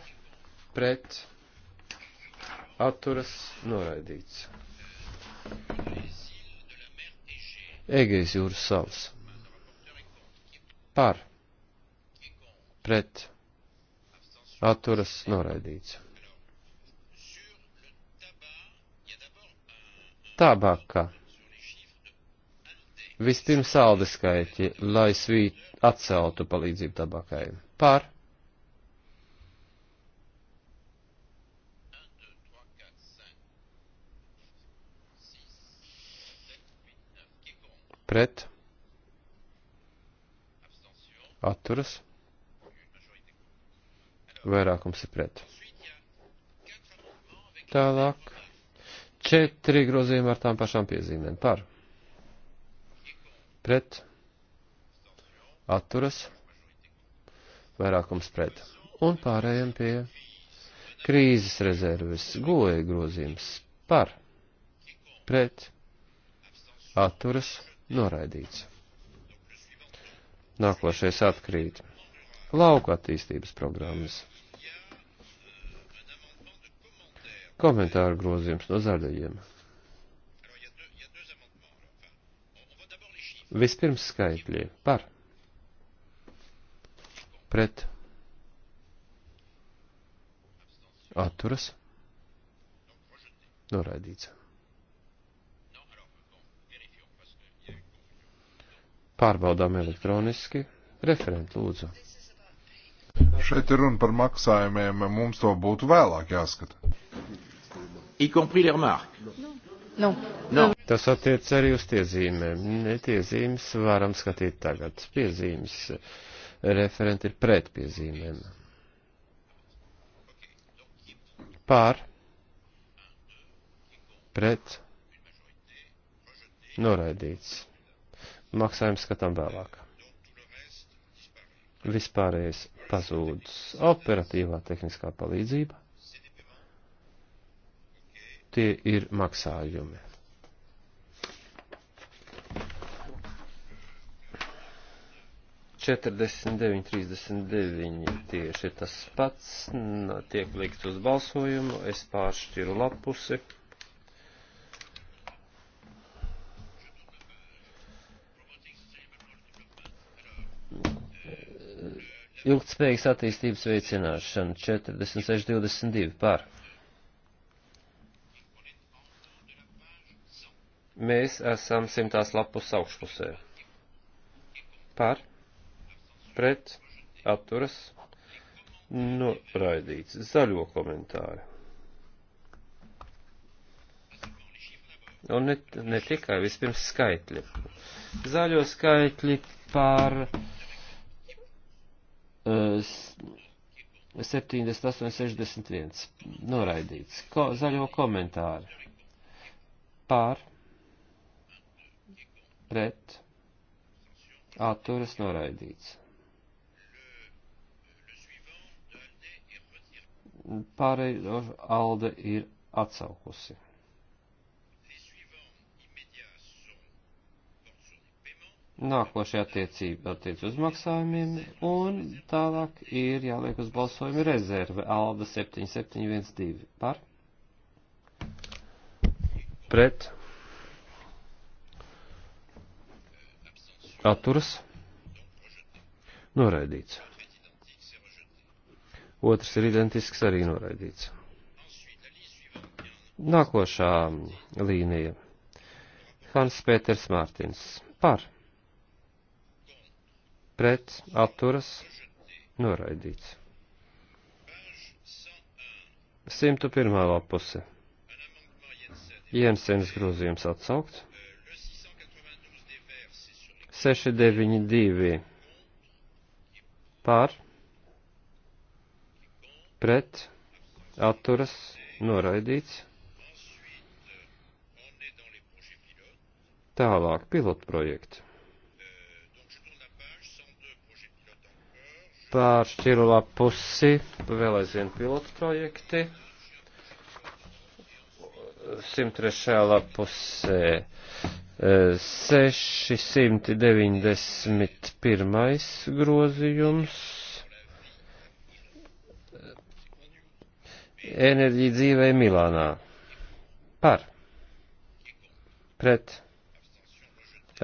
B: pret, atturas, noraidīts. Egejas jūras salas. Par, pret, atturas, noraidīts. Tabaka. Vispirms saldi skaitļi, lai svīt atceltu palīdzību tabakai. Par pret atturas vairākums ir pret. Tālāk četri grozījumi ar tām pašām piezīmēm par pret atturas vairākums pret. Un pārējiem pie krīzes rezerves goja grozījums par pret atturas Noraidīts. Nākošais atkrīt. Lauka attīstības programmas. Komentāru grozījums no zaļajiem. Vispirms skaitļi par, pret, atturas, noraidīts.
C: Pārbaudām elektroniski.
B: Referent, lūdzu.
C: Šeit ir runa par maksājumiem, mums to būtu vēlāk jāskata.
B: Y compris les remarques.
A: No. No.
C: Tas attiec arī uz
B: tiezīmēm. Netiezīmes varam skatīt tagad. Piezīmes referenti ir pret piezīmēm. Pār. Pret. Noraidīts maksājumu skatām vēlāk. Vispārējais pazūd operatīvā tehniskā palīdzība. Tie ir maksājumi. Četrdesmit deviņi, trīsdesmit deviņi tieši tas pats, tiek likt uz balsojumu, es pāršķiru lapusi. Ilgtspējīgas attīstības veicināšana 46.22 par. Mēs esam simtās lapus augšpusē. Par, pret, atturas, noraidīts, zaļo komentāru. Un ne, ne tikai, vispirms skaitļi. Zaļo skaitļi par 78,61. Noraidīts. Ko, zaļo komentāru. Pār. Pret. Atturas noraidīts. Pārējo alde ir atsaukusi. Nākošie attiecība attiec uz maksājumiem, un tālāk ir jāliek uz balsojumu rezerve Alda 7712 par. Pret. Atturas. Noraidīts. Otrs ir identisks, arī noraidīts. Nākošā līnija. Hans Pēters Mārtins. Par pret atturas noraidīts. 101. lapuse. Jensens grozījums atsaukts. 692 pār pret atturas noraidīts. Tālāk pilotprojekts. par šķirulā pusi, vēl aizvien pilotu projekti. 103. lapusē 691. E, grozījums. Enerģija dzīvē Milānā. Par. Pret.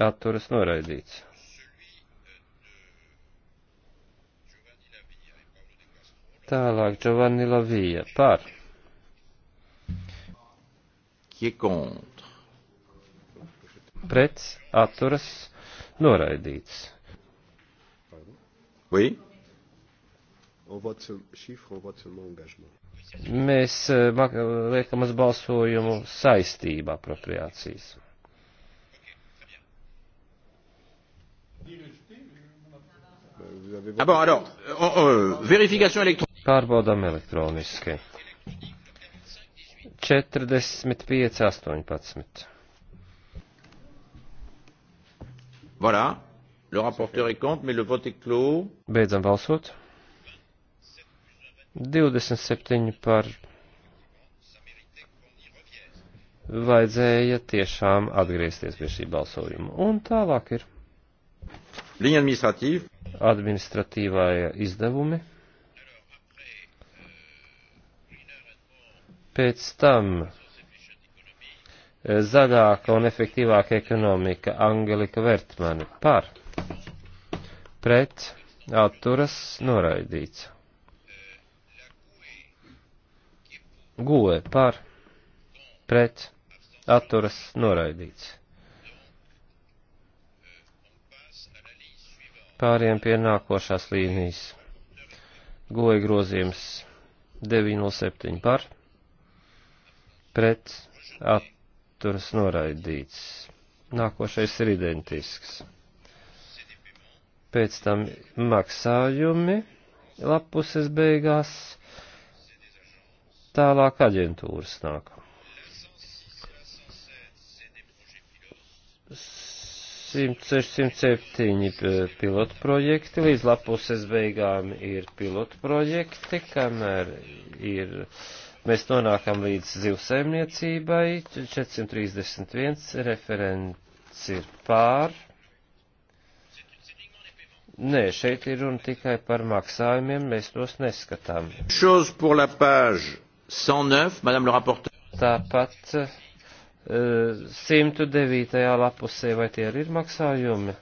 B: Atturas noraidīts. Tālāk Giovanni Lavija par. Pret atturas noraidīts. Oui. Mēs eh, liekam uz balsojumu saistību apropriācijas. Ah bon, alors, euh, euh, vérification électronique. Pārbaudām elektroniski. 45, 18.
A: Voilà. Le rapporteur est contre, mais le vote est clos.
B: Beidzam balsot. 27 par. Vajadzēja tiešām atgriezties pie šī balsojuma. Un tālāk ir. Liņa administratīva. Administratīvā izdevumi. Pēc tam eh, zaļāka un efektīvāka ekonomika Angelika Vertmane par pret atturas noraidīts. Goe par pret atturas noraidīts. Pāriem pie nākošās līnijas. Goe grozījums 907 par pret atturas noraidīts. Nākošais ir identisks. Pēc tam maksājumi lapuses beigās, tālāk aģentūras nāk. Simt, 607 pilotu projekti, līdz lapuses beigām ir pilotu projekti, kamēr ir uh, Mēs nonākam līdz zivsaimniecībai. 431 referents ir pār. Nē, šeit ir runa tikai par maksājumiem, mēs tos neskatām. Tāpat 109. Eh, lapusē, vai tie arī ir maksājumi?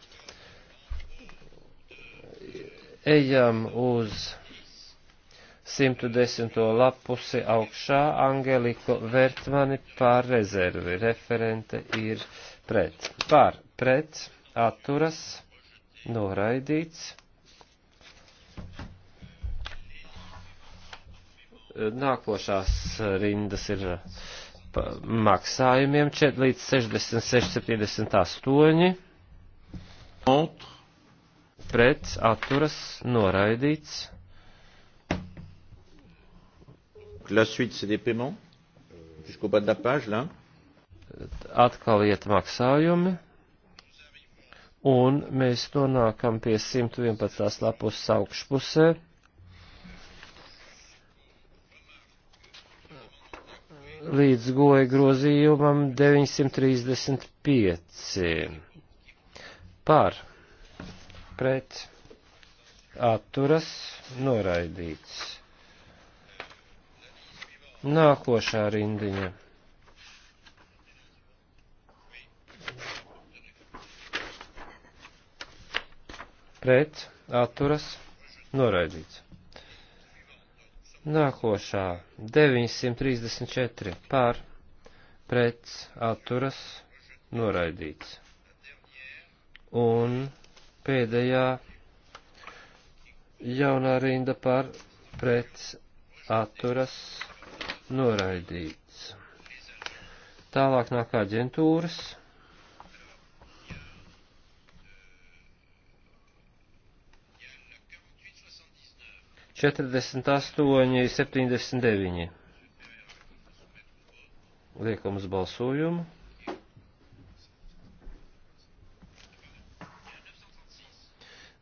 B: Ejam uz 110. lapusi augšā Angeliko Vertmani pār rezervi. Referente ir pret. Pār pret atturas noraidīts. Nākošās rindas ir maksājumiem 4 līdz 66,78. Pret atturas noraidīts. La suite, c'est des paiements
A: jusqu'au bas de la page, là.
B: Atkal iet maksājumi. Un mēs nonākam pie 111. lapus augšpusē. Līdz goja grozījumam 935. Par. Pret. Atturas. Noraidīts. Nākošā rindiņa. Pret, atturas, noraidīts. Nākošā 934 pār, pret, atturas, noraidīts. Un pēdējā jaunā rinda par pret, atturas, noraidīts noraidīts. Tālāk nāk aģentūras. Četrdesmit astoņi, septiņdesmit deviņi. Liekam uz balsojumu.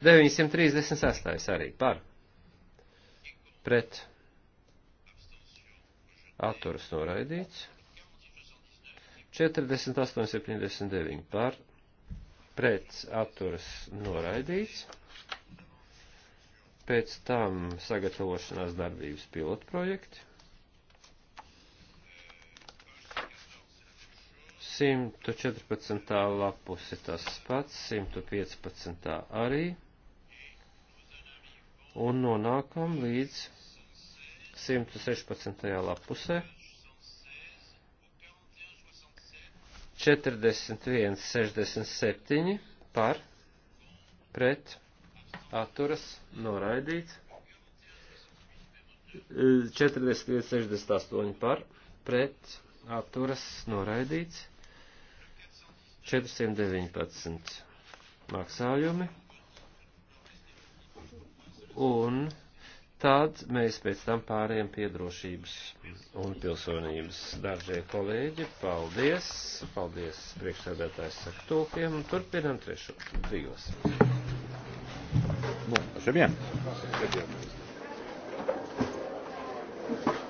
B: Deviņsimt trīsdesmit sastais arī par. Pret atturas noraidīts. 48,79 par pret atturas noraidīts. Pēc tam sagatavošanās darbības pilotprojekti. 114. lapus ir tas pats, 115. arī. Un nonākam līdz 116. lapusē. 41, 67 par, pret, atturas, noraidīts. 41, 68 par, pret, atturas, noraidīts. 419 maksājumi. Un tad mēs pēc tam pārējām pie drošības un pilsonības. Darbie kolēģi, paldies! Paldies priekšsēdētājs Saktūkiem un turpinam trešo trijos. Bon, nu,